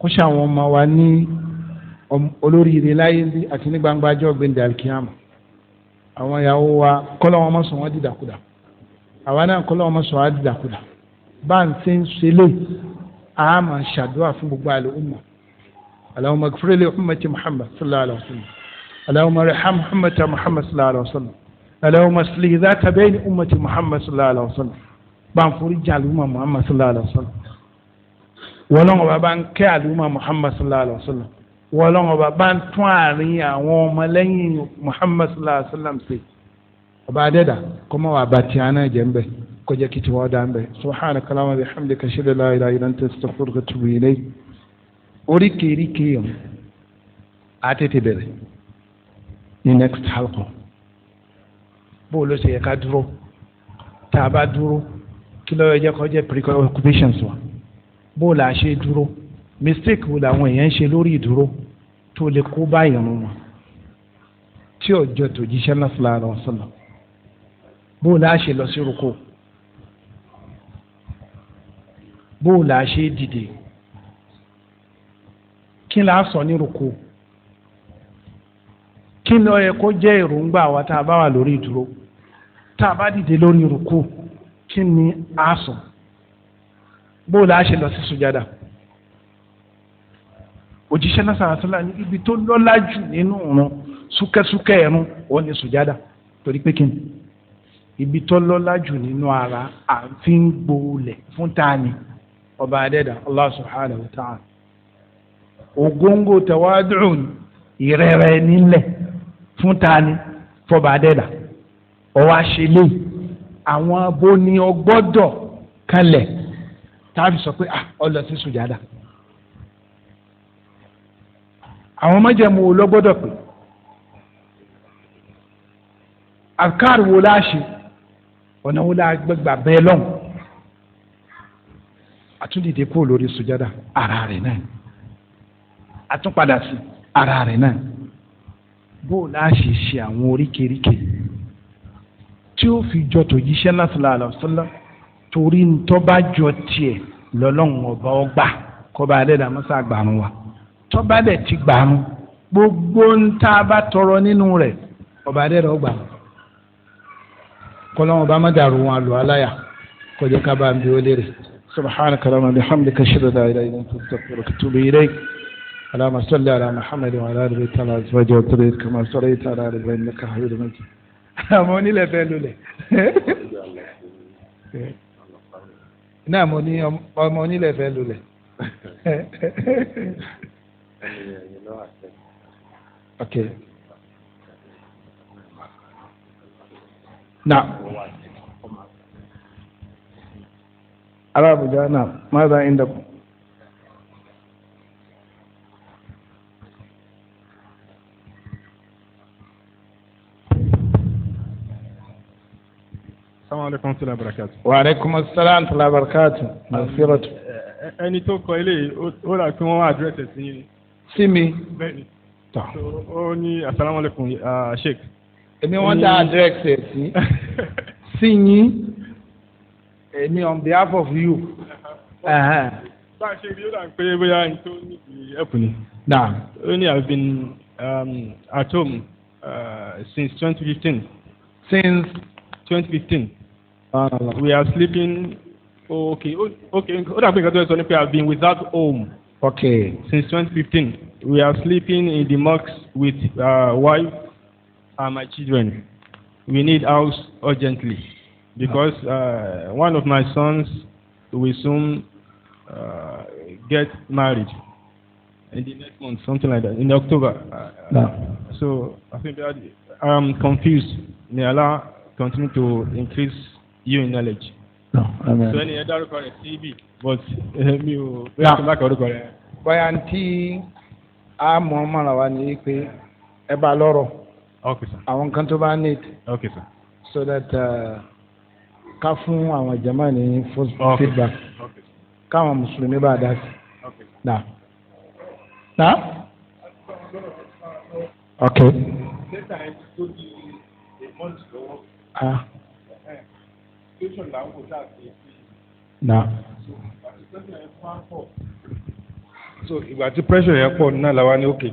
kó ṣe àwọn ọmọ wa ní olóríire láyé bí àti ní gbangba ajọ́ gbẹ̀ndẹ̀ alikiyama àwọn ìyàwó wa kọ́lọ́ wọn mọ̀sán wọn dìdàkudà àwa náà kọ́lọ́ wọn mọ̀sán wọn dìdàkudà bá ń ṣe ń ṣe lé a máa ṣàdúrà fún gbogbo àlè umma Allahumma ighfir li ummati Muhammad sallallahu alaihi wa sallam Allahumma irham ummata Muhammad sallallahu alaihi wa sallam Allahumma aslih dhata bayni ummati Muhammad sallallahu alaihi wa sallam bá ń forí jà Muhammad sallallahu alaihi wa sallam wọ́lọ́wọ́ bá bá ń kẹ́ àlùmọ́ muhammad sallallahu alayhi wa sallam wọ́lọ́wọ́ bá bá ń tún àárín àwọn ọmọlẹ́yìn muhammad sallallahu alayhi wa sallam ṣe ọba adẹ́dà kọ́mọ́ wà bá tiẹ̀ náà jẹ́ ń bẹ̀ kó jẹ́ kí tiwọ́ dá ń bẹ̀ subhanaka allahumma wa bihamdika ashhadu an la ilaha illa anta astaghfiruka wa atubu ilayk oríkèéríkèé yẹn á tètè bẹ̀rẹ̀ ní next halqa bó ló ṣe yẹ ká dúró tá a bá dúró kí ló yẹ kó jẹ́ precautions wa bó la ṣe dúró mistake wo làwọn èèyàn ń ṣe lórí ìdúró tó lè kó bá ìrun wọn tí ọjọ́ tó jíṣẹ́ náà sallallahu alaihi wasallam bó la ṣe lọ sí rúkọ bó la ṣe dìde kí la sọ ní rúkọ kí ló yẹ kó jẹ́ èròǹgbà wa tá a bá wà lórí ìdúró tá a bá dìde lórí rúkọ kí ni a sọ bó la ṣe lọ sí sùjádà òjíṣẹ́ náà sàrásílà ní ibi tó lọ́lá jù nínú ìrun súkẹ́súkẹ́ ìrun ó ní sùjádà torí pé kíni ibi tó lọ́lá jù nínú ara à ń fi ń gbolẹ̀ fún tani ọba adẹ́dà Allah subhanahu wa ta'ala ògóńgó tẹwádùn ìrẹ̀rẹ̀ nílẹ̀ fún tani fọba adẹ́dà ọwọ́ àṣẹlẹ̀ àwọn abóni ọgbọ́dọ̀ kalẹ̀ tàbí sọ pé ọlọ ah, sí sùjádà àwọn májẹ̀mú wo ló gbọ́dọ̀ pé àkàr wo la ṣe ọ̀nà wo la gbẹgbà bẹ́ẹ̀ lọ́hùn àtúndìde kúrò lórí sùjádà ara rẹ̀ náà àtúnpadà sí ara rẹ̀ náà bó o láà ṣe ṣe àwọn oríkèéríkèé tí ó fi jọ tòjíṣẹ́ lásìlá àlọ́ sọ́lá torí ntọ́ba jọ tiẹ̀ lọ́lọ́run ọba ọgbà kọba adẹ́dàá mọ́sá gbàrún wa tọ́ba dẹ̀ ti gbàrún gbogbo ntá bá tọrọ nínú rẹ̀ ọba adẹ́dàá ọgbà kọlọ́run ọba mọ́dàrú wọn lọ aláyà kọjá kábàá ń bí ó lérè. سبحانك اللهم وبحمدك اشهد ان لا اله الا انت استغفرك واتوب اليك اللهم صل على محمد وعلى ال بيت الله ازواجه وذريته كما صليت على ال ابراهيم انك حميد مجيد. اموني لا فعل له. náà mo ní ọmọ onílẹ̀ fẹ́ lulẹ̀. okay. Assalamu alaikum tí labarakatu. Wa alaikum assalam tí labarakatu. Màfírọ̀tù. Ẹni tó kọ ilé ó rà pé wọ́n wá àdírẹ́sì sí yín. Sí mi. Bẹ́ẹ̀ni. Ó ní assalamu alaikum sheik. Èmi wọ́n dá àdírẹ́sì ẹ̀ sí. Sí yín. Èmi on behalf of you. Uh-huh. Bá a ṣe rí ó dà pé bóyá ẹni tó ní ẹ̀pù ni. Náà. Ó ní I've been um, at home uh, since 2015. Since 2015 we are sleeping oh, okay oh, okay ó dàgbé nǹkan tó to sọ ni pé i have been without home okay. since 2015, we are sleeping in the mosque with uh, wife and my children we need house urgently because uh, one of my sons will soon uh, get married in the next month, something like that, in October. Uh, no. So I think that am confused. May Allah continue to increase you in knowledge. sọ ẹni yẹn dárúkọ rẹ̀ sí ibi but eh, mi ò bẹ́ẹ̀ tó bá kọ orúkọ rẹ̀. bóyá ntí a mọ̀ mọ́ra wa ni pé ẹ bá lọ́rọ̀ àwọn kan tó bá need so that uh, ká fún àwọn jama ní feedback káwọn mùsùlùmí bá dá sí. na na ok. ah situation là ń wò tá a fi sí. na. so ìgbà tí pressure yẹn pọ̀ náà làwa ní òkè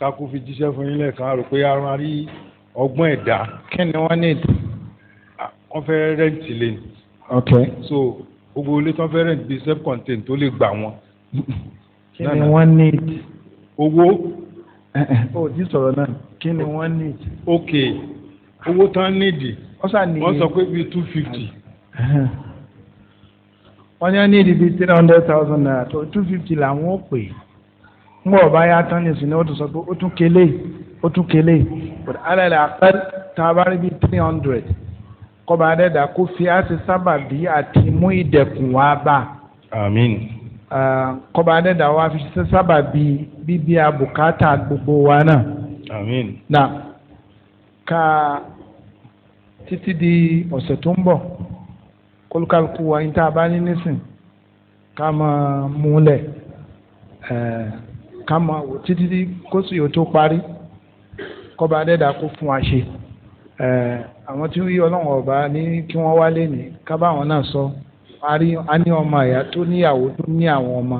kakú fi jíṣẹ́ fún yín lẹ́ẹ̀kan rò pé arán rí ọgbọ́n ẹ̀dá. kí ni wọ́n need. wọ́n fẹ́ rẹ́ǹtì lé ní. ok. so gbogbo ilé tí wọ́n fẹ́ rẹ́ǹtì bíi self-contained tó lè gbà wọ́n. kí ni wọ́n need. owó. ó eh, eh. oh, ti sọ̀rọ̀ náà kí ni wọ́n need. ok owó tán nídìí wọ́n sọ pé bíi two fifty. wọ́n yẹn ní ìdíbi three hundred thousand naira tó two fifty làwọn ò pè ń bọ̀ báyà tán ní ìsìn ní ó tún sọ pé ó tún kélé ó tún kélé alẹ́ àpẹ́ tá a bá rí bíi three hundred kọba adẹ́dà kó fi àti sábàbí àti mú ìdẹ̀kùn wá bá. àmín. kọba adẹ́dà wa fi ṣe sábàbí bíbí abùkátà gbogbo wa náà. àmín. na ka títí di ọ̀sẹ̀ tó ń bọ̀ kólúkálukú wa yín tá a bá ní nísìn ká máa múlẹ̀ ká máa wò títí di kóṣù yóò tó parí kọ́ba adẹ́dà kó fún wa ṣe àwọn tí wọ́n yí ọlọ́run ọba ní kí wọ́n wálé ní kábà àwọn náà sọ a ní ọmọ àyà tó níyàwó tó ní àwọn ọmọ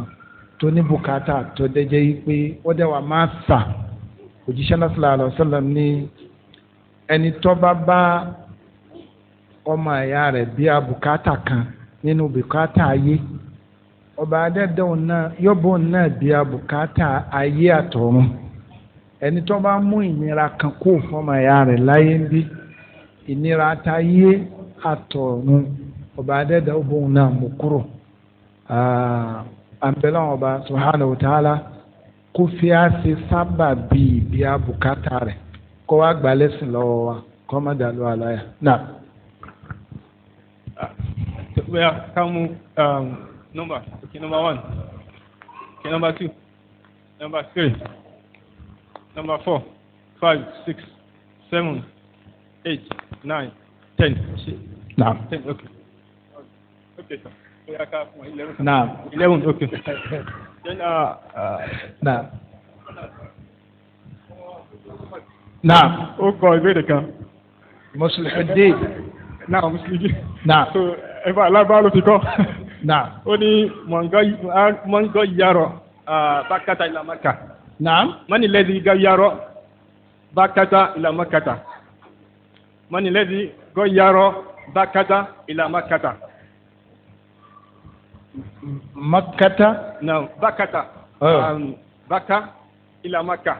tó ní bùkátà tó dẹ́jẹ́ yí pé wọ́n dẹ́wà máa fà òjíṣẹ́ náà sallallahu ní ẹni tó bá bá ọmọ ẹ̀yà rẹ̀ bí abùkátà kan nínú bùkátà ayé ọba adẹ́dẹ́wò náà yọ̀bọ̀ náà abùkátà ayé àtọ̀run ẹni tó bá mú ìnira kan kó fọmọ ẹ̀yà rẹ̀ láyé ń bí ìnira táyé àtọ̀run ọba adẹ́dẹ́wò bóun náà mú kúrò ọba kó fi sábà abùkátà rẹ̀ kó wá gbalẹ̀ sí lọ́wọ́ wa where can um, number. Okay, number one. Okay, number two. Number three. Number four. Five, six, seven, eight, nine, ten. Now. Ten. Okay. Okay, sir. Eleven. Now. Eleven. Okay. then uh, uh Nah. نعم أوكي بيدك مسلح الدين نعم مسلح الدين نعم ẹ̀fọ́ alábàá ló ti kọ́. naam. ó ní mọ̀ngọ́ yarọ̀ bákàtà ìlàmàkà. naam. mọ́ni lẹ́dí gá yarọ̀ bákàtà ìlàmàkàtà. mọ́ni lẹ́dí gọ́ yarọ̀ bákàtà ìlàmàkàtà. makata. Na, bakata. Oh. Um, baka ìlàmàkà.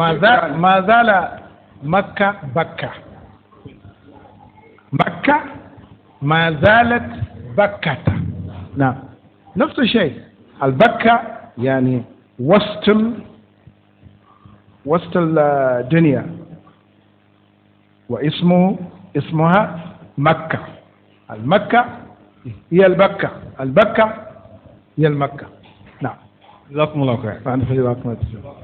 mazala mazala makka bakka. makka. ما زالت بكة نعم نفس الشيء البكة يعني وسط ال... وسط الدنيا واسمه اسمها مكة المكة هي البكة البكة هي المكة نعم جزاكم الله خير فأنا في جزاكم الله خير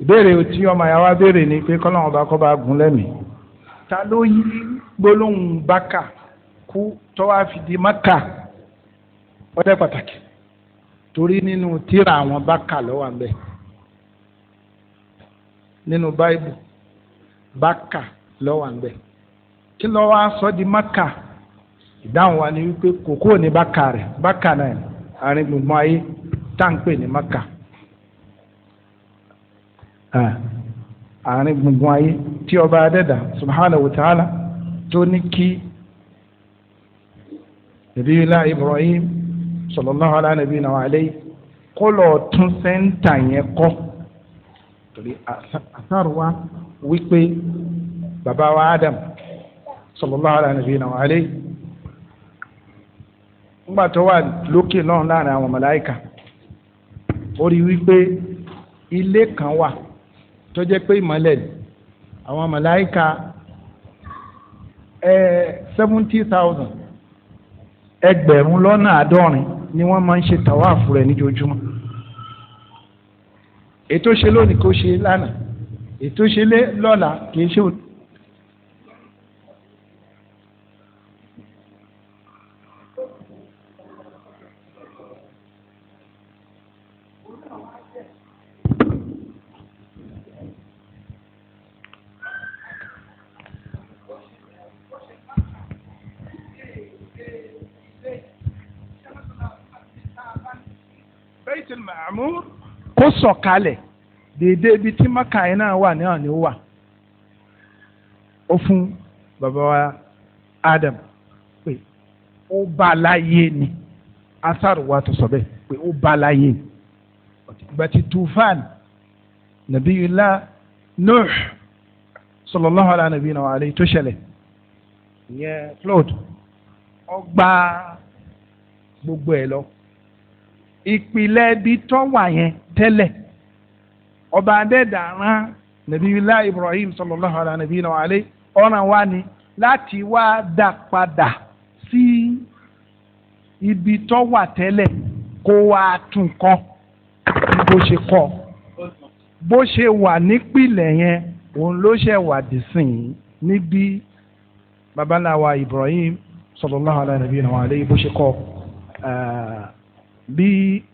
ìbéèrè tí ọmọ yà wá béèrè ni pé kọ́lọ́run ọba kọ́ gùn lẹ́mìí ta ló yí gbólóhùn bákà kú tó wá fi di maka ó jẹ́ pàtàkì torí nínú tíra àwọn bákà lọ́wọ́ àbẹ̀ nínú báìbù bákà lọ́wọ́ àbẹ̀ kí lọ́wọ́ á di maka ìdáhùn wa ni wípé kókó ní bákà rẹ̀ bákà náà àárín gbogbo ayé tá à ń pè ní maka àárín gbogbo ayé tí ọba adẹ́dà subhanahu wa ta'ala tó ní kí nabiyullah ibrahim sallallahu ala nabiyina wa alayhi kọlọ tún sẹńtà yẹn kọ torí àtàrò wa wípé bàbá adam sallallahu ala nabiyina wa alayhi ńgbà tó wà lókè náà láàrin àwọn màláíkà ó rí wípé ilé kan wà tó jẹ́ pé ìmọ́lẹ̀ àwọn seventy thousand. ẹgbẹ̀rún lọ́nà àádọ́rin ni wọ́n máa ń ṣe tàwáàfù rẹ̀ níjojúmọ́ ètò ṣe lónìí kò ṣe lánàá ètò ṣe lọ́la kì í ṣe òtún. baitul ma'mur kó sọ̀kalẹ̀ tí maka náà wà ni wà ó fún bàbá Adam pé ó bá ni asar wa tó sọ bẹ́ẹ̀ ó bá láyé ni tufan Nuh sallallahu ala nàbí wa alayhi tó ṣẹlẹ̀ ìyẹn flood gbogbo ẹ̀ ìpìlẹ̀ ibi tó wà yẹn tẹ́lẹ̀ ọba adẹ́dà rán nàbíyílá ibrahim sallallahu alayhi nàbí náà alẹ́ ọ̀ràn wa ni láti wá dà padà sí ibi tó wà tẹ́lẹ̀ kó wá tún kọ́ bó ṣe kọ́ bó ṣe wà nípìlẹ̀ yẹn òun ló ṣe wà dìsìn níbi babaláwa ibrahim sallallahu alayhi nàbí náà alẹ́ bó ṣe kọ́ bí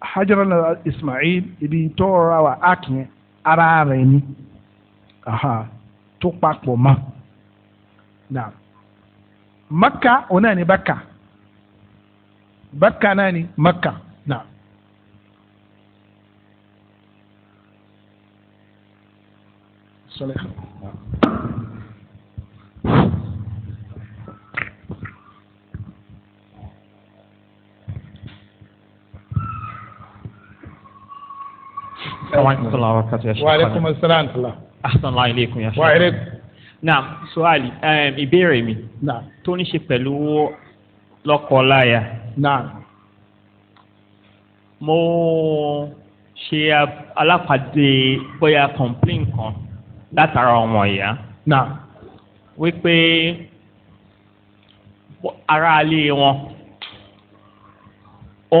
Hajar Ismail ibi tó rọra wà ákìyẹn ara rẹ̀ ni tó papọ̀ mọ́ náà Makka òun náà ni baka baka náà ni Makka náà. صالح السلام عليكم ورحمة وعليكم السلام ورحمة الله أحسن الله إليكم يا شيخ وعليكم naam suali um, na mi naam tó ní ṣe mo ṣe alápàdé bóyá complain kan látara ọmọ ìyá naam wípé aráalé wọn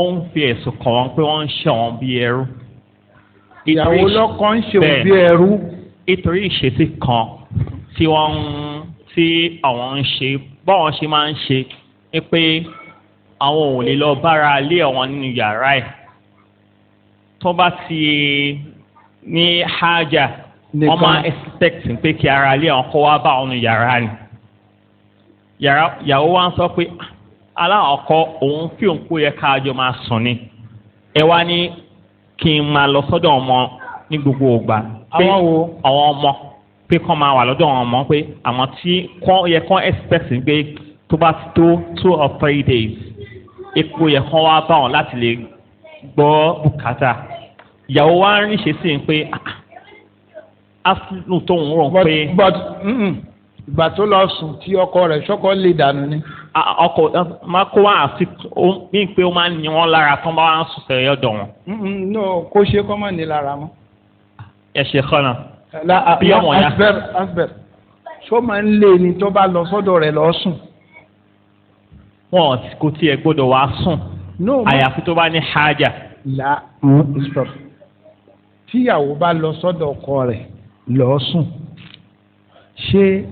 ó ń fi ẹ̀sùn kàn wọ́n pé wọ́n ń ṣe wọn bí ẹrú ìyàwó lọ́kọ ń ṣe òun bí ẹrú. nítorí ìṣesí kan tí wọ́n ń tí àwọn ń ṣe báwọn ṣe máa ń ṣe ni pé àwọn ò lè lọ bára lé àwọn nínú yàrá ẹ̀ tó bá ti ní hájà wọ́n máa expect pé kí ara lé àwọn kó wá bá àwọn nínú yàrá ni yàwó wa ń sọ pé ah, aláwọ̀ ọkọ òun kí òun kó yẹ káàjọ máa sùn ni ẹ wá ní kí n máa lọ sọ́dọ̀ ọmọ ní gbogbo ògbà. àwọn wo àwọn ọmọ pé kọ́ máa wà lọ́dọ̀ àwọn ọmọ pé àwọn tí kọ́ yẹ kọ́ expect pé tó bá ti tó two or three days epo yẹ kọ́ wá bá wọn láti lè gbọ́ bùkátà ìyàwó wa ń ríṣe sí i pé asinu ah, tóun rò pé. but ìgbà tó lọ sùn tí ọkọ rẹ̀ sọ́kọ́ lè dànù ni ọkọ máa kó wá àti bí pé ó máa ń ní wọn lára tán bá wá ń sùn sẹ́yìn ọ̀dọ̀ wọn. no kó ṣe kó má ní lára mọ́. ẹ ṣe kọ́nà. bí ọmọ ya asbẹr asbẹr ṣó máa ń lé ni tó bá lọ sọ́dọ̀ rẹ̀ lọ sùn. wọn kò tiẹ̀ gbọ́dọ̀ wá sùn. àyàfi tó bá ní hájà. tíyàwó bá lọ sọ́dọ̀ ọkọ rẹ̀ lọ sùn ṣé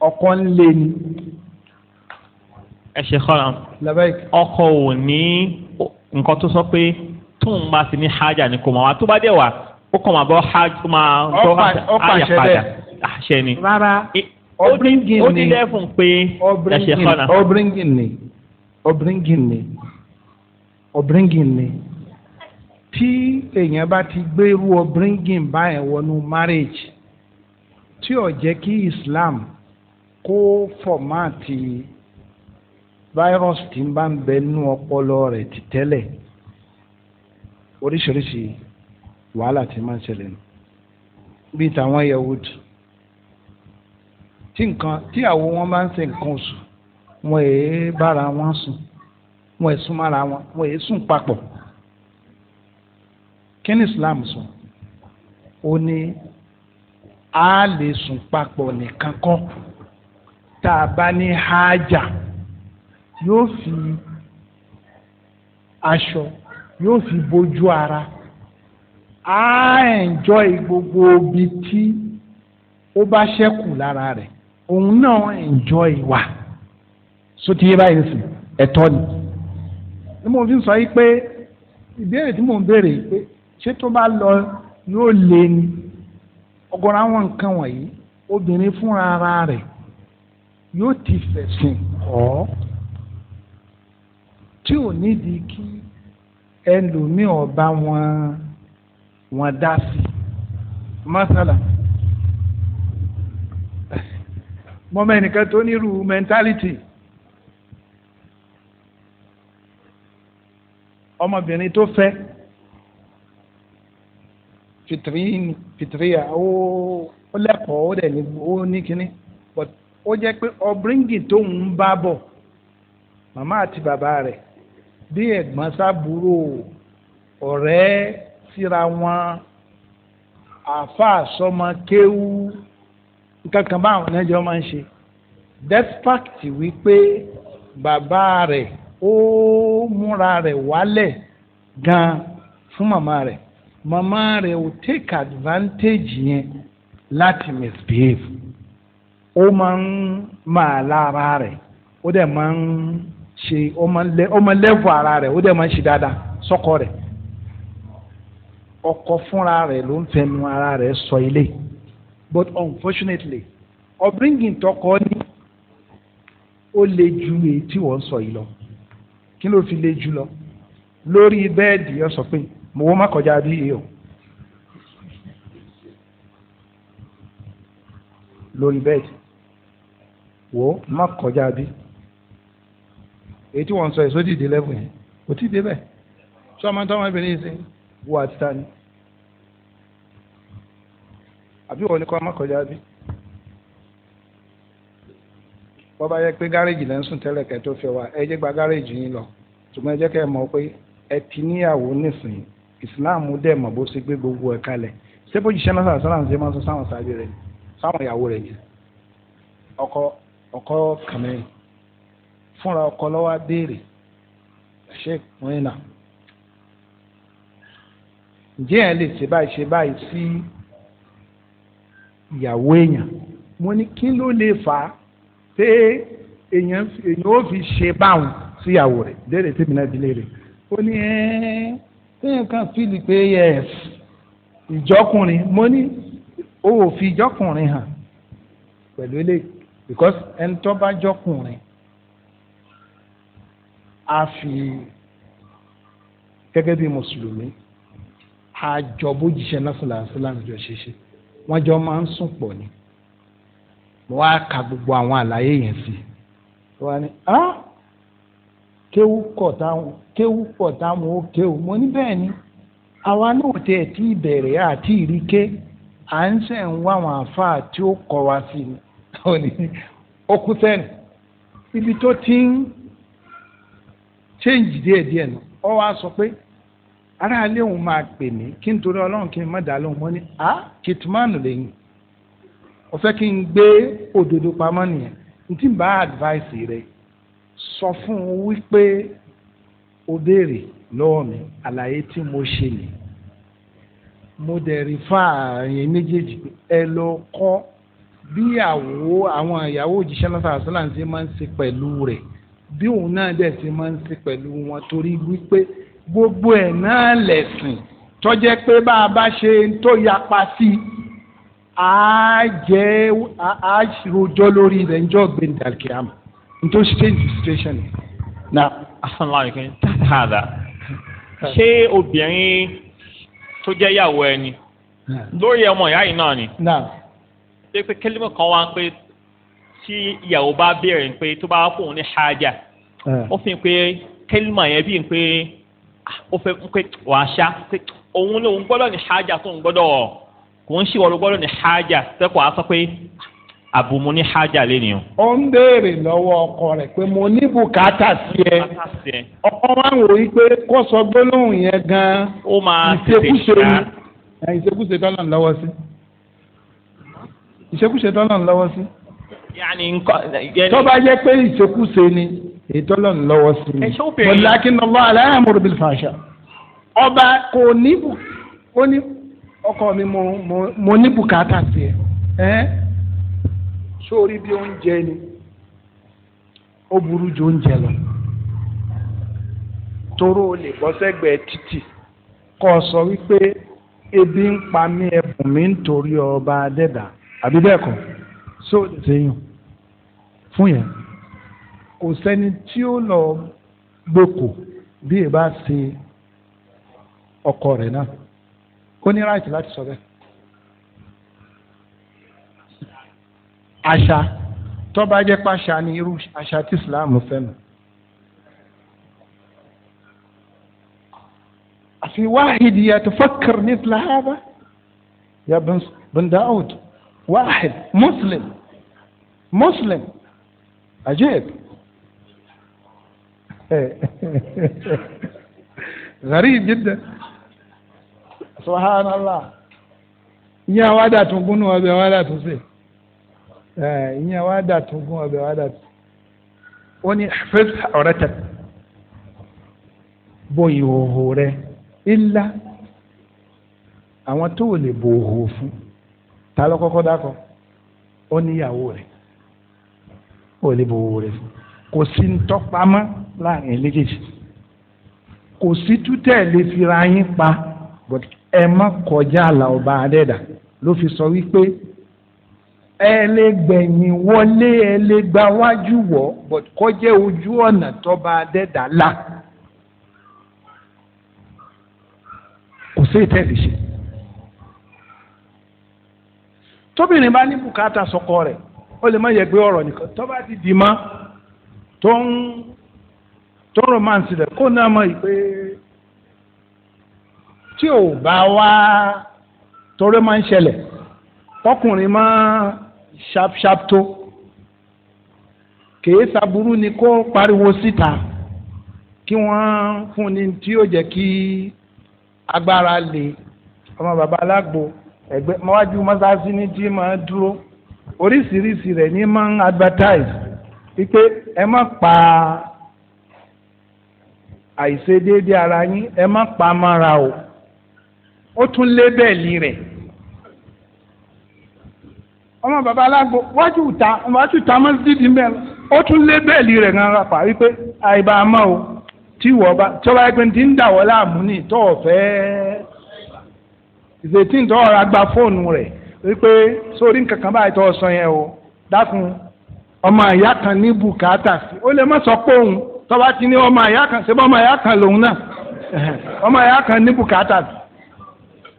ọkọ ń lé ni ẹ ṣe kọ́ra ọkọ ò ní nǹkan tó sọ pé tóun bá ti ní hájà ní kò mọ̀ wá tó bá dẹ̀ wá ó kàn máa bọ́ hájà máa bọ́ hájà padà àṣẹ ni. rárá obringin ni ó ti lẹ́fún pé ẹ ṣe kọ́ra. obringin ni obringin ni obringin ni tí èèyàn bá ti gbérú obringin báyẹn wọnú marriage tí ò jẹ́ kí Islam kó fọ̀máàtì virus tí ń bá ń bẹ nínú ọpọlọ rẹ̀ ti tẹ́lẹ̀ oríṣiríṣi wàhálà tí máa ń ṣẹlẹ̀ nù bíi tàwọn Yahud tí nǹkan tí àwọn wọn bá ń ṣe nǹkan oṣù wọn èé bára wọn sùn wọn èé sún mára wọn wọn èé sùn papọ̀ kí ni Islam sọ ó ní a lè sùn papọ̀ nìkan kọ́ tá a bá ní hájà yóò fi aṣọ yóò fi bójú ara á enjoy gbogbo ibi tí ó bá ṣẹ́kù lára rẹ̀ òun náà enjoy wa sotiye báyìí sìn ẹ̀tọ́ ni ni mo fi sọ yìí pé ìbéèrè tí mò ń béèrè yìí pé ṣé tó bá lọ yóò lé ni ọ̀gọ̀rọ̀ àwọn nǹkan wọ̀nyí obìnrin fúnra rẹ̀ yóò ti fẹ̀sìn kọ́ tí ò nídìí kí ẹlòmíì ọba wọn wọn dá sí mọ́sálà mọ́mọ́ ẹnìkan tó nírú mẹ́ńtálítì ọmọbìnrin tó fẹ́ fitiri fitiri ó ó lẹ́kọ̀ọ́ ó dẹ̀ ní ó ní kínní but ó jẹ́ pé ọ̀bíríngì tóun ń bá bọ̀ màmá àti bàbá rẹ̀ bí ẹ̀gbọ́n sábúrò ọ̀rẹ́ síra wọn àáfàá sọmọ kéwú nǹkan kan báwọn náà jọ máa ń ṣe despite wípé bàbá rẹ̀ ó múra rẹ̀ wálẹ̀ gan fún màmá rẹ̀ màmá rẹ̀ ò take advantage yẹn láti misbehave ó máa ń máa lára rẹ̀ ó dẹ̀ máa ń ṣe ọmọ lẹ́fọ̀ ara rẹ̀ ó dẹ̀ máa ń ṣe dáadáa sọ́kọ rẹ̀ ọkọ fúnra rẹ̀ ló ń fẹnu ara rẹ̀ sọ ilé but unfortunately upbringing tọkọ ní ó le ju èyí tí wọ́n sọ yìí lọ kí ló fi le jù lọ lórí bẹ́ẹ̀dì ó sọ pé mo wọ́n má kọjá bí èèyàn. lórí bẹ́ẹ̀dì wò má kọjá bí èyí tí wọ́n sọ èso dìde lẹ́bù yẹn kò tí ì débẹ̀ sọ ma tọ́ ọmọbìnrin yìí sí wo àti ta ni àbí wọ́n ní kọ́ ọmọkọjá bí wọ́n bá yẹ pé gáréèjì lẹ́ ń sùn tẹ́lẹ̀ kẹ́ tó fẹ́ wa ẹ jẹ́ gba gáréèjì yín lọ ṣùgbọ́n ẹ jẹ́ kẹ́ ẹ mọ̀ pé ẹ ti níyàwó nísìnyí ìsìláàmù dẹ̀ mọ̀ bó ṣe gbé gbogbo ẹ̀ kalẹ̀ ṣé bó jíṣẹ́ náà sọ̀rọ̀ ṣe máa sọ sáwọn sáájú rẹ̀ sáwọn ìyàwó rẹ̀ yìí ọkọ ọkọ kàmẹ́yìn fúnra ọkọ lọ́wọ́ béèrè sheik muina ǹjẹ́ ẹ̀ lè ṣe báyìí ṣe báyìí sí ìyàwó èèyàn mo ní kí ló lè fà á pé èèyàn èèyàn ó fi ṣe báwọn síyàwó rẹ̀ léèrè tí mi náà di léèrè ó ní ẹ́ẹ́ téèyàn kan fíìlì pé yẹs ìjọkùnrin mo ní o ò fi ìjọkùnrin hàn pẹ̀lú ilé because ẹni tó bá jọkùnrin a fi gẹ́gẹ́ bí mùsùlùmí àjọ bójìṣẹ́ lásìláàsì láàjọ ṣíṣe wọ́n jọ máa ń sùn pọ̀ ni mo wá ka gbogbo àwọn àlàyé yẹn sí i wọ́n á ní ah kéwú pọ̀ táwọn kéwú pọ̀ táwọn ó kéwú mo ní bẹ́ẹ̀ ni àwa náà tẹ̀ tí ìbẹ̀rẹ̀ àti ìríkẹ́ à ń sẹ̀ ń wá àwọn àáfàá tí ó kọ́ wa sí i ó ní okùn ibi tó ti ń change díẹ̀ díẹ̀ nù ọ wá sọ pé aráalé òun máa pè mí kí n torí ọlọ́run kí n má dàá lóhùn mọ́ ni a kìtìmánù lẹ́yìn ó fẹ́ kí n gbé òdodo pamọ́ nìyẹn n tí bá advice rẹ sọ fún un wípé o béèrè lọ́wọ́ mi àlàyé tí mo ṣe ni mo dẹ̀ rí fáàrin méjèèjì ẹ lọ kọ́ bí àwọn ìyàwó òjíṣẹ́ náà ń ṣe máa ń ṣe pẹ̀lú rẹ̀ bí òun náà dẹ̀ ti máa ń ṣe pẹ̀lú wọn torí wípé gbogbo ẹ̀ náà lẹ̀sìn tó jẹ́ pé bá a bá ṣe tó yapa sí a jẹ́ a rojọ́ lórí rẹ̀ ń jọ́ gbẹ̀ndàkìámù n tó change situation na. asalaamualeykum tààdà ṣé obìnrin tó jẹ́ ìyàwó ẹni lórí ọmọ ìyá yìí náà ni ṣé pé kẹ́lẹ́mọ̀ kan wá pé tí ìyàwó bá béèrè pé tó bá fóun ní hájà. Eh. ó fi pé kẹ́límà yẹn bí pé ah, ó fẹ́ pé wàá ṣá pé òun lòun gbọ́dọ̀ ní hájà tó ń gbọ́dọ̀ kò ń ṣìwọ́ ló gbọ́dọ̀ ní hájà sẹ́kọ̀ọ́ á sọ pé ah, àbùmù ní hájà o ó ń béèrè lọ́wọ́ ọkọ rẹ̀ pé mo ní bùkátà sí ẹ ọkọ wa ń wò yí pé kó sọ gbólóhùn yẹn gan-an ó máa tètè ṣá eh, ìṣekúṣe tọ́lọ̀ ń lọ́wọ́ sí ìṣekúṣe tọ́lọ̀ ń lọ́wọ́ sí. tó bá jẹ́ pé ìṣekúṣe ni ìtọ́lọ̀ ń lọ́wọ́ sí mi walakin Allah la ya'muru bil ọba kò ní ó ní ọkọ mi mo ní bùkátà ẹ sórí bí ni ó burú ju oúnjẹ lọ toró o lè bọ́ sẹ́gbẹ̀ẹ́ títì ọ sọ wípé ebi ń pa mí ẹ̀bùn ọba adẹ́dà àbí bẹ́ẹ̀ kọ́ fún kò sẹ́ni tí ó lọ gbòkò bí ẹ bá ṣe ọkọ rẹ̀ náà ó ní ráìtì láti sọ bẹ́ẹ̀. àṣà tó bá jẹ́ pàṣà ni irú àṣà tí Islam fẹ́ nù. في واحد يتفكر مثل هذا يا بن بن داود واحد مسلم مسلم عجيب غريب جدا سبحان الله wa dà tún sí ìyẹn àwa dà tún gún àwọn tó lè fún ta ló kọ́kọ́ dákọ̀ kò sí ntọ́pamọ́ láàrin méjèèjì kò sí tútẹ̀ lè fira yín pa but ẹ má kọjá àlà ọba adẹ́dà ló fi sọ wípé ẹ lè gbẹ̀yìn wọlé ẹ lè gba wájú wọ̀ but kọjá ojú ọ̀nà tọ́ba adẹ́dà la kò sí ìtẹ́lẹ̀ ṣe. tóbìnrin bá ní bùkátà sọkọ rẹ̀ ó lè má yẹ gbé ọ̀rọ̀ nìkan tó ti dì í mọ́ tó ń tó romance rẹ̀ kó náà mọ̀ pé tí ò bá wá torí máa ń ṣẹlẹ̀ tọkùnrin máa ṣapṣap tó kèé saburú ni kó pariwo síta kí wọ́n fún ni tí yóò jẹ́ kí agbára lè ọmọ bàbá alágbo ẹgbẹ́ mọ́wájú mọ́sáàsì ní tí máa dúró oríṣiríṣi rẹ̀ ní máa ń advertise wípé ẹ má pa àìṣedéédé ara yín ẹ má pa mára o ó tún lébẹ̀lì rẹ̀ ọmọ bàbá alágbó wájú ìta wájú ìta mọ́sídìí mẹ́rin ó tún lébẹ̀lì rẹ̀ rárá pa wípé àìbá mọ́ o tí wọ́n bá tí wọ́n bá pẹ́ ti ń dà wọ́n láàmú ní ìtọ́ ọ̀fẹ́ ìṣètì ìtọ́ ọ̀rọ̀ àgbà fóònù rẹ̀ wípé sórí nǹkan kan báyìí tó sọ yẹn o dákun ọmọ àyá kan ní bùkátà sí ó lè má sọ pé òun tọ́ba ti ní ọmọ àyá kan ṣebí ọmọ àyá kan lòun náà ọmọ àyá kan ní bùkátà sí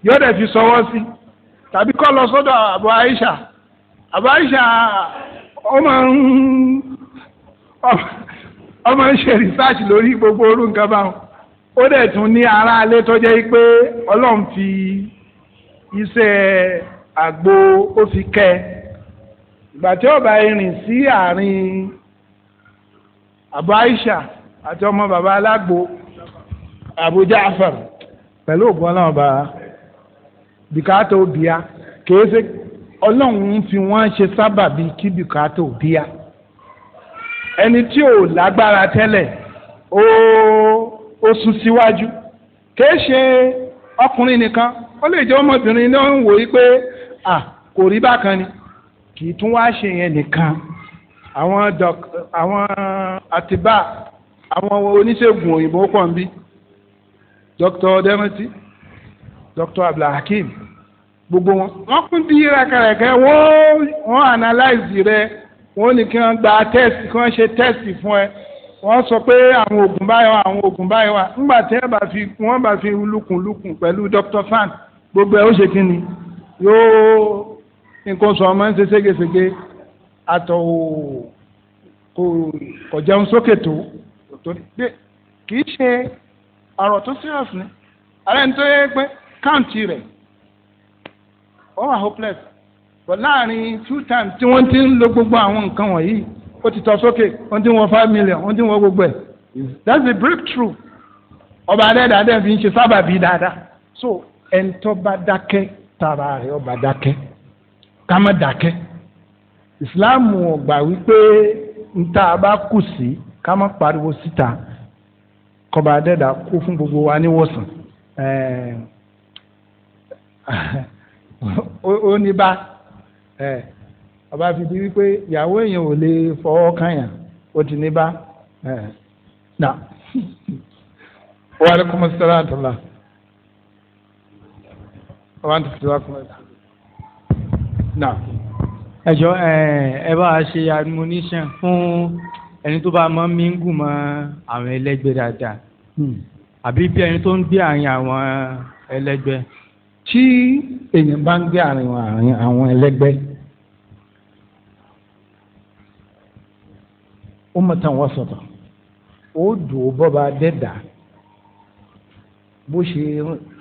yóò dẹ̀ fi sọwọ́ sí tàbí kọ́ lọ sọ́dọ̀ àbọ̀ àyíṣà àbọ̀ àyíṣà ọmọ ń ń ṣe lórí gbogbo orú nǹkan báwọn ó dẹ̀ tún ní aráalé tó jẹ́ pé ọlọ́run fi iṣẹ́ àgbo ó fi kẹ́ ẹ. ìgbà tí ó bá rìn sí àárín Abu àti ọmọ bàbá alágbo Abu Ja'far pẹ̀lú ògbọ́n náà bá bìkátà òbíà kìí ṣe ọlọ́run fi wọ́n ṣe sábàbí kí bìkátà òbíà ẹni tí ò lágbára tẹ́lẹ̀ ó ó sún síwájú kìí ṣe ọkùnrin nìkan ó lè jẹ́ ọmọbìnrin náà ń wòye pé à kò rí bákan ni kì í tún wá ṣe yẹn nìkan àwọn dọk àwọn àtibá àwọn oníṣègùn òyìnbó pọ̀ ń bí dr demeti dr abdulhakeem gbogbo wọn wọn kún bí rakaraka wọn wọn analyze rẹ wọn ní kí wọn gba test kí wọn ṣe test fún ẹ wọn sọ pé àwọn oògùn báyìí wà àwọn oògùn báyìí wà ńgbà tí wọn bá fi wọn bá fi lukùnlukùn pẹ̀lú dr fan gbogbo ẹ ó ṣe kí ni yóò nǹkan sọ ọmọ ń ṣe ségesège àtọ̀ kò kò jẹun sókè tó kì í ṣe ọ̀rọ̀ tó serious ni ààrẹ ń tó yẹ pé káǹtì rẹ̀ ó wà hopeless but láàrin two times tí wọ́n ti ń lo gbogbo àwọn nǹkan wọ̀nyí ó ti tọ́ sókè wọ́n ti ń wọ five million wọ́n ti ń wọ gbogbo ẹ̀ that's the breakthrough ọba adẹ́dàá dẹ́ fi ń ṣe sábàbí dáadáa so ẹ̀ńtọ́ bá dákẹ́ tara rẹ̀ ọba dákẹ́. Kama má dákẹ́ ìsìláàmù ò gbà wípé níta bá kù sí ká má pariwo síta kọba adẹ́dà kó fún gbogbo wa níwòsàn ó ní bá ọba fi di wípé ìyàwó èèyàn ò lè fọwọ́ kàyàn ó ti ní bá nà wàhálà kọ́mọ́sí sára àtàlà wàhálà tó nà ẹjọ ẹ ẹ bá a ṣe admonition fún ẹni tó bá mọ mí ń gùn mọ àwọn ẹlẹgbẹ́ dáadáa hmm. àbí bí ẹni tó ń gbé àárín àwọn ẹlẹgbẹ́. tí èèyàn bá ń gbé àárín àwọn ẹlẹgbẹ́ ó mọ tán wọ́n sọ̀tọ̀ ó dùn ó bọ́ dẹ́dà bó ṣe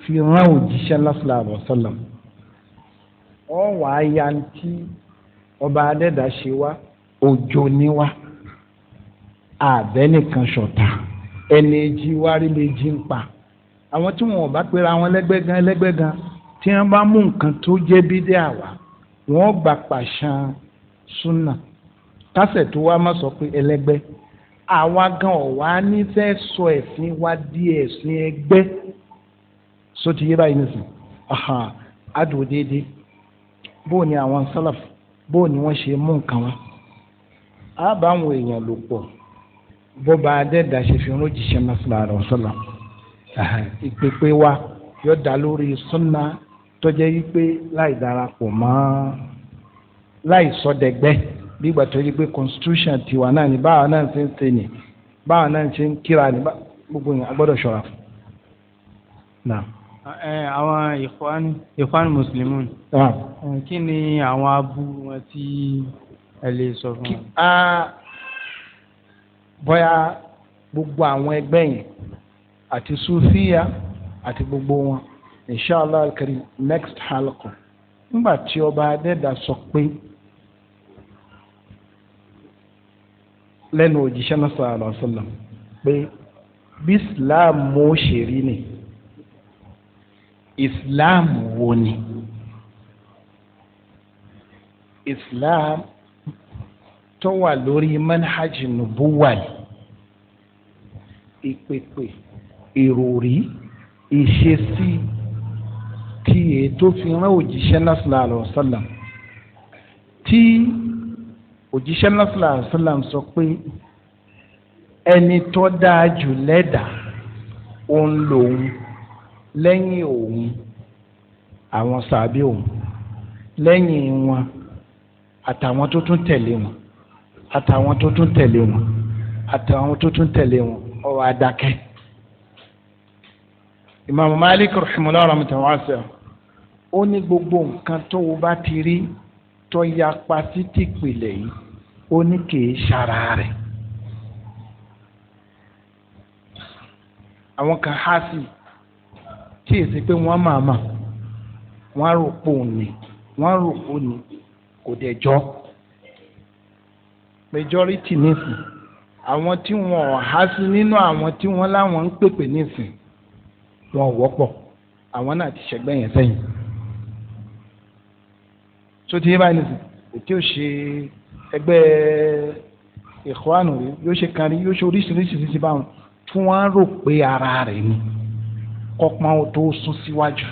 fi rán òjíṣẹ́ lásìlá àbọ̀sọ́lọ́mù ọ wà á ya ntí ọba adẹ́dà ṣe wá òjò ni wá àbẹ́ nìkan ṣọ̀tà ẹni èjì wá rí méjì ń pa àwọn tí wọn ò bá pera wọn lẹ́gbẹ́ gan lẹ́gbẹ́ gan tí wọn bá mú nǹkan tó jẹ́ bídé àwa wọn gbà pàṣán súnà kásẹ̀ tó wá má sọ pé ẹlẹ́gbẹ́ àwa gan ọ̀wá ní fẹ́ sọ ẹ̀sìn wa di ẹ̀sìn ẹgbẹ́ sótìyé báyìí nìsín àdùn déédéé. bó ni àwọn sálàf bó ni wọ́n ṣe mú nǹkan wá á bá àwọn èèyàn lò pọ̀ bó ba adẹ́dà ṣe fi rún jíṣẹ́ masala rẹ̀ sọ́la ìpèpè wa yóò dá lórí sunna tọ́jẹ́ wípé láì darapọ̀ mọ́ láì bí tó yí pé constitution tiwa náà ni báwa náà ṣe ń ṣe báwa náà ṣe ń kíra ni gbogbo yẹn àwọn ìkwáni ìkwáni mùsùlùmí ah. kí ni àwọn aburú wọn tí ẹ lè sọ fún wọn. Ah, bóyá gbogbo àwọn ẹgbẹ́ yẹn àti sufiya àti gbogbo wọn inshallah alkarim next halqa nígbà tí ọba adẹ́dà sọ pé lẹ́nu òjíṣẹ́ náà sallallahu alaihi wasallam pé bí islam mo ṣe rí ni islam wo ni islam tó wà lórí manhaj nubuwal ìpèpè ìròrí ìṣesí tí ètò fi rán òjíṣẹ́ náà sílá àlọ́ sálàm tí òjíṣẹ́ náà sílá sọ pé ẹni tó dáa jù lẹ́dà òun lòun lẹ́yìn òun àwọn sàbí òun lẹ́yìn wọn àtàwọn tó tún tẹ̀lé wọn àtàwọn tó tún tẹ̀lé wọn àtàwọn tó tún tẹ̀lé wọn ó wá dákẹ́. ìmàmù Malik rahimahullah rahmatan wasi'a ó ní gbogbo nǹkan tó o bá ti rí tó yapa títí pìlẹ̀ yìí ó ní kì ṣara rẹ̀. àwọn kan há sí i tí èsì pé wọ́n máa mà wọ́n á rò pò ní wọ́n á rò pò ní kò dẹ̀ jọ majority nísìn àwọn tí wọn ò há sí nínú àwọn tí wọn láwọn ń pèpè nísìn wọn wọ́pọ̀ àwọn náà ti ṣẹgbẹ́ yẹn sẹ́yìn tó ti yé báyìí nísìn òtí ò ṣe ẹgbẹ́ ìkọ́ àná rí yóò ṣe kan rí yóò ṣe oríṣiríṣi báwọn tí wọ́n á rò pé ara rẹ̀ ni. kọ́pọ́n ó tó sún síwájú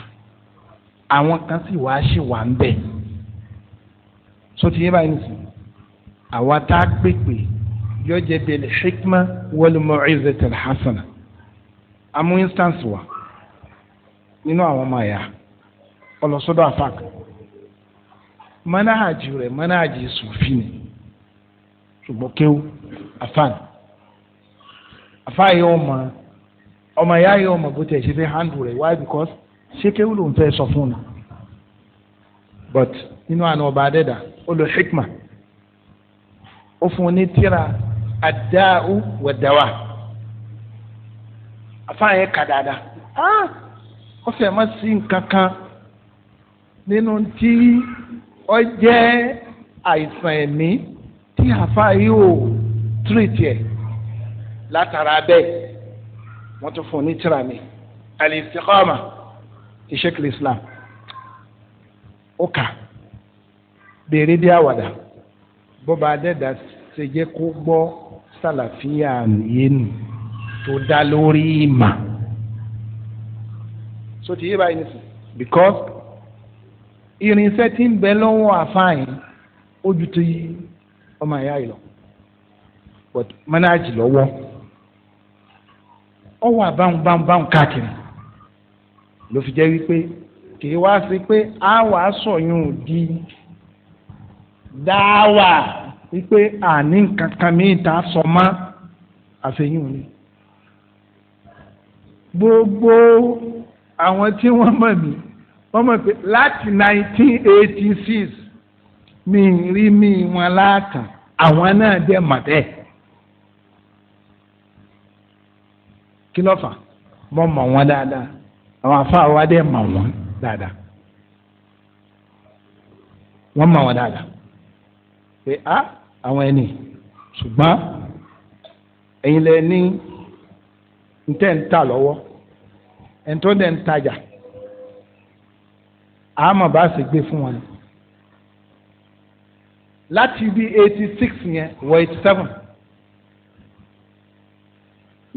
àwọn kan sì wá ṣì wà ń bẹ̀ so ti yé báyìí nìsín àwa tá a pèpè yóò jẹ bẹ̀lẹ̀ hikma wal mu'izatil hasana amú instance wa nínú àwọn ọmọ àyà ọlọ́sọ́dọ̀ àfàk manahaji rẹ̀ manahaji sùfì ni ṣùgbọ́n kéwù ọmọ ìyá yìí ọmọ bótẹ ṣe fẹ́ handle rẹ̀ why because ṣé kéwù ló ń fẹ́ sọ fún un but nínú àná ọba adẹ́dà ó lo hikma ó fún un ní tíra adáhù wẹ̀dáwà afáàyẹ kà dáadáa ah! ó fẹ́ má sí nǹkan kan nínú tí ó jẹ́ àìsàn ẹ̀mí tí àfáàyè ò tírìtì ẹ̀ látara bẹ́ẹ̀ wọ́n tún fún un ní tíra mi al-istiqama ìṣèkìlì islam ó kà béèrè bí àwàdà bọ́ba adẹ́dà ṣe jẹ́ kó gbọ́ sàlàfíà yéènù tó dá lórí ìmà so ti yé báyìí nísìn because irinṣẹ́ tí ń bẹ lọ́wọ́ àfáàyìn ojú tó ọmọ ìyá yìí lọ but manage lọ́wọ́ ọ wà báwọn báwọn báwọn káàkiri ló fi jẹ́ wípé kìí wá sí pé a wà sọ̀yún di dáwà wípé àní nǹkan kan mìíràn tá a sọ mọ́ àfẹ́yìn ni gbogbo àwọn tí wọ́n mọ̀ mí wọ́n mọ̀ pé láti nineteen eighty six mi rí mi wọn láàkàn àwọn náà dẹ̀ mọ̀ bẹ́ẹ̀. kí ló fà mo mọ̀ wọ́n dáadáa àwọn afáà wa dẹ̀ mọ̀ wọ́n dáadáa wọ́n mọ̀ wọ́n dáadáa pé a àwọn ẹni ṣùgbọ́n ẹ̀yin lẹ ní ntẹ́ ń ta lọ́wọ́ ẹni tó ń tajà àmọ̀ bá sì gbé fún wọn láti bí eighty six yẹn wọ eighty seven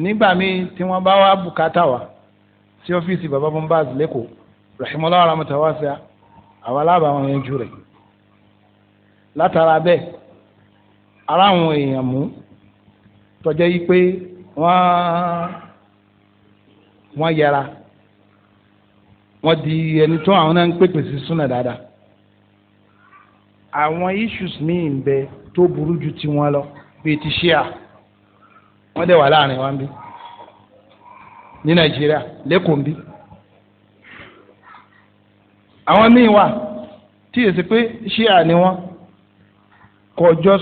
nígbà míì tí wọ́n bá wá bùkátà wa sí ọ́fíìsì bàbá bombaz lẹ́kọ̀ọ́ rahimahullah ramutawasa àwa lábàá wọn yanjú rẹ̀ látara bẹ́ẹ̀ ara àwọn èèyàn mú tọ́jẹ́ yí pé wọ́n wọ́n yẹra wọ́n di ẹni tó àwọn náà ń pèpè sí súnà dáadáa àwọn issues míì ń bẹ tó burú ju tiwọn lọ bíi ti ṣíà. wọ́n dẹ̀ wà láàrin wa ń bí ní nàìjíríà lẹ́kọ̀ọ́ ń bí. àwọn míì wà tí èsì pé ṣíà ni wọ́n kọjọ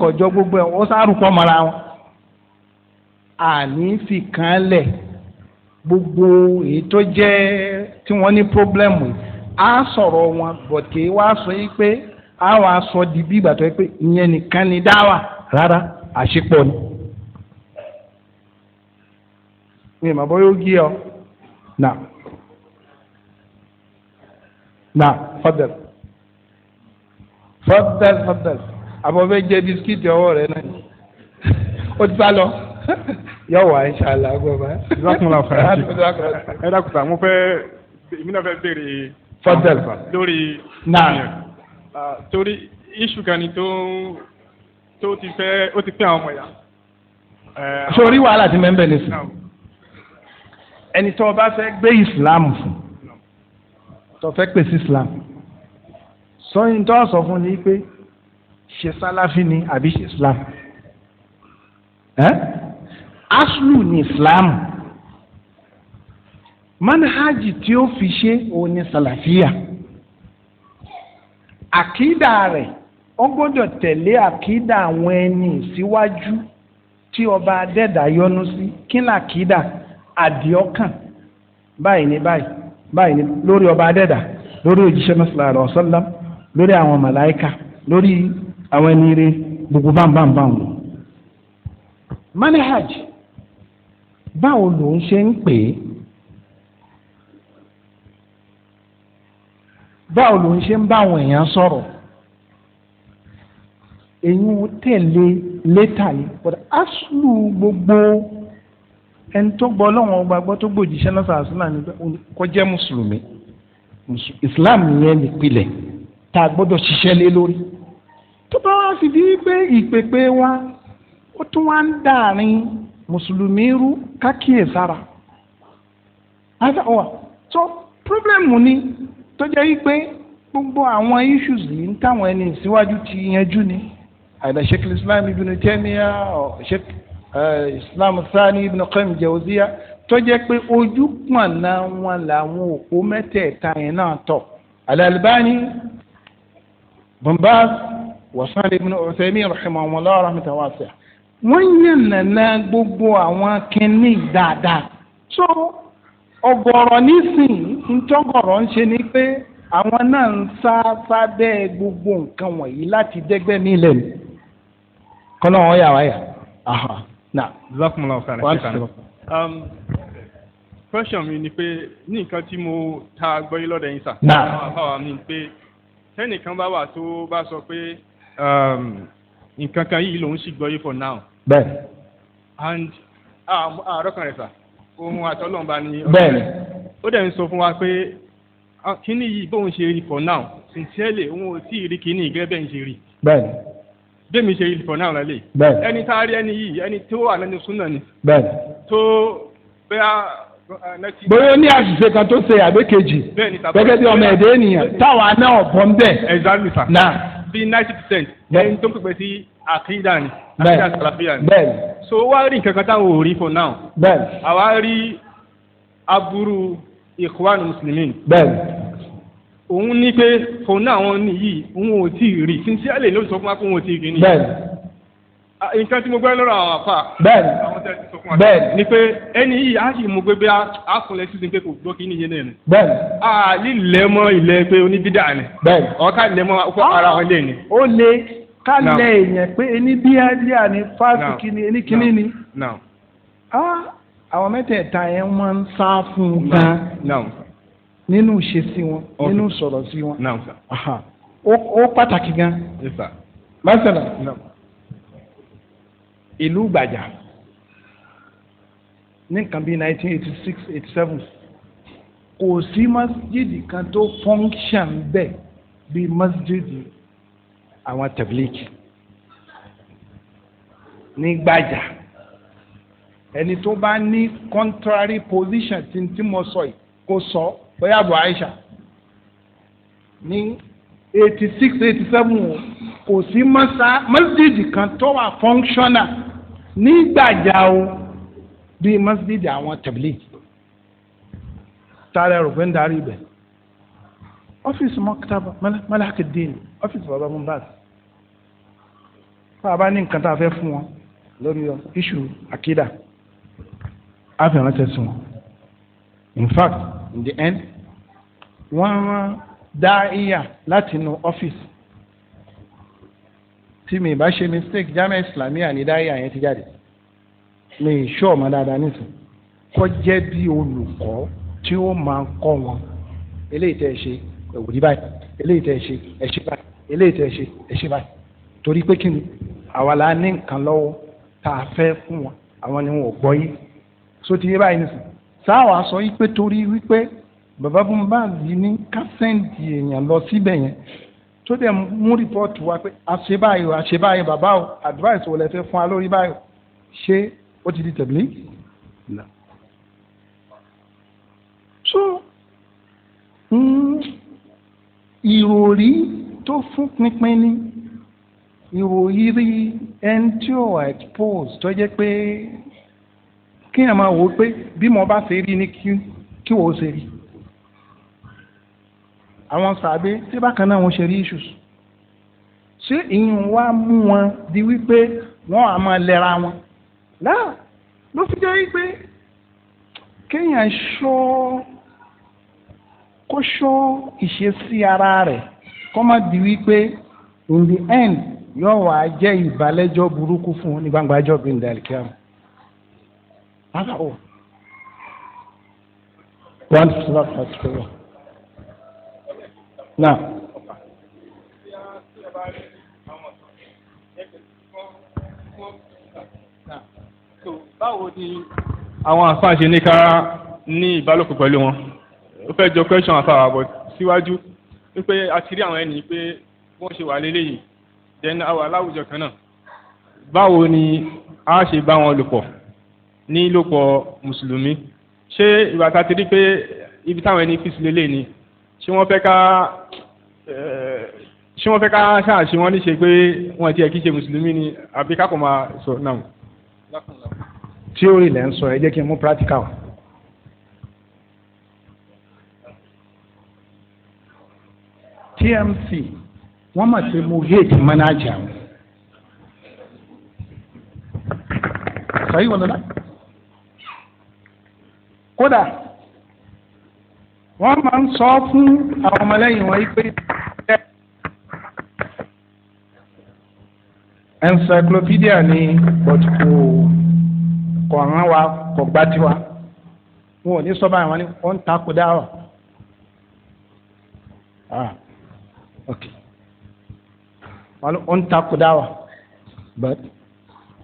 kọjọ gbogbo sárùpọ̀ wọn. àní fìkanlẹ̀ gbogbo èyí tó jẹ́ tí wọ́n ní pọ́blẹ́mù ní ìmọ̀ bóyá ó na ọ nà nà fọdẹl fọdẹl fọdẹl àbọ̀ fẹ́ jẹ bisikíìtì ọwọ́ rẹ náà ó ti sá lọ yóò wá inṣàlá gbọ́ba. ìdákùnlá ọ̀fẹ́ ẹ dákùtà mo fẹ́ èmi náà fẹ́ béèrè fọdẹl lórí náà torí tori kan ni tó tó ti fẹ́ ó ti pín àwọn ọmọ ya. sori wàhálà ti mẹ́ńbẹ̀ nísìnyí ẹni tó o bá fẹ́ gbé Islam, fún tó fẹ́ pè sí ìsìláàmù sọyìn tó sọ fún ni pé ṣe sálàfí ni àbí ṣe islam ẹ aslu ni islam manhaji tí ó fi ṣe òun ni sàlàfíà àkídà rẹ̀ ó gbọ́dọ̀ tẹ̀lé àkídà àwọn ẹni síwájú tí ọba adẹ́dà yọ́nú sí kí ni àkídà àdìọ́kàn báyìí ní báyìí báyìí ní lórí ọba adẹ́dà lórí òjíṣẹ́ mọ́sálà rẹ̀ ọ̀sọ́lá lórí àwọn màláìka lórí àwọn ẹni rẹ̀ gbogbo bámbámbám wọn. manahaj báwo ló ń ṣe ń pè é báwo ló ń ṣe ń bá àwọn èèyàn sọ̀rọ̀ èyí ń tẹ̀lé létà yìí but aslu gbogbo ẹni tó gbọ́ ọlọ́run ọba gbọ́ tó gbòjìṣẹ́ lọ́sàá àṣìlá ni kó mùsùlùmí islam yẹn nípìlẹ̀ tá a gbọ́dọ̀ ṣiṣẹ́ lé lórí tó bá wá sì di wípé ìpèpè wa ó tún wá ń dàrin mùsùlùmí rú kákíyèsára so problem ni tó jẹ́ wípé gbogbo àwọn issues yìí ń táwọn ẹni ìsíwájú ti yanjú ni àìdá sheikh islam ibn tẹ́míyà sheikh Eh, Islam Sani Ibn Qayyim Jawziya tó jẹ́ pé ojú pọ̀nà wọn làwọn òpó mẹ́tẹ̀ẹ̀ta yẹn náà tọ̀ Al-Albani wasan Ibn Uthaymin rahimahumullah rahmatan wasi'a wọ́n yàn nàna gbogbo àwọn kínní dáadáa tó ọ̀gọ̀rọ̀ nísìnyí ntọ́gọ̀rọ̀ ń ṣe ni pé àwọn náà ń sá sábẹ́ gbogbo nǹkan wọ̀nyí láti dẹ́gbẹ́ nílẹ̀ kọ́nà wọn yà wáyà. Nah. zakumala ọ̀sán rẹ̀ ṣẹ́ta náà. question mi ni pe ni nǹkan tí mo ta gbọ́yé lọ́dọ̀ yín sà. na àwọn àbáwá mi pé tẹ́nìkan bá wà tó bá sọ pé um, nǹkan yìí lòun sì gbọ́yé for now. bẹ́ẹ̀. and àárọ̀ kan rẹ̀ sà ohun àtọ́lọ́mba ni. bẹ́ẹ̀ni. ó dẹ̀ ń sọ fún wa pé kíní yìí bóun ṣe rí for now sincerely òun ò tí ì rí kíní gẹ́gẹ́ bẹ́ẹ̀ ń ṣe rí. bẹ́ẹ̀ni bẹ́ẹ̀ mi ṣe yìí fọ̀ náà lálẹ́ bẹ́ẹ̀ ẹni tá a rí ẹni yìí ẹni tó wà lẹ́nu súnà ni bẹ́ẹ̀ tó bẹ́ẹ̀ bóyá ó ní àṣìṣe kan tó ṣe àbẹ́kejì gẹ́gẹ́ bí ọmọ ẹ̀dẹ́ ènìyàn táwa náà bọ́ ń bẹ̀. exactly sir na bí ninety percent ẹni tó ń pèpè sí àkídà ni àkídà sàlàfíà ni so wá rí nǹkan kan táwọn ò rí for now àwa rí aburú ikhwan muslimin. bẹ́ẹ̀ni òun ní pé òun náà wọn nìyí òun ò tí ì rí sincerely ló sọ fún wa pé òun ò tí ì rí ni. bẹ́ẹ̀ni. Ah, nǹkan tí mo gbọ́ lọ́rọ̀ àwọn àfà. bẹ́ẹ̀ni àwọn tẹ́ ti sọ fún wa. bẹ́ẹ̀ni. ni pé ẹni yìí á sì mú pé bí a fún lẹ sísun pé kò gbọ́ kí níye náà ni. bẹ́ẹ̀ni. a lílẹ̀ mọ́ ilẹ̀ pé oníbídà ni. bẹ́ẹ̀ni. ọ̀ká lẹ̀ mọ́ fún ara wọn lé ni. ó lè ká lẹ̀ èèyàn pé ẹni bí adíà ni fásitì ni ẹni kíní ni. àwọn mẹ́tẹ̀ẹ̀ta yẹn wọ́n ń sá fún un gan nínú ṣe sí wọn nínú sọ̀rọ̀ sí wọn ó pàtàkì gan. masala ìlú gbàjà ní nǹkan bíi nineteen eighty six eighty seven kò sí masjidi kan tó function bẹ́ẹ̀ bíi masjidi àwọn tabiliki ní gbàjà ẹni tó bá ní contrary position tí tí mo sọ yìí kó sọ bóyá Abu Aisha ní eighty six eighty seven o kò sí masjid kan tó wà functional nígbàjà o bíi masjid àwọn tabligh tààrà rò pé ń darí ibẹ̀ ọ́fíìsì mọ́kítàbà malakidin ọ́fíìsì bàbá Mubaz fún abá ní nǹkan tá a fẹ́ fún wọn lórí iṣu akida a fẹ́ràn tẹ̀sán in fact in the end wọ́n rán dáìyà láti inú ọ́fíìsì tí mi bá ṣe mistake jamiu islamiyah ní dáìyà yẹn ti jáde mi ìṣó ọmọ dáadáa nísìn kọ́ jẹ́ bí olùkọ́ tí ó máa ń kọ́ wọn eléyìí tẹ́ ẹ ṣe ẹ̀wòrí báyìí eléyìí tẹ́ ẹ ṣe ẹ ṣe báyìí eléyìí tẹ́ ẹ ṣe ẹ ṣe báyìí torí pé kí ni àwa la ní nǹkan lọ́wọ́ tá a fẹ́ fún wọn àwọn ni wọn ò gbọ́ yìí sótìyé báyìí nísìn sáà sọ yìí pé torí wípé bàbá bùnbáàzì ní kásẹ̀ǹtì èèyàn lọ síbẹ̀ yẹn tó dẹ̀ mú rìpọ́ọ̀tù wa pé àṣẹ báyìí àṣẹ báyìí bàbá o advice wo lẹ fẹ́ fún wa lórí báyìí ṣé ó ti di tẹ̀blé? so hmm, ìròrí tó fún pínpín ní ìròyìnrí ẹni tí ò wà expose tó jẹ́ pé kí ẹ̀ máa wò ó pé bí mo bá ṣe rí ni kí wò ó ṣe rí àwọn sàbẹ tí bákan náà wọ́n ṣe rí issues ṣé ìyẹn wá mú wọn di wípé wọ́n á máa lẹ́ra wọn láà ló fi jẹ́ wípé kéèyàn ṣó kó ṣó ìṣesí ara rẹ̀ kó má di wípé in the end yóò wá jẹ́ ìbálẹ́jọ́ burúkú fún ní gbangba ẹjọ́ bíi ndàlíkíámù. Bákan o. Wọ́n ti sọ́ra náà. báwo ni àwọn àfáà ṣe ní ká ní ìbálòpọ̀ pẹ̀lú wọn ó fẹ́ jọ question àfáà àbọ̀ síwájú wípé a ti rí àwọn ẹni pé wọ́n ṣe wà léléyìí then a wà láwùjọ kan náà báwo ni a ṣe bá wọn lò pọ̀ ní lòpọ̀ mùsùlùmí ṣé ìgbà tá a ti rí pé ibi táwọn ẹni fi sílẹ̀ lé ni ṣé wọ́n fẹ́ ká eh, ṣé wọ́n fẹ́ ká ṣáà ṣe wọ́n níṣe pé wọ́n ti ẹ̀ kí ṣe mùsùlùmí ni àbí ká kò máa sọ náà. tíórì lẹ́ ń sọ ẹ jẹ́ kí n mú practical. TMC wọ́n mà ṣe mo hate manager àwọn. sọ yìí wọ́n lọ́la. kódà wọ́n máa ń sọ fún àwọn ọmọlẹ́yìn wọn pé encyclopedia ni bọ̀dù kò kọ̀ ràn wá kọ̀ gbá tiwa wọn ò ní sọ báyìí wọn ni wọ́n ń takò dáhọ̀ ah ok wọ́n ń takò dáhọ̀ but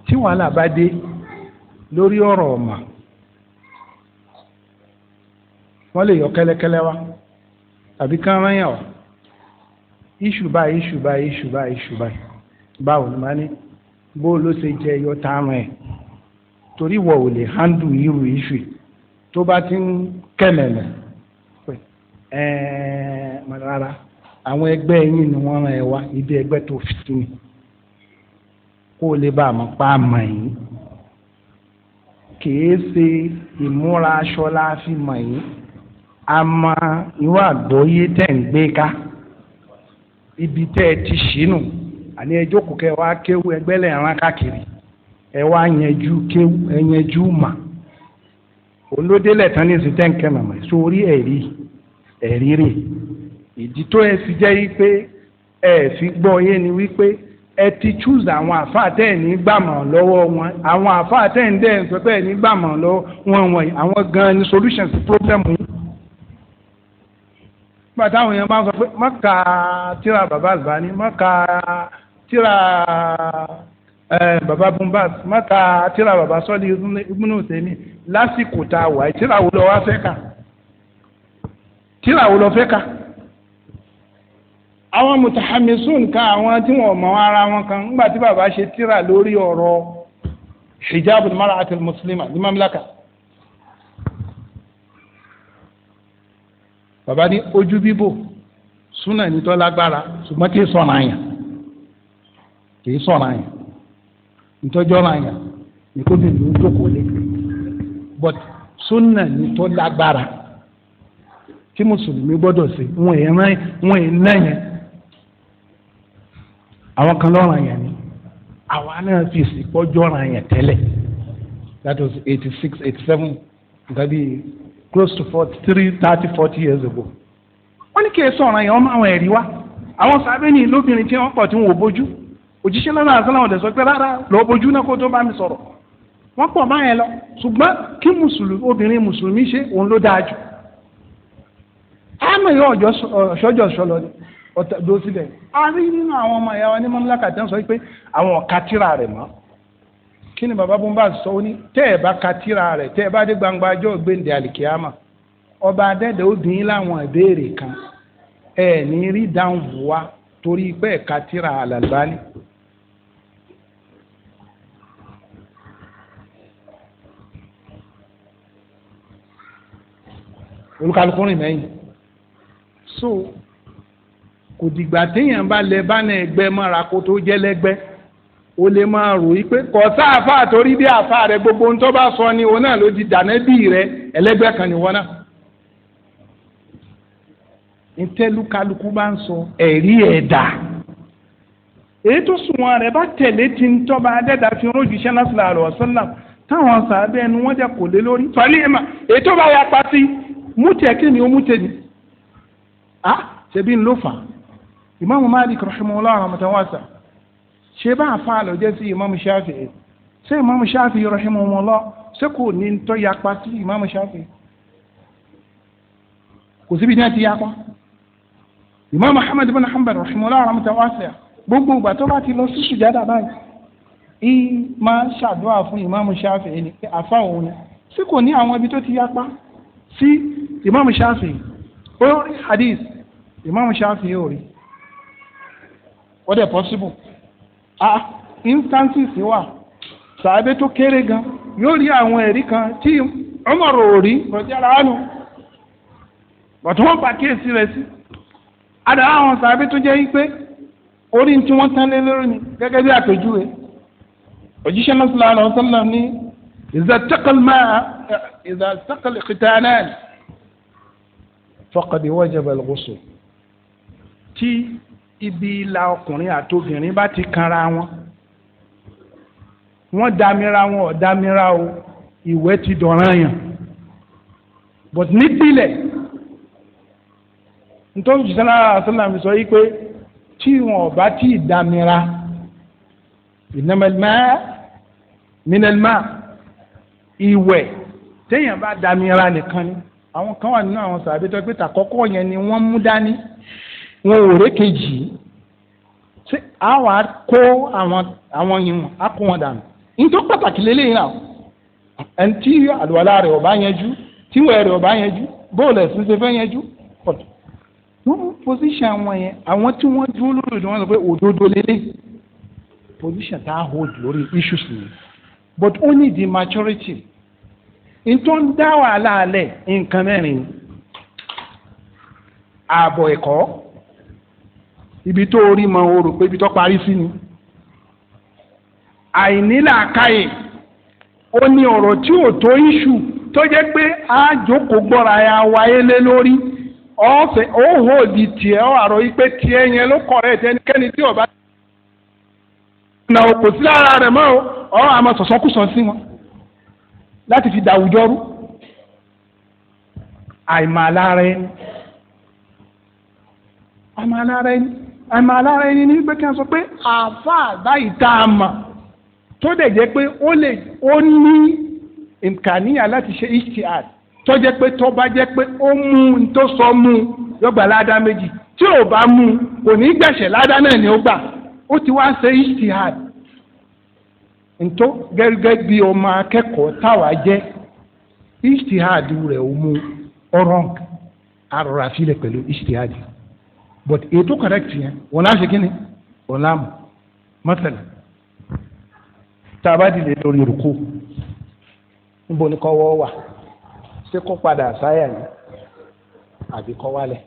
tí wàhálà bá dé lórí ọ̀rọ̀ ọ̀mà wọ́n lè yọ kẹ́lẹ́kẹ́lẹ́ wá tàbí kán rányàn wá iṣu báyìí iṣu báyìí iṣu báyìí iṣu báyìí báwo ni màá ní bó ló ṣe jẹ yọ táwọn ẹ̀ torí wọ̀ ò lè handù irú iṣu tó bá ti ń kẹ̀mẹ̀lẹ̀ ẹ̀ẹ́n rárá àwọn ẹgbẹ́ yín ni wọ́n rán ẹ wá ibi ẹgbẹ́ tó fi sí ni kó o lè bá àmọ́ pa àmọ́ yìí kì í ṣe ìmúra aṣọ la mọ̀ yìí ama ìwà àgbọ́yé tẹ̀ ń gbé ká ibi tẹ́ ẹ ti ṣìnù àní ẹ jókòó kẹ́ wá kéwú ẹgbẹ́ lẹ̀ rán káàkiri ẹ wá yẹnjú kéwú ẹ yẹnjú mà olódélẹ̀ tán ní sí tẹ́ǹkẹ́ màmá sórí ẹ̀rí ẹ̀rí rè ìdí tó ẹ fi jẹ́ wípé ẹ fi gbọ́ yé ni wípé ẹ ti choose àwọn àfa tẹ́ ẹ̀ ní gbàmọ̀ lọ́wọ́ wọn àwọn àfa tẹ́ ẹ̀ ń dẹ́ ẹ̀ ní gbàmọ̀ lọ́wọ́ wọn wọ̀nyí àwọn gan ni solution sí problem yìí nígbà táwọn èèyàn máa ń sọ pé má ka tíra bàbá àlùbáni má ka tíra bàbá bumbas má ka tíra bàbá sọ́ọ́lì ibùnú tèmi lásìkò tá a wà yìí tíra wo lọ wá fẹ́ kà tíra wo lọ fẹ́ kà àwọn mutahamisun ka àwọn tí wọn mọ ara wọn kan ńgbà tí bàbá ṣe tíra lórí ọ̀rọ̀ hijab al-mar'at al-muslima ní mamlaka bàbá ní ojú bíbò súnà nítọ́ lágbára ṣùgbọ́n kì í sọ̀rọ̀ àyàn kì í sọ̀rọ̀ àyàn nítọ́jọ́ àyàn ni kó bìnrin ló jókòó lé but súnà nítọ́ lágbára tí mùsùlùmí gbọ́dọ̀ ṣe wọn ì rán wọn ì ná yẹn àwọn kan lọ́rọ̀ àyàn ni àwa náà fi ìsìnkú ọjọ́ àyàn tẹ́lẹ̀ that was eighty six eighty seven nǹkan bíi close to forty three thirty forty years ago wọ́n ní kí èso ọ̀ràn yẹn wọ́n máa wọn ẹ̀rí wá àwọn sábẹ́ni lóbìnrin tí wọ́n pọ̀ tí wọ́n ò bójú òjíṣẹ́ lọ́nà àṣàlàwọ̀ dẹ̀ sọ pé rárá lọ́ọ́ bójú náà kó tó bá mi sọ̀rọ̀ wọ́n pọ̀ máa yẹn lọ ṣùgbọ́n kí mùsùlùmí obìnrin mùsùlùmí ṣe òun ló dáa jù àmì yóò ṣọjọ́ ṣọlọ ni ọ̀tá dó síbẹ̀ a rí nínú àwọn ọmọ ìyá wa ní mọ́ńlákà tẹ́ ń sọ pé àwọn ọ̀ka tíra rẹ̀ mọ́ kí ni bàbá bùnbà sọ ní tẹ́ ẹ̀ bá katira rẹ̀ tẹ́ ẹ̀ bá dé gbangba ọjọ́ gbèǹde àlìkíyàmà ọba adẹ́dẹ́ ó dín láwọn ìbéèrè kan ẹ̀ ní rí dáhùn wá torí pé ẹ̀ katira àlàlùbáni. olùkàlùkù rìn mẹ́yìn so kò dìgbà téèyàn bá lẹ bá náà ẹgbẹ́ mọ́ra kó tó jẹ́ lẹ́gbẹ́. o lè máa rò yí pé kọ̀ọ̀sá àfa àtòrí bí àfa rẹ gbogbo ń tọ́ bá sọ ni òun náà ló di dànẹ́bí rẹ ẹlẹ́gbẹ́ kan nìwọ náà. ntẹ́lúkálukú bá ń sọ ẹ̀rí ẹ̀dá èyí tó sunwọ̀n rẹ bá tẹ̀lé ti ń tọ́ba fi náà sílẹ̀ àrò ọ̀sánlá táwọn ẹnu wọ́n jẹ́ kò lé lórí ya pa ṣé bá àfa àlọ́jẹ́ sí imam shafi'i ṣé imam shafi'i rahimahullah ṣé kò ní tó yapa sí imam shafi'i kò síbi ní àti yapa imam ahmed bin hanbal rahimahullah rahmatan wasi'a gbogbo ìgbà tó bá ti lọ sí sùjádà báyìí ìyí máa ṣàdúrà fún ìmáàmù ṣáfì ni pé àfa òun ni sí kò ní àwọn ibi tó ti yapa sí ìmáàmù ṣáfì ó rí hadith ìmáàmù ṣáfì ó rí ó dẹ̀ possible ah instances wà sàbẹ tó kéré gan yóò rí àwọn ẹ̀rí kan tí Umar ò rí rọjá ránu bọ̀tún wọn pàkíyèsí rẹ̀ sí adà àwọn sàbẹ tó jẹ́ pé orí tí wọ́n tán lé lórí ni gẹ́gẹ́ bí àpèjúwe òjíṣẹ́ náà sallallahu alaihi wasallam ní iza taqal ma'a iza taqal qitalan faqad wajaba tí ibi ìlà ọkùnrin àtobìnrin bá ti kanra wọn wọ́n damira wọn ò damira o ìwé ti dọ̀ràn yàn but nípìnlẹ̀ nítorí jùsọ́nà àṣàlámì sọ yí pé tí wọn ò bá tí ì damira ìnàmẹ́lẹ́mẹ́ mínẹ́lẹ́mẹ́ ìwẹ̀ téèyàn bá damira nìkan ni àwọn kan wà nínú àwọn sàbẹ̀tọ́ pé tàkọ́kọ́ yẹn ni wọ́n mú dání wọn ò rékejì ṣé àwọn akó àwọn àwọn yìí akó wọn dànù nítorí pàtàkì lélẹ́yìn náà ẹni tí àlùwàlá rẹ̀ ọba yanjú tí wọ́n rẹ̀ ọba yanjú bóòlù ẹ̀sìn ṣe fẹ́ yanjú pọ̀tù wọ́n position àwọn yẹn àwọn tí wọ́n dúró lórí ìdánwò sọ pé òdodo lélẹ̀ position tá a hold lórí issues ni but only the maturity ntọ́ ń dá wàhálà alẹ̀ nǹkan mẹ́rin ààbọ̀ ẹ̀kọ́. ibi tó orí mọ o pé ibi tó parí sí ni àìnílàákàyè ó ní ọ̀rọ̀ tí ò tó iṣu tó jẹ́ pé a jókòó gbọ́ra ya wáyé lé lórí ọ̀fẹ́ ó hò di tiẹ̀ ọ̀ àrò yìí pé tiẹ̀ yẹn ló correct ẹnikẹ́ni tí ọba na kò sí lára rẹ̀ mọ́ ọ̀ àmọ́ sọ̀sọ́kùsọ̀ sí wọn láti fi dàwùjọ rú àìmọ̀ alára ẹni alára ẹni. àmì alára ẹni ní pé kí wọ́n sọ pé àáfàá báyìí tá a mà tó dẹ̀ jẹ́ pé ó lè ó ní ìkànnìyàn láti ṣe htr tó jẹ́ pé tó bá jẹ́ pé ó mú un tó sọ mú un yọgbà ládá méjì tí ò bá mú un kò ní gbẹ̀ṣẹ̀ ládá náà ni ó gbà ó ti wá ṣe htr ntó gẹ́gẹ́ bí ọmọ akẹ́kọ̀ọ́ táwa jẹ́ htr rẹ̀ ó mú ọ̀rọ̀ àrọ̀ràfilẹ̀ pẹ̀lú htr. but ètò correct yẹn wọn láṣẹ kí ni wọn láàmú mọ́tẹ́lẹ̀ tá a bá dìde lórí rúkú níbo ni kọ́wọ́ wà ṣé kó padà sáyà ni àbí kọ́ wálẹ̀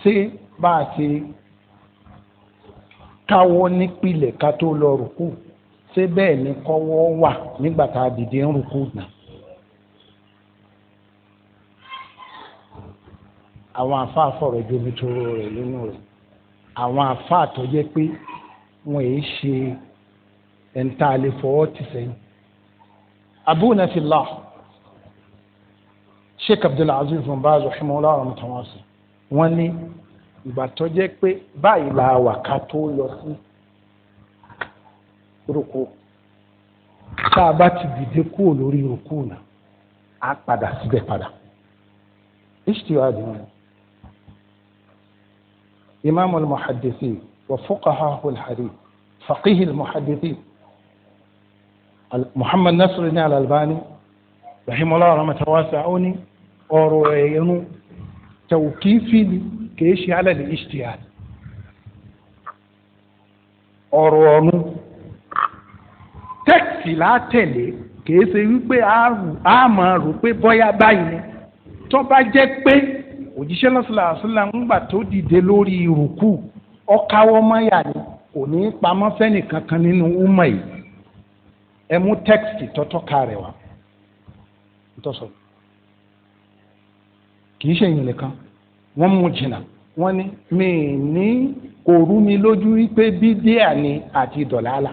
ṣé bá a ṣe káwọ́ nípìlẹ̀ ká tó lọ rúkú ṣé bẹ́ẹ̀ ni kọ́wọ́ wà nígbà tá a dìde ń rúkú náà. àwọn àáfàá fọ̀rọ̀ jomi toro rẹ̀ lónú rẹ̀ àwọn àáfàá tó jẹ́ pé wọn èé ṣe ẹ̀ńtà àlè fọwọ́ tì sẹ́yìn. fi lọ sheikh abdulaziz bin baz rahimahullah rahmatulahi wọn ní ìgbà tó jẹ́ pé báyìí la wà ká tó lọ sí rúkú tá a bá ti dìde kúrò lórí rúkú náà á padà síbẹ̀ padà. Istiwa di wọn. إمام المحدثين وفقهاء الحديث فقيه المحدثين محمد نصر الألباني رحمه الله رحمة واسعوني أروين توكيفي كيش على الاجتهاد أروين tẹ́ẹ̀sì látẹ̀lé kìí ṣe wípé a máa rò pé bọ́yá báyìí ni òjíṣẹ́ lọ́sọ̀lá àṣìlá ńgbà tó dìde lórí ìrùkù ọ̀káwọ́ mọ́yà ni kò ní í pamọ́ fẹ́nì kankan nínú umma yìí ẹ mú tẹ́kìtì tọ́tọ́ka rẹ̀ wá ntọ́sọ kì í ṣe èyàn nìkan wọ́n mú jìnnà wọ́n ní mi ní kò rú mi lójú wípé bídíà ni àti dọ̀làlà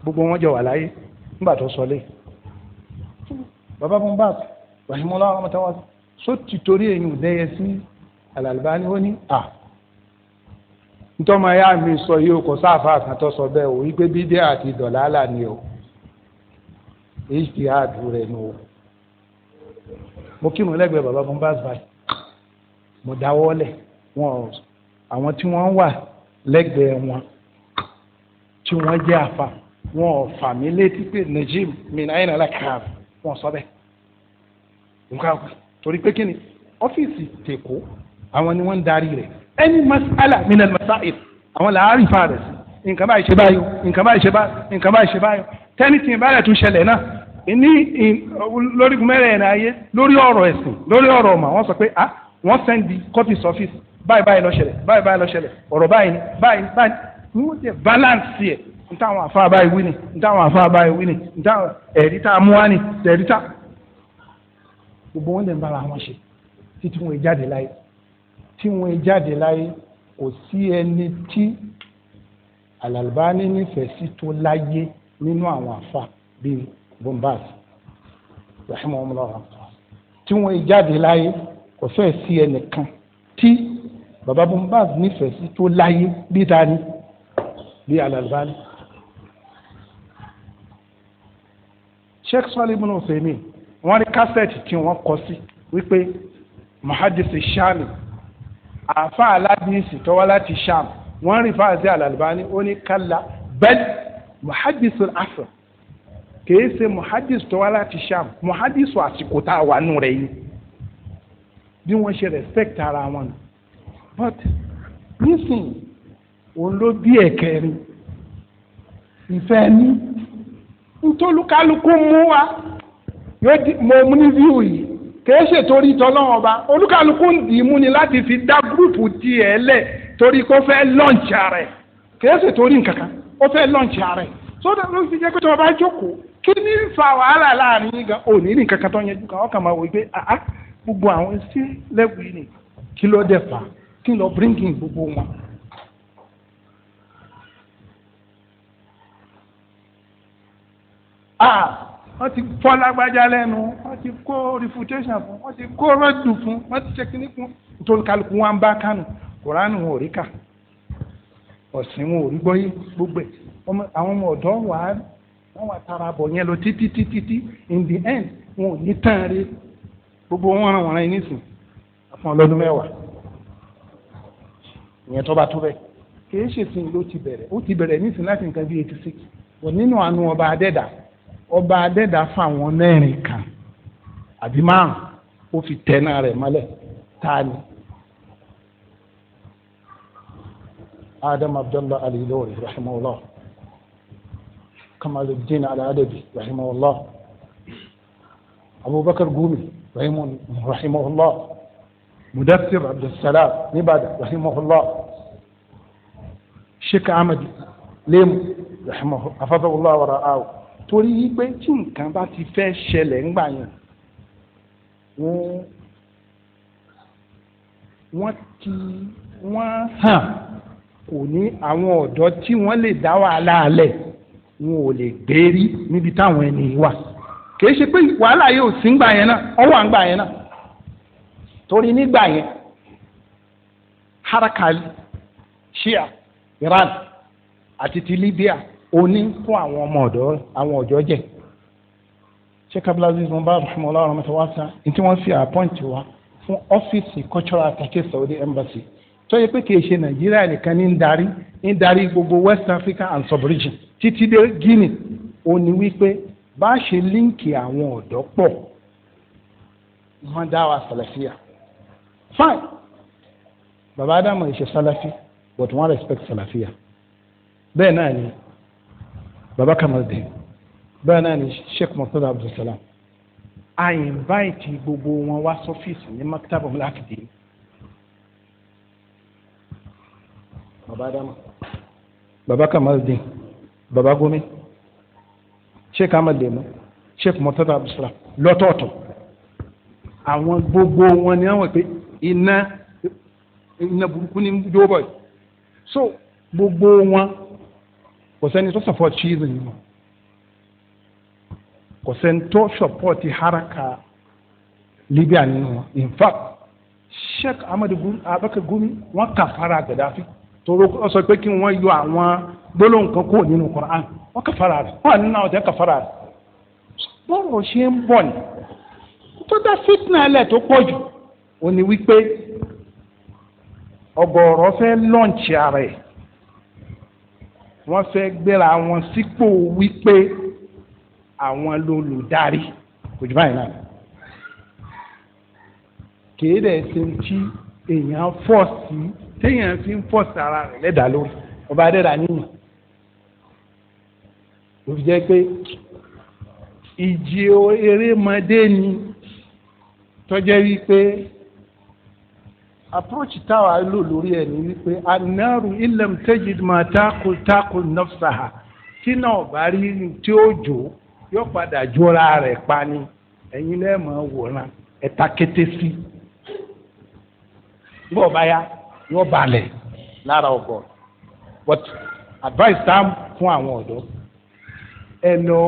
gbogbo wọn jọ wà láyé nígbà tó sọ lẹ́yìn bàbá fún bá rahimola ọmọtawà só ti torí èyí ò dẹ́yẹ sí Al-Albani ó ní à ntọ́mọ ya mi sọ yìí o kò sáfà kan tó sọ bẹ́ẹ̀ o wípé bídẹ́ àti dọ̀làlà ni o èyí ti àdúró rẹ̀ ni o mo kírun lẹ́gbẹ̀ẹ́ bàbá fún bá báyìí mo dáwọ́lẹ̀ wọn àwọn tí wọ́n wà lẹ́gbẹ̀ẹ́ wọn tí wọ́n jẹ́ àfà wọn ò fà mí létí pé najim mi náà yẹn nàlá káàbù wọn sọ bẹ́ẹ̀ nǹkan kù torí pé kí ni ọ́fíìsì tèkó àwọn ni wọ́n ń darí rẹ̀ ẹni masala minal masail àwọn làárí fa rẹ̀ sí nǹkan báyìí ṣe báyìí nǹkan báyìí ṣe báyìí nǹkan báyìí ṣe báyìí tẹ́nìtì ìbára tún ṣẹlẹ̀ náà ní lórí gúnmẹ́rẹ̀ ẹ̀ náà yé lórí ọ̀rọ̀ ẹ̀sìn lórí ọ̀rọ̀ ọ̀mà wọ́n sọ pé ah wọ́n sẹ́ndì copies office báyìí báyìí ló ṣẹlẹ̀ báyìí báyìí ló ṣẹlẹ̀ ọ̀rọ̀ báyìí báyìí báyìí wọ́n jẹ́ balance yẹn ntáwọn àfa báyìí wí ni ntáwọn àfa báyìí wí ni ntáwọn ẹ̀rí tá a mú wá ni ẹ̀rí tá gbogbo wọn lè ń bára wọn ṣe títí wọn jáde láyé tí wọn jáde láyé kò sí ẹni tí al nífẹ̀ẹ́ sí tó láyé nínú àwọn àfa bíi bombaz rahimahumullah tí wọn jáde láyé kò fẹ́ sí ẹnìkan tí baba bombaz nífẹ̀ẹ́ sí tó láyé bíi tani bíi al sheikh salimul husseini wọ́n ní kásẹ̀tì tí wọ́n kọ sí wípé muhadisi shami àfa aládìsí tó wá láti sham wọ́n rí fáàzì al-Albani ó ní kálá bẹ́ẹ̀ muhadisi asr kìí ṣe muhadisi tó láti sham muhadisi àsìkò tá a wà nù rẹ̀ yìí bí wọ́n ṣe respect ara wọn nù but nísìnyí òun ló bí ẹ̀kẹ́rin ìfẹ́ ní ntolúkálukú mú wa yóò di mo mú ní fíù yìí kìí ṣe torí tọ́lọ́wọ́n ọba olúkálukú ń dì í mú ni láti fi dá gúrùpù tiẹ̀ lẹ̀ torí kó fẹ́ lọ́ǹchì ààrẹ kìí ṣe torí nkankan ó fẹ́ lọ́ǹchì ààrẹ sódà ló fi jẹ́ pé tọ́ba jókòó kí ní fa wàhálà láàrin yìí gan òní ní nkankan tó ń yẹjú kan ọkàn máa wò pé àá gbogbo àwọn sí lẹ́gbẹ̀ẹ́ ni kí ló dé fà kí ló bíríngì gbogbo wọn Ah, wọ́n ti fọ́ lágbájá lẹ́nu wọ́n ti kó refutation fún wọ́n ti kó rọ́dù fún wọ́n ti ṣèkínní fún nítorí kálukú wọn bá kánú kòránù wọn ò rí kà ọ̀sìn wọn ò rí gbọ́yé gbogbo ẹ̀ àwọn ọmọ ọ̀dọ́ wà á wọ́n wà tara bọ̀ yẹn lọ títí títí títí in the end wọn ò ní tán rí gbogbo wọn ràn wọ́n rán yín nísìn fún ọlọ́dún mẹ́wàá ìyẹn tó bá tó bẹ́ẹ̀ kì í ṣèsìn ló ti bẹ̀rẹ̀ ó ti bẹ̀rẹ̀ nísìn láti nǹkan bíi eighty six wọ́n nínú àánú ọba adẹ́dàá ọba adẹ́dá fáwọn mẹ́rin kan àbí márùn ó fi tẹ́ná rẹ̀ mọ́lẹ̀ tá a ní. adam abdullah alilori rahimahullah kamaluddin aladabi rahimahullah abubakar gumi rahimahullah mudassir abdulsalam nìbàdàn rahimahullah sheikh ahmed lemu rahimahullah afadàwùlá wàrà áwò torí wípé tí nǹkan bá ti fẹ́ ṣẹlẹ̀ ńgbà yẹn wọ́n wọ́n ti wọ́n hàn kò ní àwọn ọ̀dọ́ tí wọ́n lè dá wàhálà alẹ̀ wọn ò lè gbé rí níbi táwọn ẹni wà kìí ṣe pé wàhálà yóò sí ńgbà yẹn náà ọwọ́ à gbà yẹn náà torí nígbà yẹn harakali shia Iran àti ti Libya oní fún àwọn ọmọ ọ̀dọ́ àwọn ọ̀dọ́ jẹ sheikh abdulaziz mubarak rahmanulah rahmatulahsa ní tí wọ́n fi àpọ́ǹtì wa fún ọ́fíìsì cultural attaché saudi embassy tó yẹ pé kì í ṣe nàìjíríà nìkan ní ń darí ń darí gbogbo west africa and sub-region títí dé guinea ó ní wípé bá a ṣe líǹkì àwọn ọ̀dọ́ pọ̀ wọ́n dá wa sàlàfíà fine baba adamu ìṣe sàlàfí but wọ́n respect sàlàfíà bẹ́ẹ̀ náà ni baba kamaldin bẹ́ẹ̀ náà ni sheikh murtala abdulsalam a invite gbogbo wọn wá sọ́fíìsì ní maktaba lákìdí baba dama baba kamaldin baba gomi sheikh ahmed lemu sheikh murtala abdulsalam lọ́tọ̀ọ̀tọ̀ àwọn gbogbo wọn ni wọ́n pè iná iná burúkú ní jóbọ̀ so gbogbo wọn. kò sẹ́ni tó support ṣíìzì nínú kò sẹ́ni tó support haraka Libya ni wọn in fact Sheikh Ahmed Abubakar Gumi wọ́n kà fara Gaddafi toro ọ sọ pé kí won yọ àwọn gbólóhùn kan kúrò nínú Quran wọ́n kà fara rẹ̀ wọ́n nínú àwọn fara rẹ̀ bọ́ọ̀rọ̀ ṣe ń bọ̀ ni tó dá fitna ẹlẹ́ tó pọ̀ jù ó ní wípé ọgọ́rọ̀ fẹ́ ara ẹ̀. wọ́n fẹ́ gbéra wọn sípò wípé àwọn lolùdarí kò jù báyìí náà kéde ẹsẹ̀ tí èèyàn fọ̀ sí téèyàn fi ń fọ̀ sára rẹ̀ lẹ́dàá lórí ọba adẹ́dàá níyàn ó fi jẹ́ pé ìjì erémọdé ni tọ́jẹ́ wípé approach táwa lò lórí ẹ̀ ní wípé anáàrú ilẹ̀m tẹ́jìd máa tákùn tákùn nọ́fṣàhà tí náà bá rí tí ó jò yóò padà jóra rẹ̀ pa ni ẹ̀yin lẹ́ẹ̀mọ́ wòran ẹ̀ta kété sí bó bá yá yóò balẹ̀ lára ọgọ́ but advice tá fún àwọn ọ̀dọ́ ẹ lọ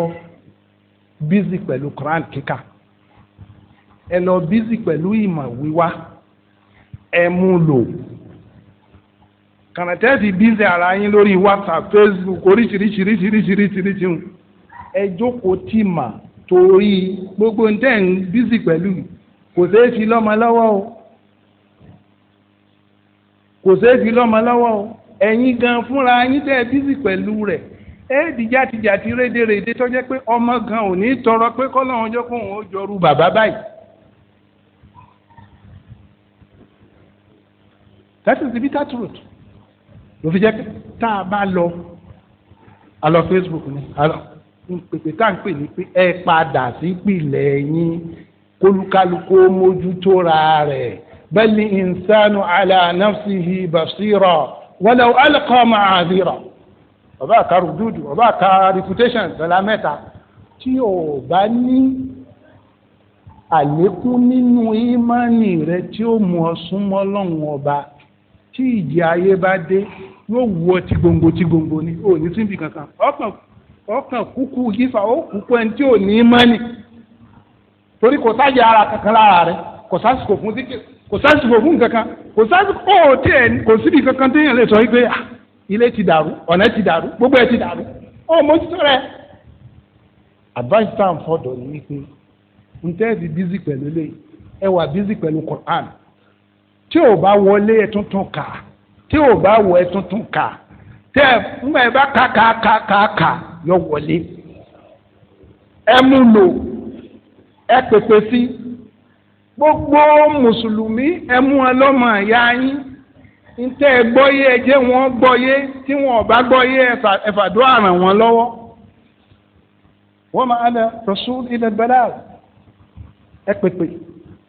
bízì pẹ̀lú Quran kíkà ẹ lọ bízì pẹ̀lú ìmọ̀ wíwá. emulo lò lò ti bíze ara yín lórí whatsapp facebook oríṣiríṣiríṣiríṣiríṣiríṣi ẹ jókòó tì mà torí gbogbo ń tẹ̀ ń bízì pẹ̀lú kò ṣeé fi lọ́mọ lọ́wọ́ o kò ṣeé fi lọ́mọ lọ́wọ́ o ẹ̀yin gan fúnra yín bízì that is the bitter truth ló fi jẹ́ pé tá a bá lọ a lọ Facebook ni a lọ pèpè tá à ń pè ní pé ẹ padà sí ìpìlẹ̀ yín kólúkálukó mójútóra rẹ̀ bẹ́ẹ̀ni ìnsánú ala nafsihi basira walaw alqa ma'azira ọba àka rúdúdù ọba àka reputation bẹ̀lá mẹ́ta tí o bá ní àlékún nínú ìmánì rẹ tí ó mú ọ súnmọ́ lọ́hùn ọba tí ìjì ayé bá dé yóò wọ ti gbòǹgbò ti gbòǹgbò ni ò ní síbi kankan ọkàn ọkàn kúkú yífa ó kúkú ẹni tí ò ní mọ́nì torí kò sáàyè ara kankan lára rẹ kò sásìkò fún sí kò sásìkò fún kankan kò sásìkò ó tiẹ̀ kò síbi kankan téèyàn lè sọ wípé ah, ilé ti dàrú ọ̀nà ti dàrú gbogbo ẹ̀ ti dàrú ó mójútó rẹ advice time fọdọ ni wípé ntẹ́ ti busy pẹ̀lú eléyìí ẹ wà busy pẹ̀lú Quran tí ò bá wọlé ẹ tuntun kà tí ò bá wọ ẹ tuntun kà tẹ ńgbà ẹ bá kà kà kà kà kà yọ wọlé ẹ mú lò ẹ pèpè sí gbogbo mùsùlùmí ẹ mú ẹ lọ́mọ ìyá yín ntẹ ẹ gbọ́yé ẹ jẹ́ wọ́n gbọ́yé tí wọ́n ò bá gbọ́yé ẹ fàdúrà ràn wọ́n lọ́wọ́ wọ́n máa lẹ rasul ilẹ̀ bẹ́lá ẹ pèpè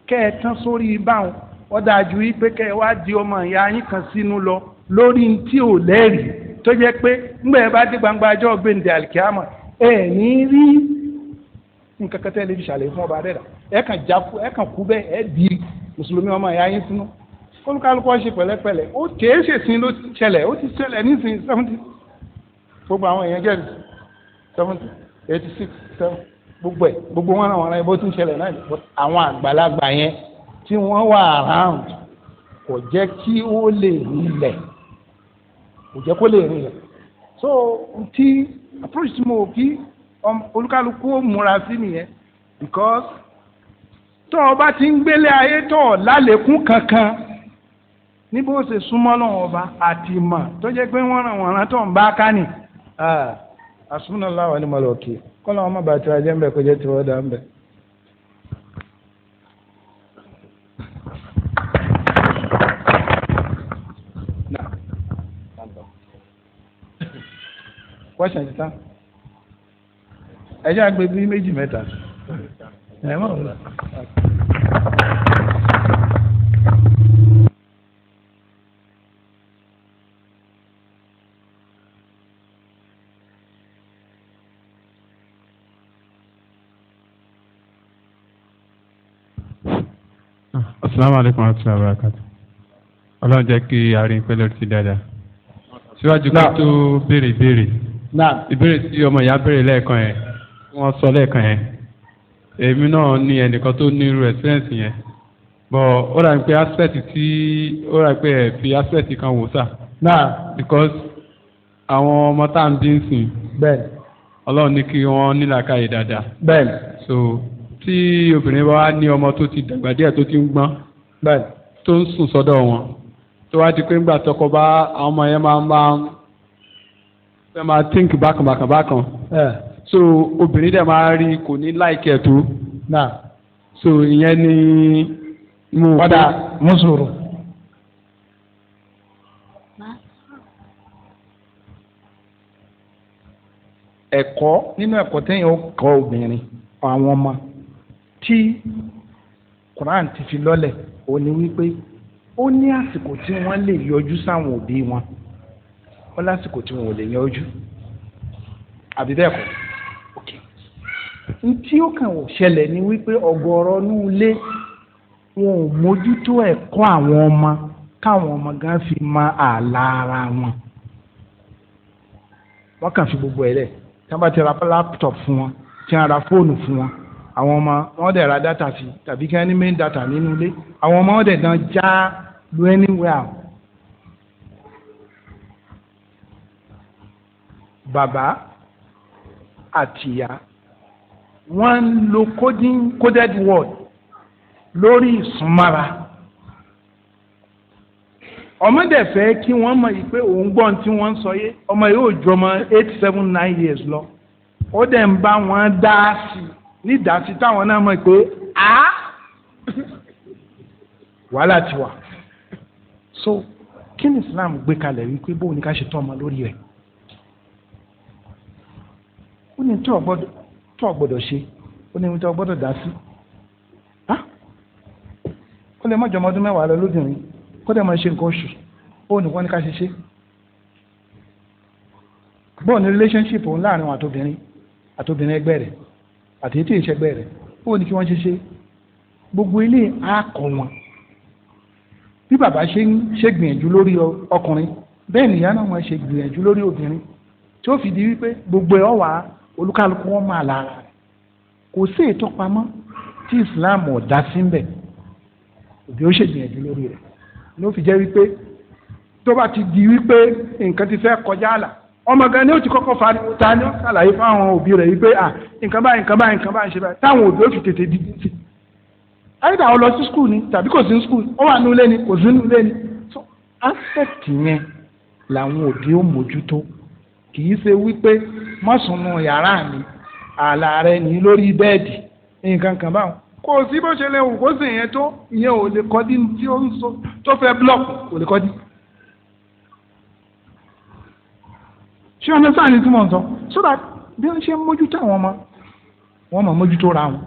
kẹ́ ẹ tán sórí báwọn ó dájú wípé kẹ́ ẹ wá di ọmọ ìyá yín kan sínú lọ lórí tí ò lẹ́rìí tó jẹ́ pé ńgbà ẹ bá dé gbangba ajọ́ gbèǹde àlìkíámà ẹ ní rí nǹkan kan tẹ́lẹ̀ fi ṣàlàyé fún ọba adẹ́dà ẹ kàn já kú ẹ kàn kú bẹ́ẹ̀ ẹ di mùsùlùmí ọmọ ìyá yín sínú kólúkálukú ṣe pẹ̀lẹ́pẹ̀lẹ́ ó kèé ṣèṣin ló ṣẹlẹ̀ ó ti ṣẹlẹ̀ nísìnyí seventy gbogbo àwọn èèyàn jẹ́rìí seventy eighty six seven gbogbo ẹ̀ gbogbo wọn àwọn ará ẹ̀ bó tún ṣẹlẹ̀ náà àwọn àgbàlagbà yẹn tí wọ́n wà around kò jẹ́ kí ó lè rinlẹ̀ kò jẹ́ kó lè rinlẹ̀ so ti approach tí mo kí um, olúkálukú ó múra sí nìyẹn because tó o bá ti ń gbélé ayé tó o lálẹ́kún kankan ní bó ṣe súnmọ́ lọ́wọ́ ọba àti ìmọ̀ tó jẹ́ pé wọ́n ràn wọ́n rán tó ń bá ká nì àsúnà láwọn ni kọ́ làwọn ọmọ bàtí ajẹ́ ń bẹ̀ kó jẹ́ tiwọ́ dá ń bẹ̀. question ti tán ẹ jẹ́ àgbẹ̀ bíi méjì mẹ́ta ẹ mọ̀ ọ́n. asalaamu aleykum wa rahmatulahi wa barakatu ọlọ́run jẹ́ kí arin pẹ́lú ti dáadáa síwájú kí tó béèrè béèrè naam. ìbéèrè tí ọmọ ìyá béèrè lẹ́ẹ̀kan yẹn tí wọ́n sọ lẹ́ẹ̀kan yẹn èmi náà ní ẹnìkan tó ní irú ẹ̀sìrẹ́ǹsì yẹn bọ̀ ó rà pé aspect tí ó rà pé ẹ̀ fi aspect kan wò sà. naam. because àwọn ọmọ tá à ń bí ń sìn. bẹ́ẹ̀. ọlọ́run ní kí wọ́n nílàkàyè dáadáa. bẹ́ẹ̀. so tí obìnrin bá wá ní ọmọ tó ti dàgbà díẹ̀ tó ti ń gbọ́n. bẹ́ẹ̀. tó ń sùn sọ́dọ̀ wọn tó wá di pé ńgbà tọkọ bá àwọn ọmọ yẹn máa ń máa ń ẹ máa think bákan bákan bákan eh. so obìnrin dẹ̀ máa rí kò ní láìkẹ́ tó so ìyẹn ni mo. padà mú sòrò. ẹ̀kọ́ nínú ẹ̀kọ́ téèyàn ó kọ́ obìnrin àwọn ọmọ tí Quran ti fi lọ́lẹ̀ ó ní wípé ó ní àsìkò tí wọ́n lè yọjú sáwọn òbí wọn wọ́n lásìkò tí wọn ò lè yan ojú àbí bẹ́ẹ̀ kọ́ ok ntí ó kàn wọ́n ṣẹlẹ̀ ni wípé ọ̀gọ̀ọ̀rọ̀ inú ilé wọn ò mójútó ẹ̀kọ́ àwọn ọmọ káwọn ọmọ gan fi mọ ààlà ara wọn wọ́n kàn fi gbogbo ẹ̀ lẹ̀ tí wọ́n bá ti ra laptop fún wọn tí wọ́n ra fóònù fún wọn àwọn ọmọ wọn dẹ̀ ra data sí tàbí kí wọ́n ní main data nínú ilé àwọn ọmọ wọn dẹ̀ dán já lu anywhere bàbá àtìyá wọ́n ń lo coded word lórí ìsúnmára ọmọdé fẹ́ kí wọ́n mọ̀ yìí pé òun gbọ́n tí wọ́n ń sọ yé ọmọ yìí ò ju ọmọ eight seven nine years lọ ó dẹ̀ ń bá wọn dá sí i ní ìdásí táwọn náà mọ̀ pé a wàhálà ti wà so kí ni Islam gbé kalẹ̀ wípé bóun ni ká ṣe tán ọmọ lórí rẹ̀ ó ní tó ọ̀gbọ́dọ̀ ṣe ó ní tó ọ̀gbọ́dọ̀ dá sí ó lè mọ̀jọ́ ọmọdún mẹ́wàá lọ lóbìnrin kó dẹ̀ máa ṣe nǹkan oṣù ó nìkan ní ká ṣe ṣe bọ́ọ̀ ní relationship òun láàrin wọn àtobìnrin àtobìnrin ẹgbẹ́ rẹ̀ àti ètò ìṣẹ́gbẹ́ rẹ̀ ó ní kí wọ́n ṣe ṣe gbogbo ilé àkọ́ wọn bí bàbá ṣe ń ṣe gbìyànjú lórí ọkùnrin bẹ́ẹ̀ nìyá náà wọ́n ṣe gbìyànjú lórí obìnrin tí ó fi di wípé gbogbo ẹ̀ ọ̀ wá olúkálukú wọn máa la ara rẹ̀ kò sí ètò pamọ́ tí islam ò dá sí ń bẹ̀ òbí ó ṣègbìyànjú lórí rẹ̀ ló fi jẹ́ wípé tó bá ti di wípé nǹkan ti fẹ́ kọjá àlà ọmọ gan ni ó ti kọ́kọ́ fa ariwo ta ni ó ṣàlàyé fáwọn òbí rẹ̀ wípé à nǹkan báyìí nǹkan báyìí nǹkan báyìí ṣe báyìí táwọn òbí ó fi tètè di sí i ọ lọ sí skul ni tàbí kò sí skul ó wà ní ilé ni kò sí ní ilé ni so aspect yẹn làwọn òbí ó mójútó kì í ṣe wípé mọ́sùnmù yàrá mi ààlà rẹ ní lórí bẹ́ẹ̀dì nǹkan kan báwọn kò sí bó ṣe lè wù kó sì yẹn tó ìyẹn ò lè kọ́dí tí ó ń so tó fẹ́ blọ́ọ̀kù kò lè kọ́dí. ṣé ọ̀nà sáà ni tí mò ń so that bí wọ́n ṣe ń mójútó àwọn ọmọ wọ́n mọ̀ mójútó ra wọn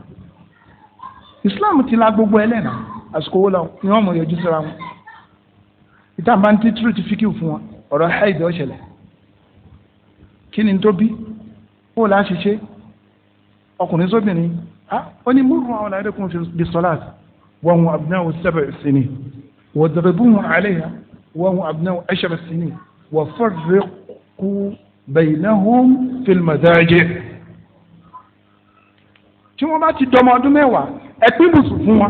Islam ti la gbogbo ẹlẹ́nà àsìkò owó làwọn ni wọ́n mọ̀ yọjú síra wọn ìtàn bá ń tí tírù fi kí fún wọn ọ̀rọ̀ ẹ̀ẹ́dì ọ̀ṣẹ̀lẹ̀ kí ni tó bí ó là á ṣiṣẹ́ ọkùnrin sóbìnrin ah, ó ní múrùn àwọn àdékùn bí sọláàt wọn wọn abnáwó sẹbẹ sínú wọn dẹbẹ bú wọn àlẹyà wọn wọn abnáwó ẹṣẹbẹ sínú wọn fọdùrẹ kú bẹyìnàhùn fìlmọdájẹ. tí wọn bá ti dọmọ ọdún mẹ́wàá ẹ pín fún wa.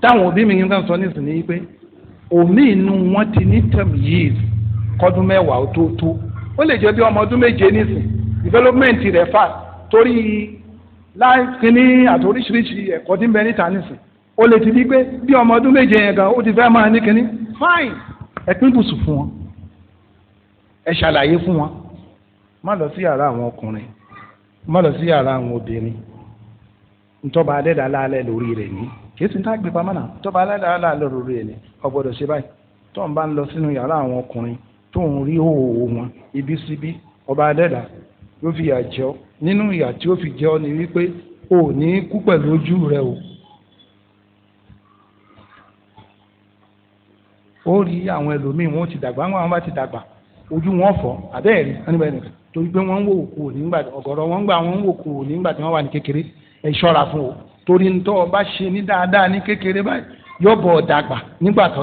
táwọn òbí mi ń sọ nísìnyí pé òmí wọn ti ní tẹ̀míyìí kọ́dún mẹ́wàá ó tó tó ó lè jẹ́ bí ọmọ ọdún méje nísìn development rẹ̀ fà torí láìkíní àti oríṣiríṣi ẹ̀kọ́ tí ń bẹ níta nísìn ó lè ti di pé bí ọmọ ọdún méje yẹn gan ó ti fẹ́ máa ní kíní fine ẹ pín bùsùn fún wọn ẹ ṣàlàyé fún wọn má lọ sí yàrá àwọn ọkùnrin má lọ sí yàrá àwọn obìnrin ntọ́ba adẹ́dà lálẹ́ lórí rẹ̀ ní kìí tá gbé pamọ́ náà tọ́ba adẹ́dà lálẹ́ lórí rẹ̀ ní ọgbọ́dọ̀ ṣe báyìí tó ń lọ sínú yàrá àwọn ọkùnrin tó rí òòwò wọn ibi síbi ọba adẹ́dà yóò fi yà jẹ́ ọ nínú ìyà tí ó fi jẹ́ ọ ni wípé o ò ní kú pẹ̀lú ojú rẹ o. ó rí àwọn ẹlòmíín wọn ti dàgbà wọn bá ti dàgbà ojú wọn fọ́ àbẹ́ẹ̀rí torí pé wọ́n ń wò nígbà ọ̀gọ̀rọ̀ wọn gbà wọ́n ń wò nígbà tí wọ́n wà fún o torí ń tọ́ ọ bá ṣe ní dáadáa ní dàgbà nígbà tó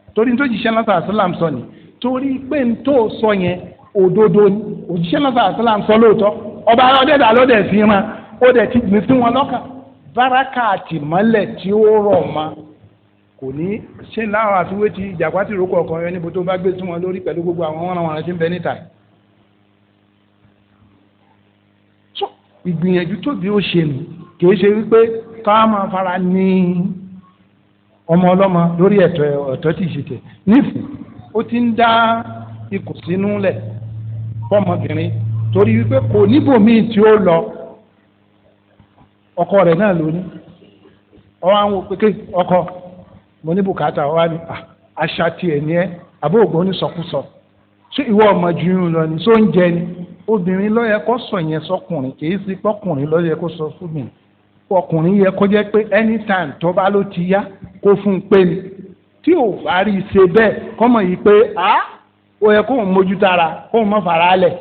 torí tó jíṣẹ́ lọ́sà àṣìlám sọ ni torí pé n tó sọ yẹn òdodo ni òjíṣẹ́ lọ́sà àṣìlám sọ lóòótọ́ ọba ọdẹ́dà ló dẹ̀ fi hàn ó dẹ̀ ti gbìn sí wọn lọ́kàn báràkà àtìmọ́lẹ̀ tí ó rọ̀ ma kò ní ṣe láwọn àfiwé ti ìjàpá ti rókò ọkàn yẹn níbo tó bá gbé sí wọn lórí pẹ̀lú gbogbo àwọn àwọn bẹ níta. ìgbìyànjú tóbi ó ṣe nù kì í ṣe wípé ká fara ní ọmọ ọlọ́mọ lórí ẹ̀tọ́ ẹ̀tọ́ tí ì ṣe tẹ̀ nífù ó ti ń dá ikùn sínú torí wípé kò níbòmíì tí ó lọ ọkọ rẹ̀ náà lóní ọwọ́ àwọn òpèké ọkọ mo ní bùkátà àmì ah, àṣà ní ẹ àbó ní sọkúsọ ṣé ìwọ ọmọ ju lọ ń jẹ ni obìnrin ló kó sọ yẹn sọkùnrin kì í sí pọkùnrin kó sọ kó fún un pé ni tí ò bá rí i ṣe bẹ́ẹ̀ kọ́mọ̀ yìí pé a ó yẹ kóun mójútó ara kóun má fara lẹ̀.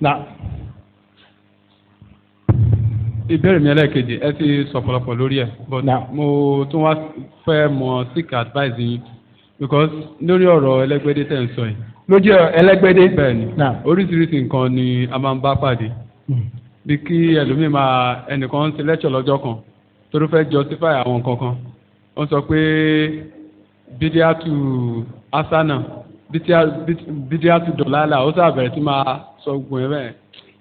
na ìbéèrè mi ẹlẹ́ẹ̀kejì ẹ ti sọ̀pọ̀lọpọ̀ lórí ẹ̀ but mo tún wá fẹ́ mọ̀ seek advice yín because lórí ọ̀rọ̀ ẹlẹ́gbẹ́dẹ́ tẹ̀ ń sọ yìí. lójú ẹlẹ́gbẹ́dẹ́. bẹ́ẹ̀ ni oríṣiríṣi nǹkan ni a máa ń bá pàdé. Hmm bí kí ẹlòmíì máa ẹnìkan ń ṣe lẹ́tọ̀ lọ́jọ́ kan tó ló fẹ́ justify àwọn nǹkan kan wọ́n sọ pé bídíàtù asana bídíàtù dọ̀làlà ó sàbẹ̀rẹ̀ tí máa sọ gbogbo yẹn bẹ́ẹ̀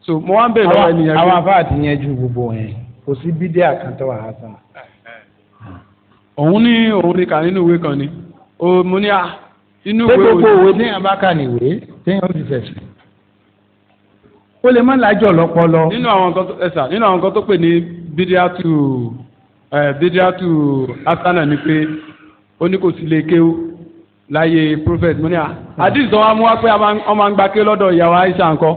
so mo wá ń bèèrè lọ́wọ́ ẹni yẹn. àwọn afáà ti yẹn ju gbogbo yẹn kò sí bídíà kan tó wà asana. òun ní òun ní kà nínú ìwé kan ni mo ní à ah, inú ìwé wo ni. pé gbogbo òwe téèyàn bá kà níwèé téèyàn ó ti fẹ̀sùn ó lè má lájọ lọpọlọ. nínú àwọn nǹkan tó ẹ̀sà nínú àwọn nǹkan tó pè ní bídíátù bídíátù asana ni pé ó ní kò sí lè O láyé prophet mo ní à àdìsí tó wá mú wá pé wọ́n máa ń gba ké lọ́dọ̀ ìyàwó Aisha nǹkan.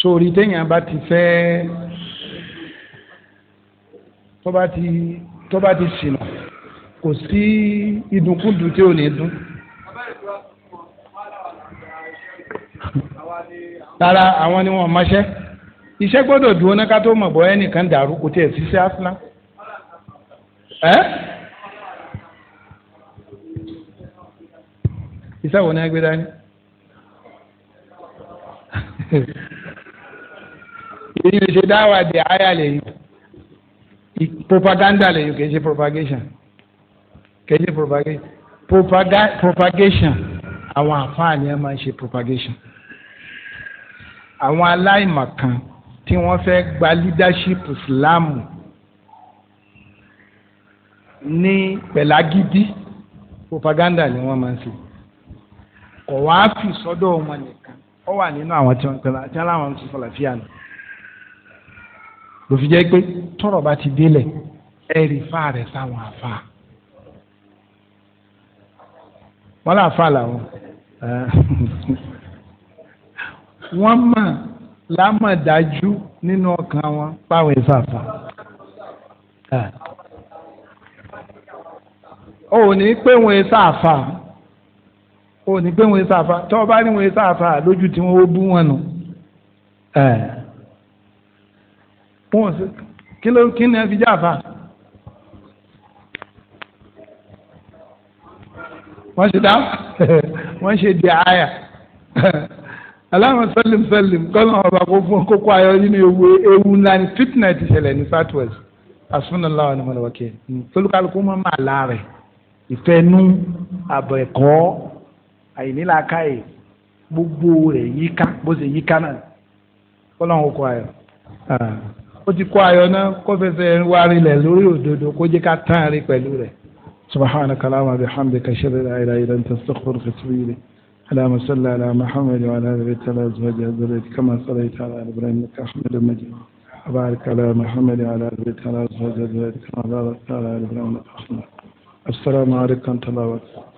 sórí téèyàn bá ti fẹ́ tó bá ti tó bá ti ṣìnà kò sí ìdúnkùdù tí ò ní dún. rárá àwọn ni wọ́n mọṣẹ́ iṣẹ́ gbọ́dọ̀ dúró náà ká tó mọ̀ bọ́ ẹnìkan dàrú kò tiẹ̀ ṣiṣẹ́ asúná. ẹ́ iṣẹ́ wo ni ẹ gbé dání. èyí ṣe dáwà dé àyà lẹ́yìn propaganda lẹ́yìn kì propagation kì í propagation àwọn àfáà ni ẹ máa ń ṣe propagation àwọn aláìmọ̀kan tí wọ́n fẹ́ gba leadership Islam ní pẹ̀lágídí propaganda ni wọ́n máa ń ṣe kò wá fi sọ́dọ̀ wọn nìkan ó wà nínú àwọn tí wọ́n pẹ̀lú àti aláwọn tó sọ̀rọ̀ fíà nù lòfi jẹ́ pé tọ́rọ̀ bá ti délẹ̀ ẹ̀rì fa rẹ̀ sáwọn àfa wọ́n làfa làwọn wọ́n mọ̀ lámọ̀dájú nínú ọkàn wọn páwọn ìfàfà. o ò ní pé wọn ìfàfà o ò ní pé wọn ìfàfà tó o bá ní wọn ìfàfà lójú tí wọn ó bú wọn nù. kí ló kí ni ẹ fi jáfa. wọ́n ṣe dá wọ́n ṣe di àyà. aláwọn sẹlẹm sẹlẹm kọ́nà ọba kó fún kókó ayọ̀ nínú ewu ewu ńlá ní fitna ti ṣẹlẹ̀ ní south west asúnàlá wà ní mọ̀lẹ́wọ̀kẹ́ tolúkálukú máa máa láàrẹ̀ ìfẹ́nu àbọ̀ ẹ̀kọ́ àìnílàákàyè gbogbo rẹ̀ yíká bó ṣe yíká náà kọ́nà kókó ayọ̀ ah. ó ti kó ayọ̀ náà kó fẹsẹ̀ wárí lórí òdodo kó jẹ́ ká tán rí pẹ̀lú rẹ̀ subahana kalama bihamdi kashir ilayi ilayi ilayi ta sọkuru kasiri ilayi. اللهم صل على محمد وعلى ال بيت الازواج وذريته كما صليت على ال ابراهيم انك حميد مجيد وبارك على محمد وعلى ال بيت الازواج وذريته كما باركت على ال ابراهيم انك حميد السلام عليكم ورحمه الله وبركاته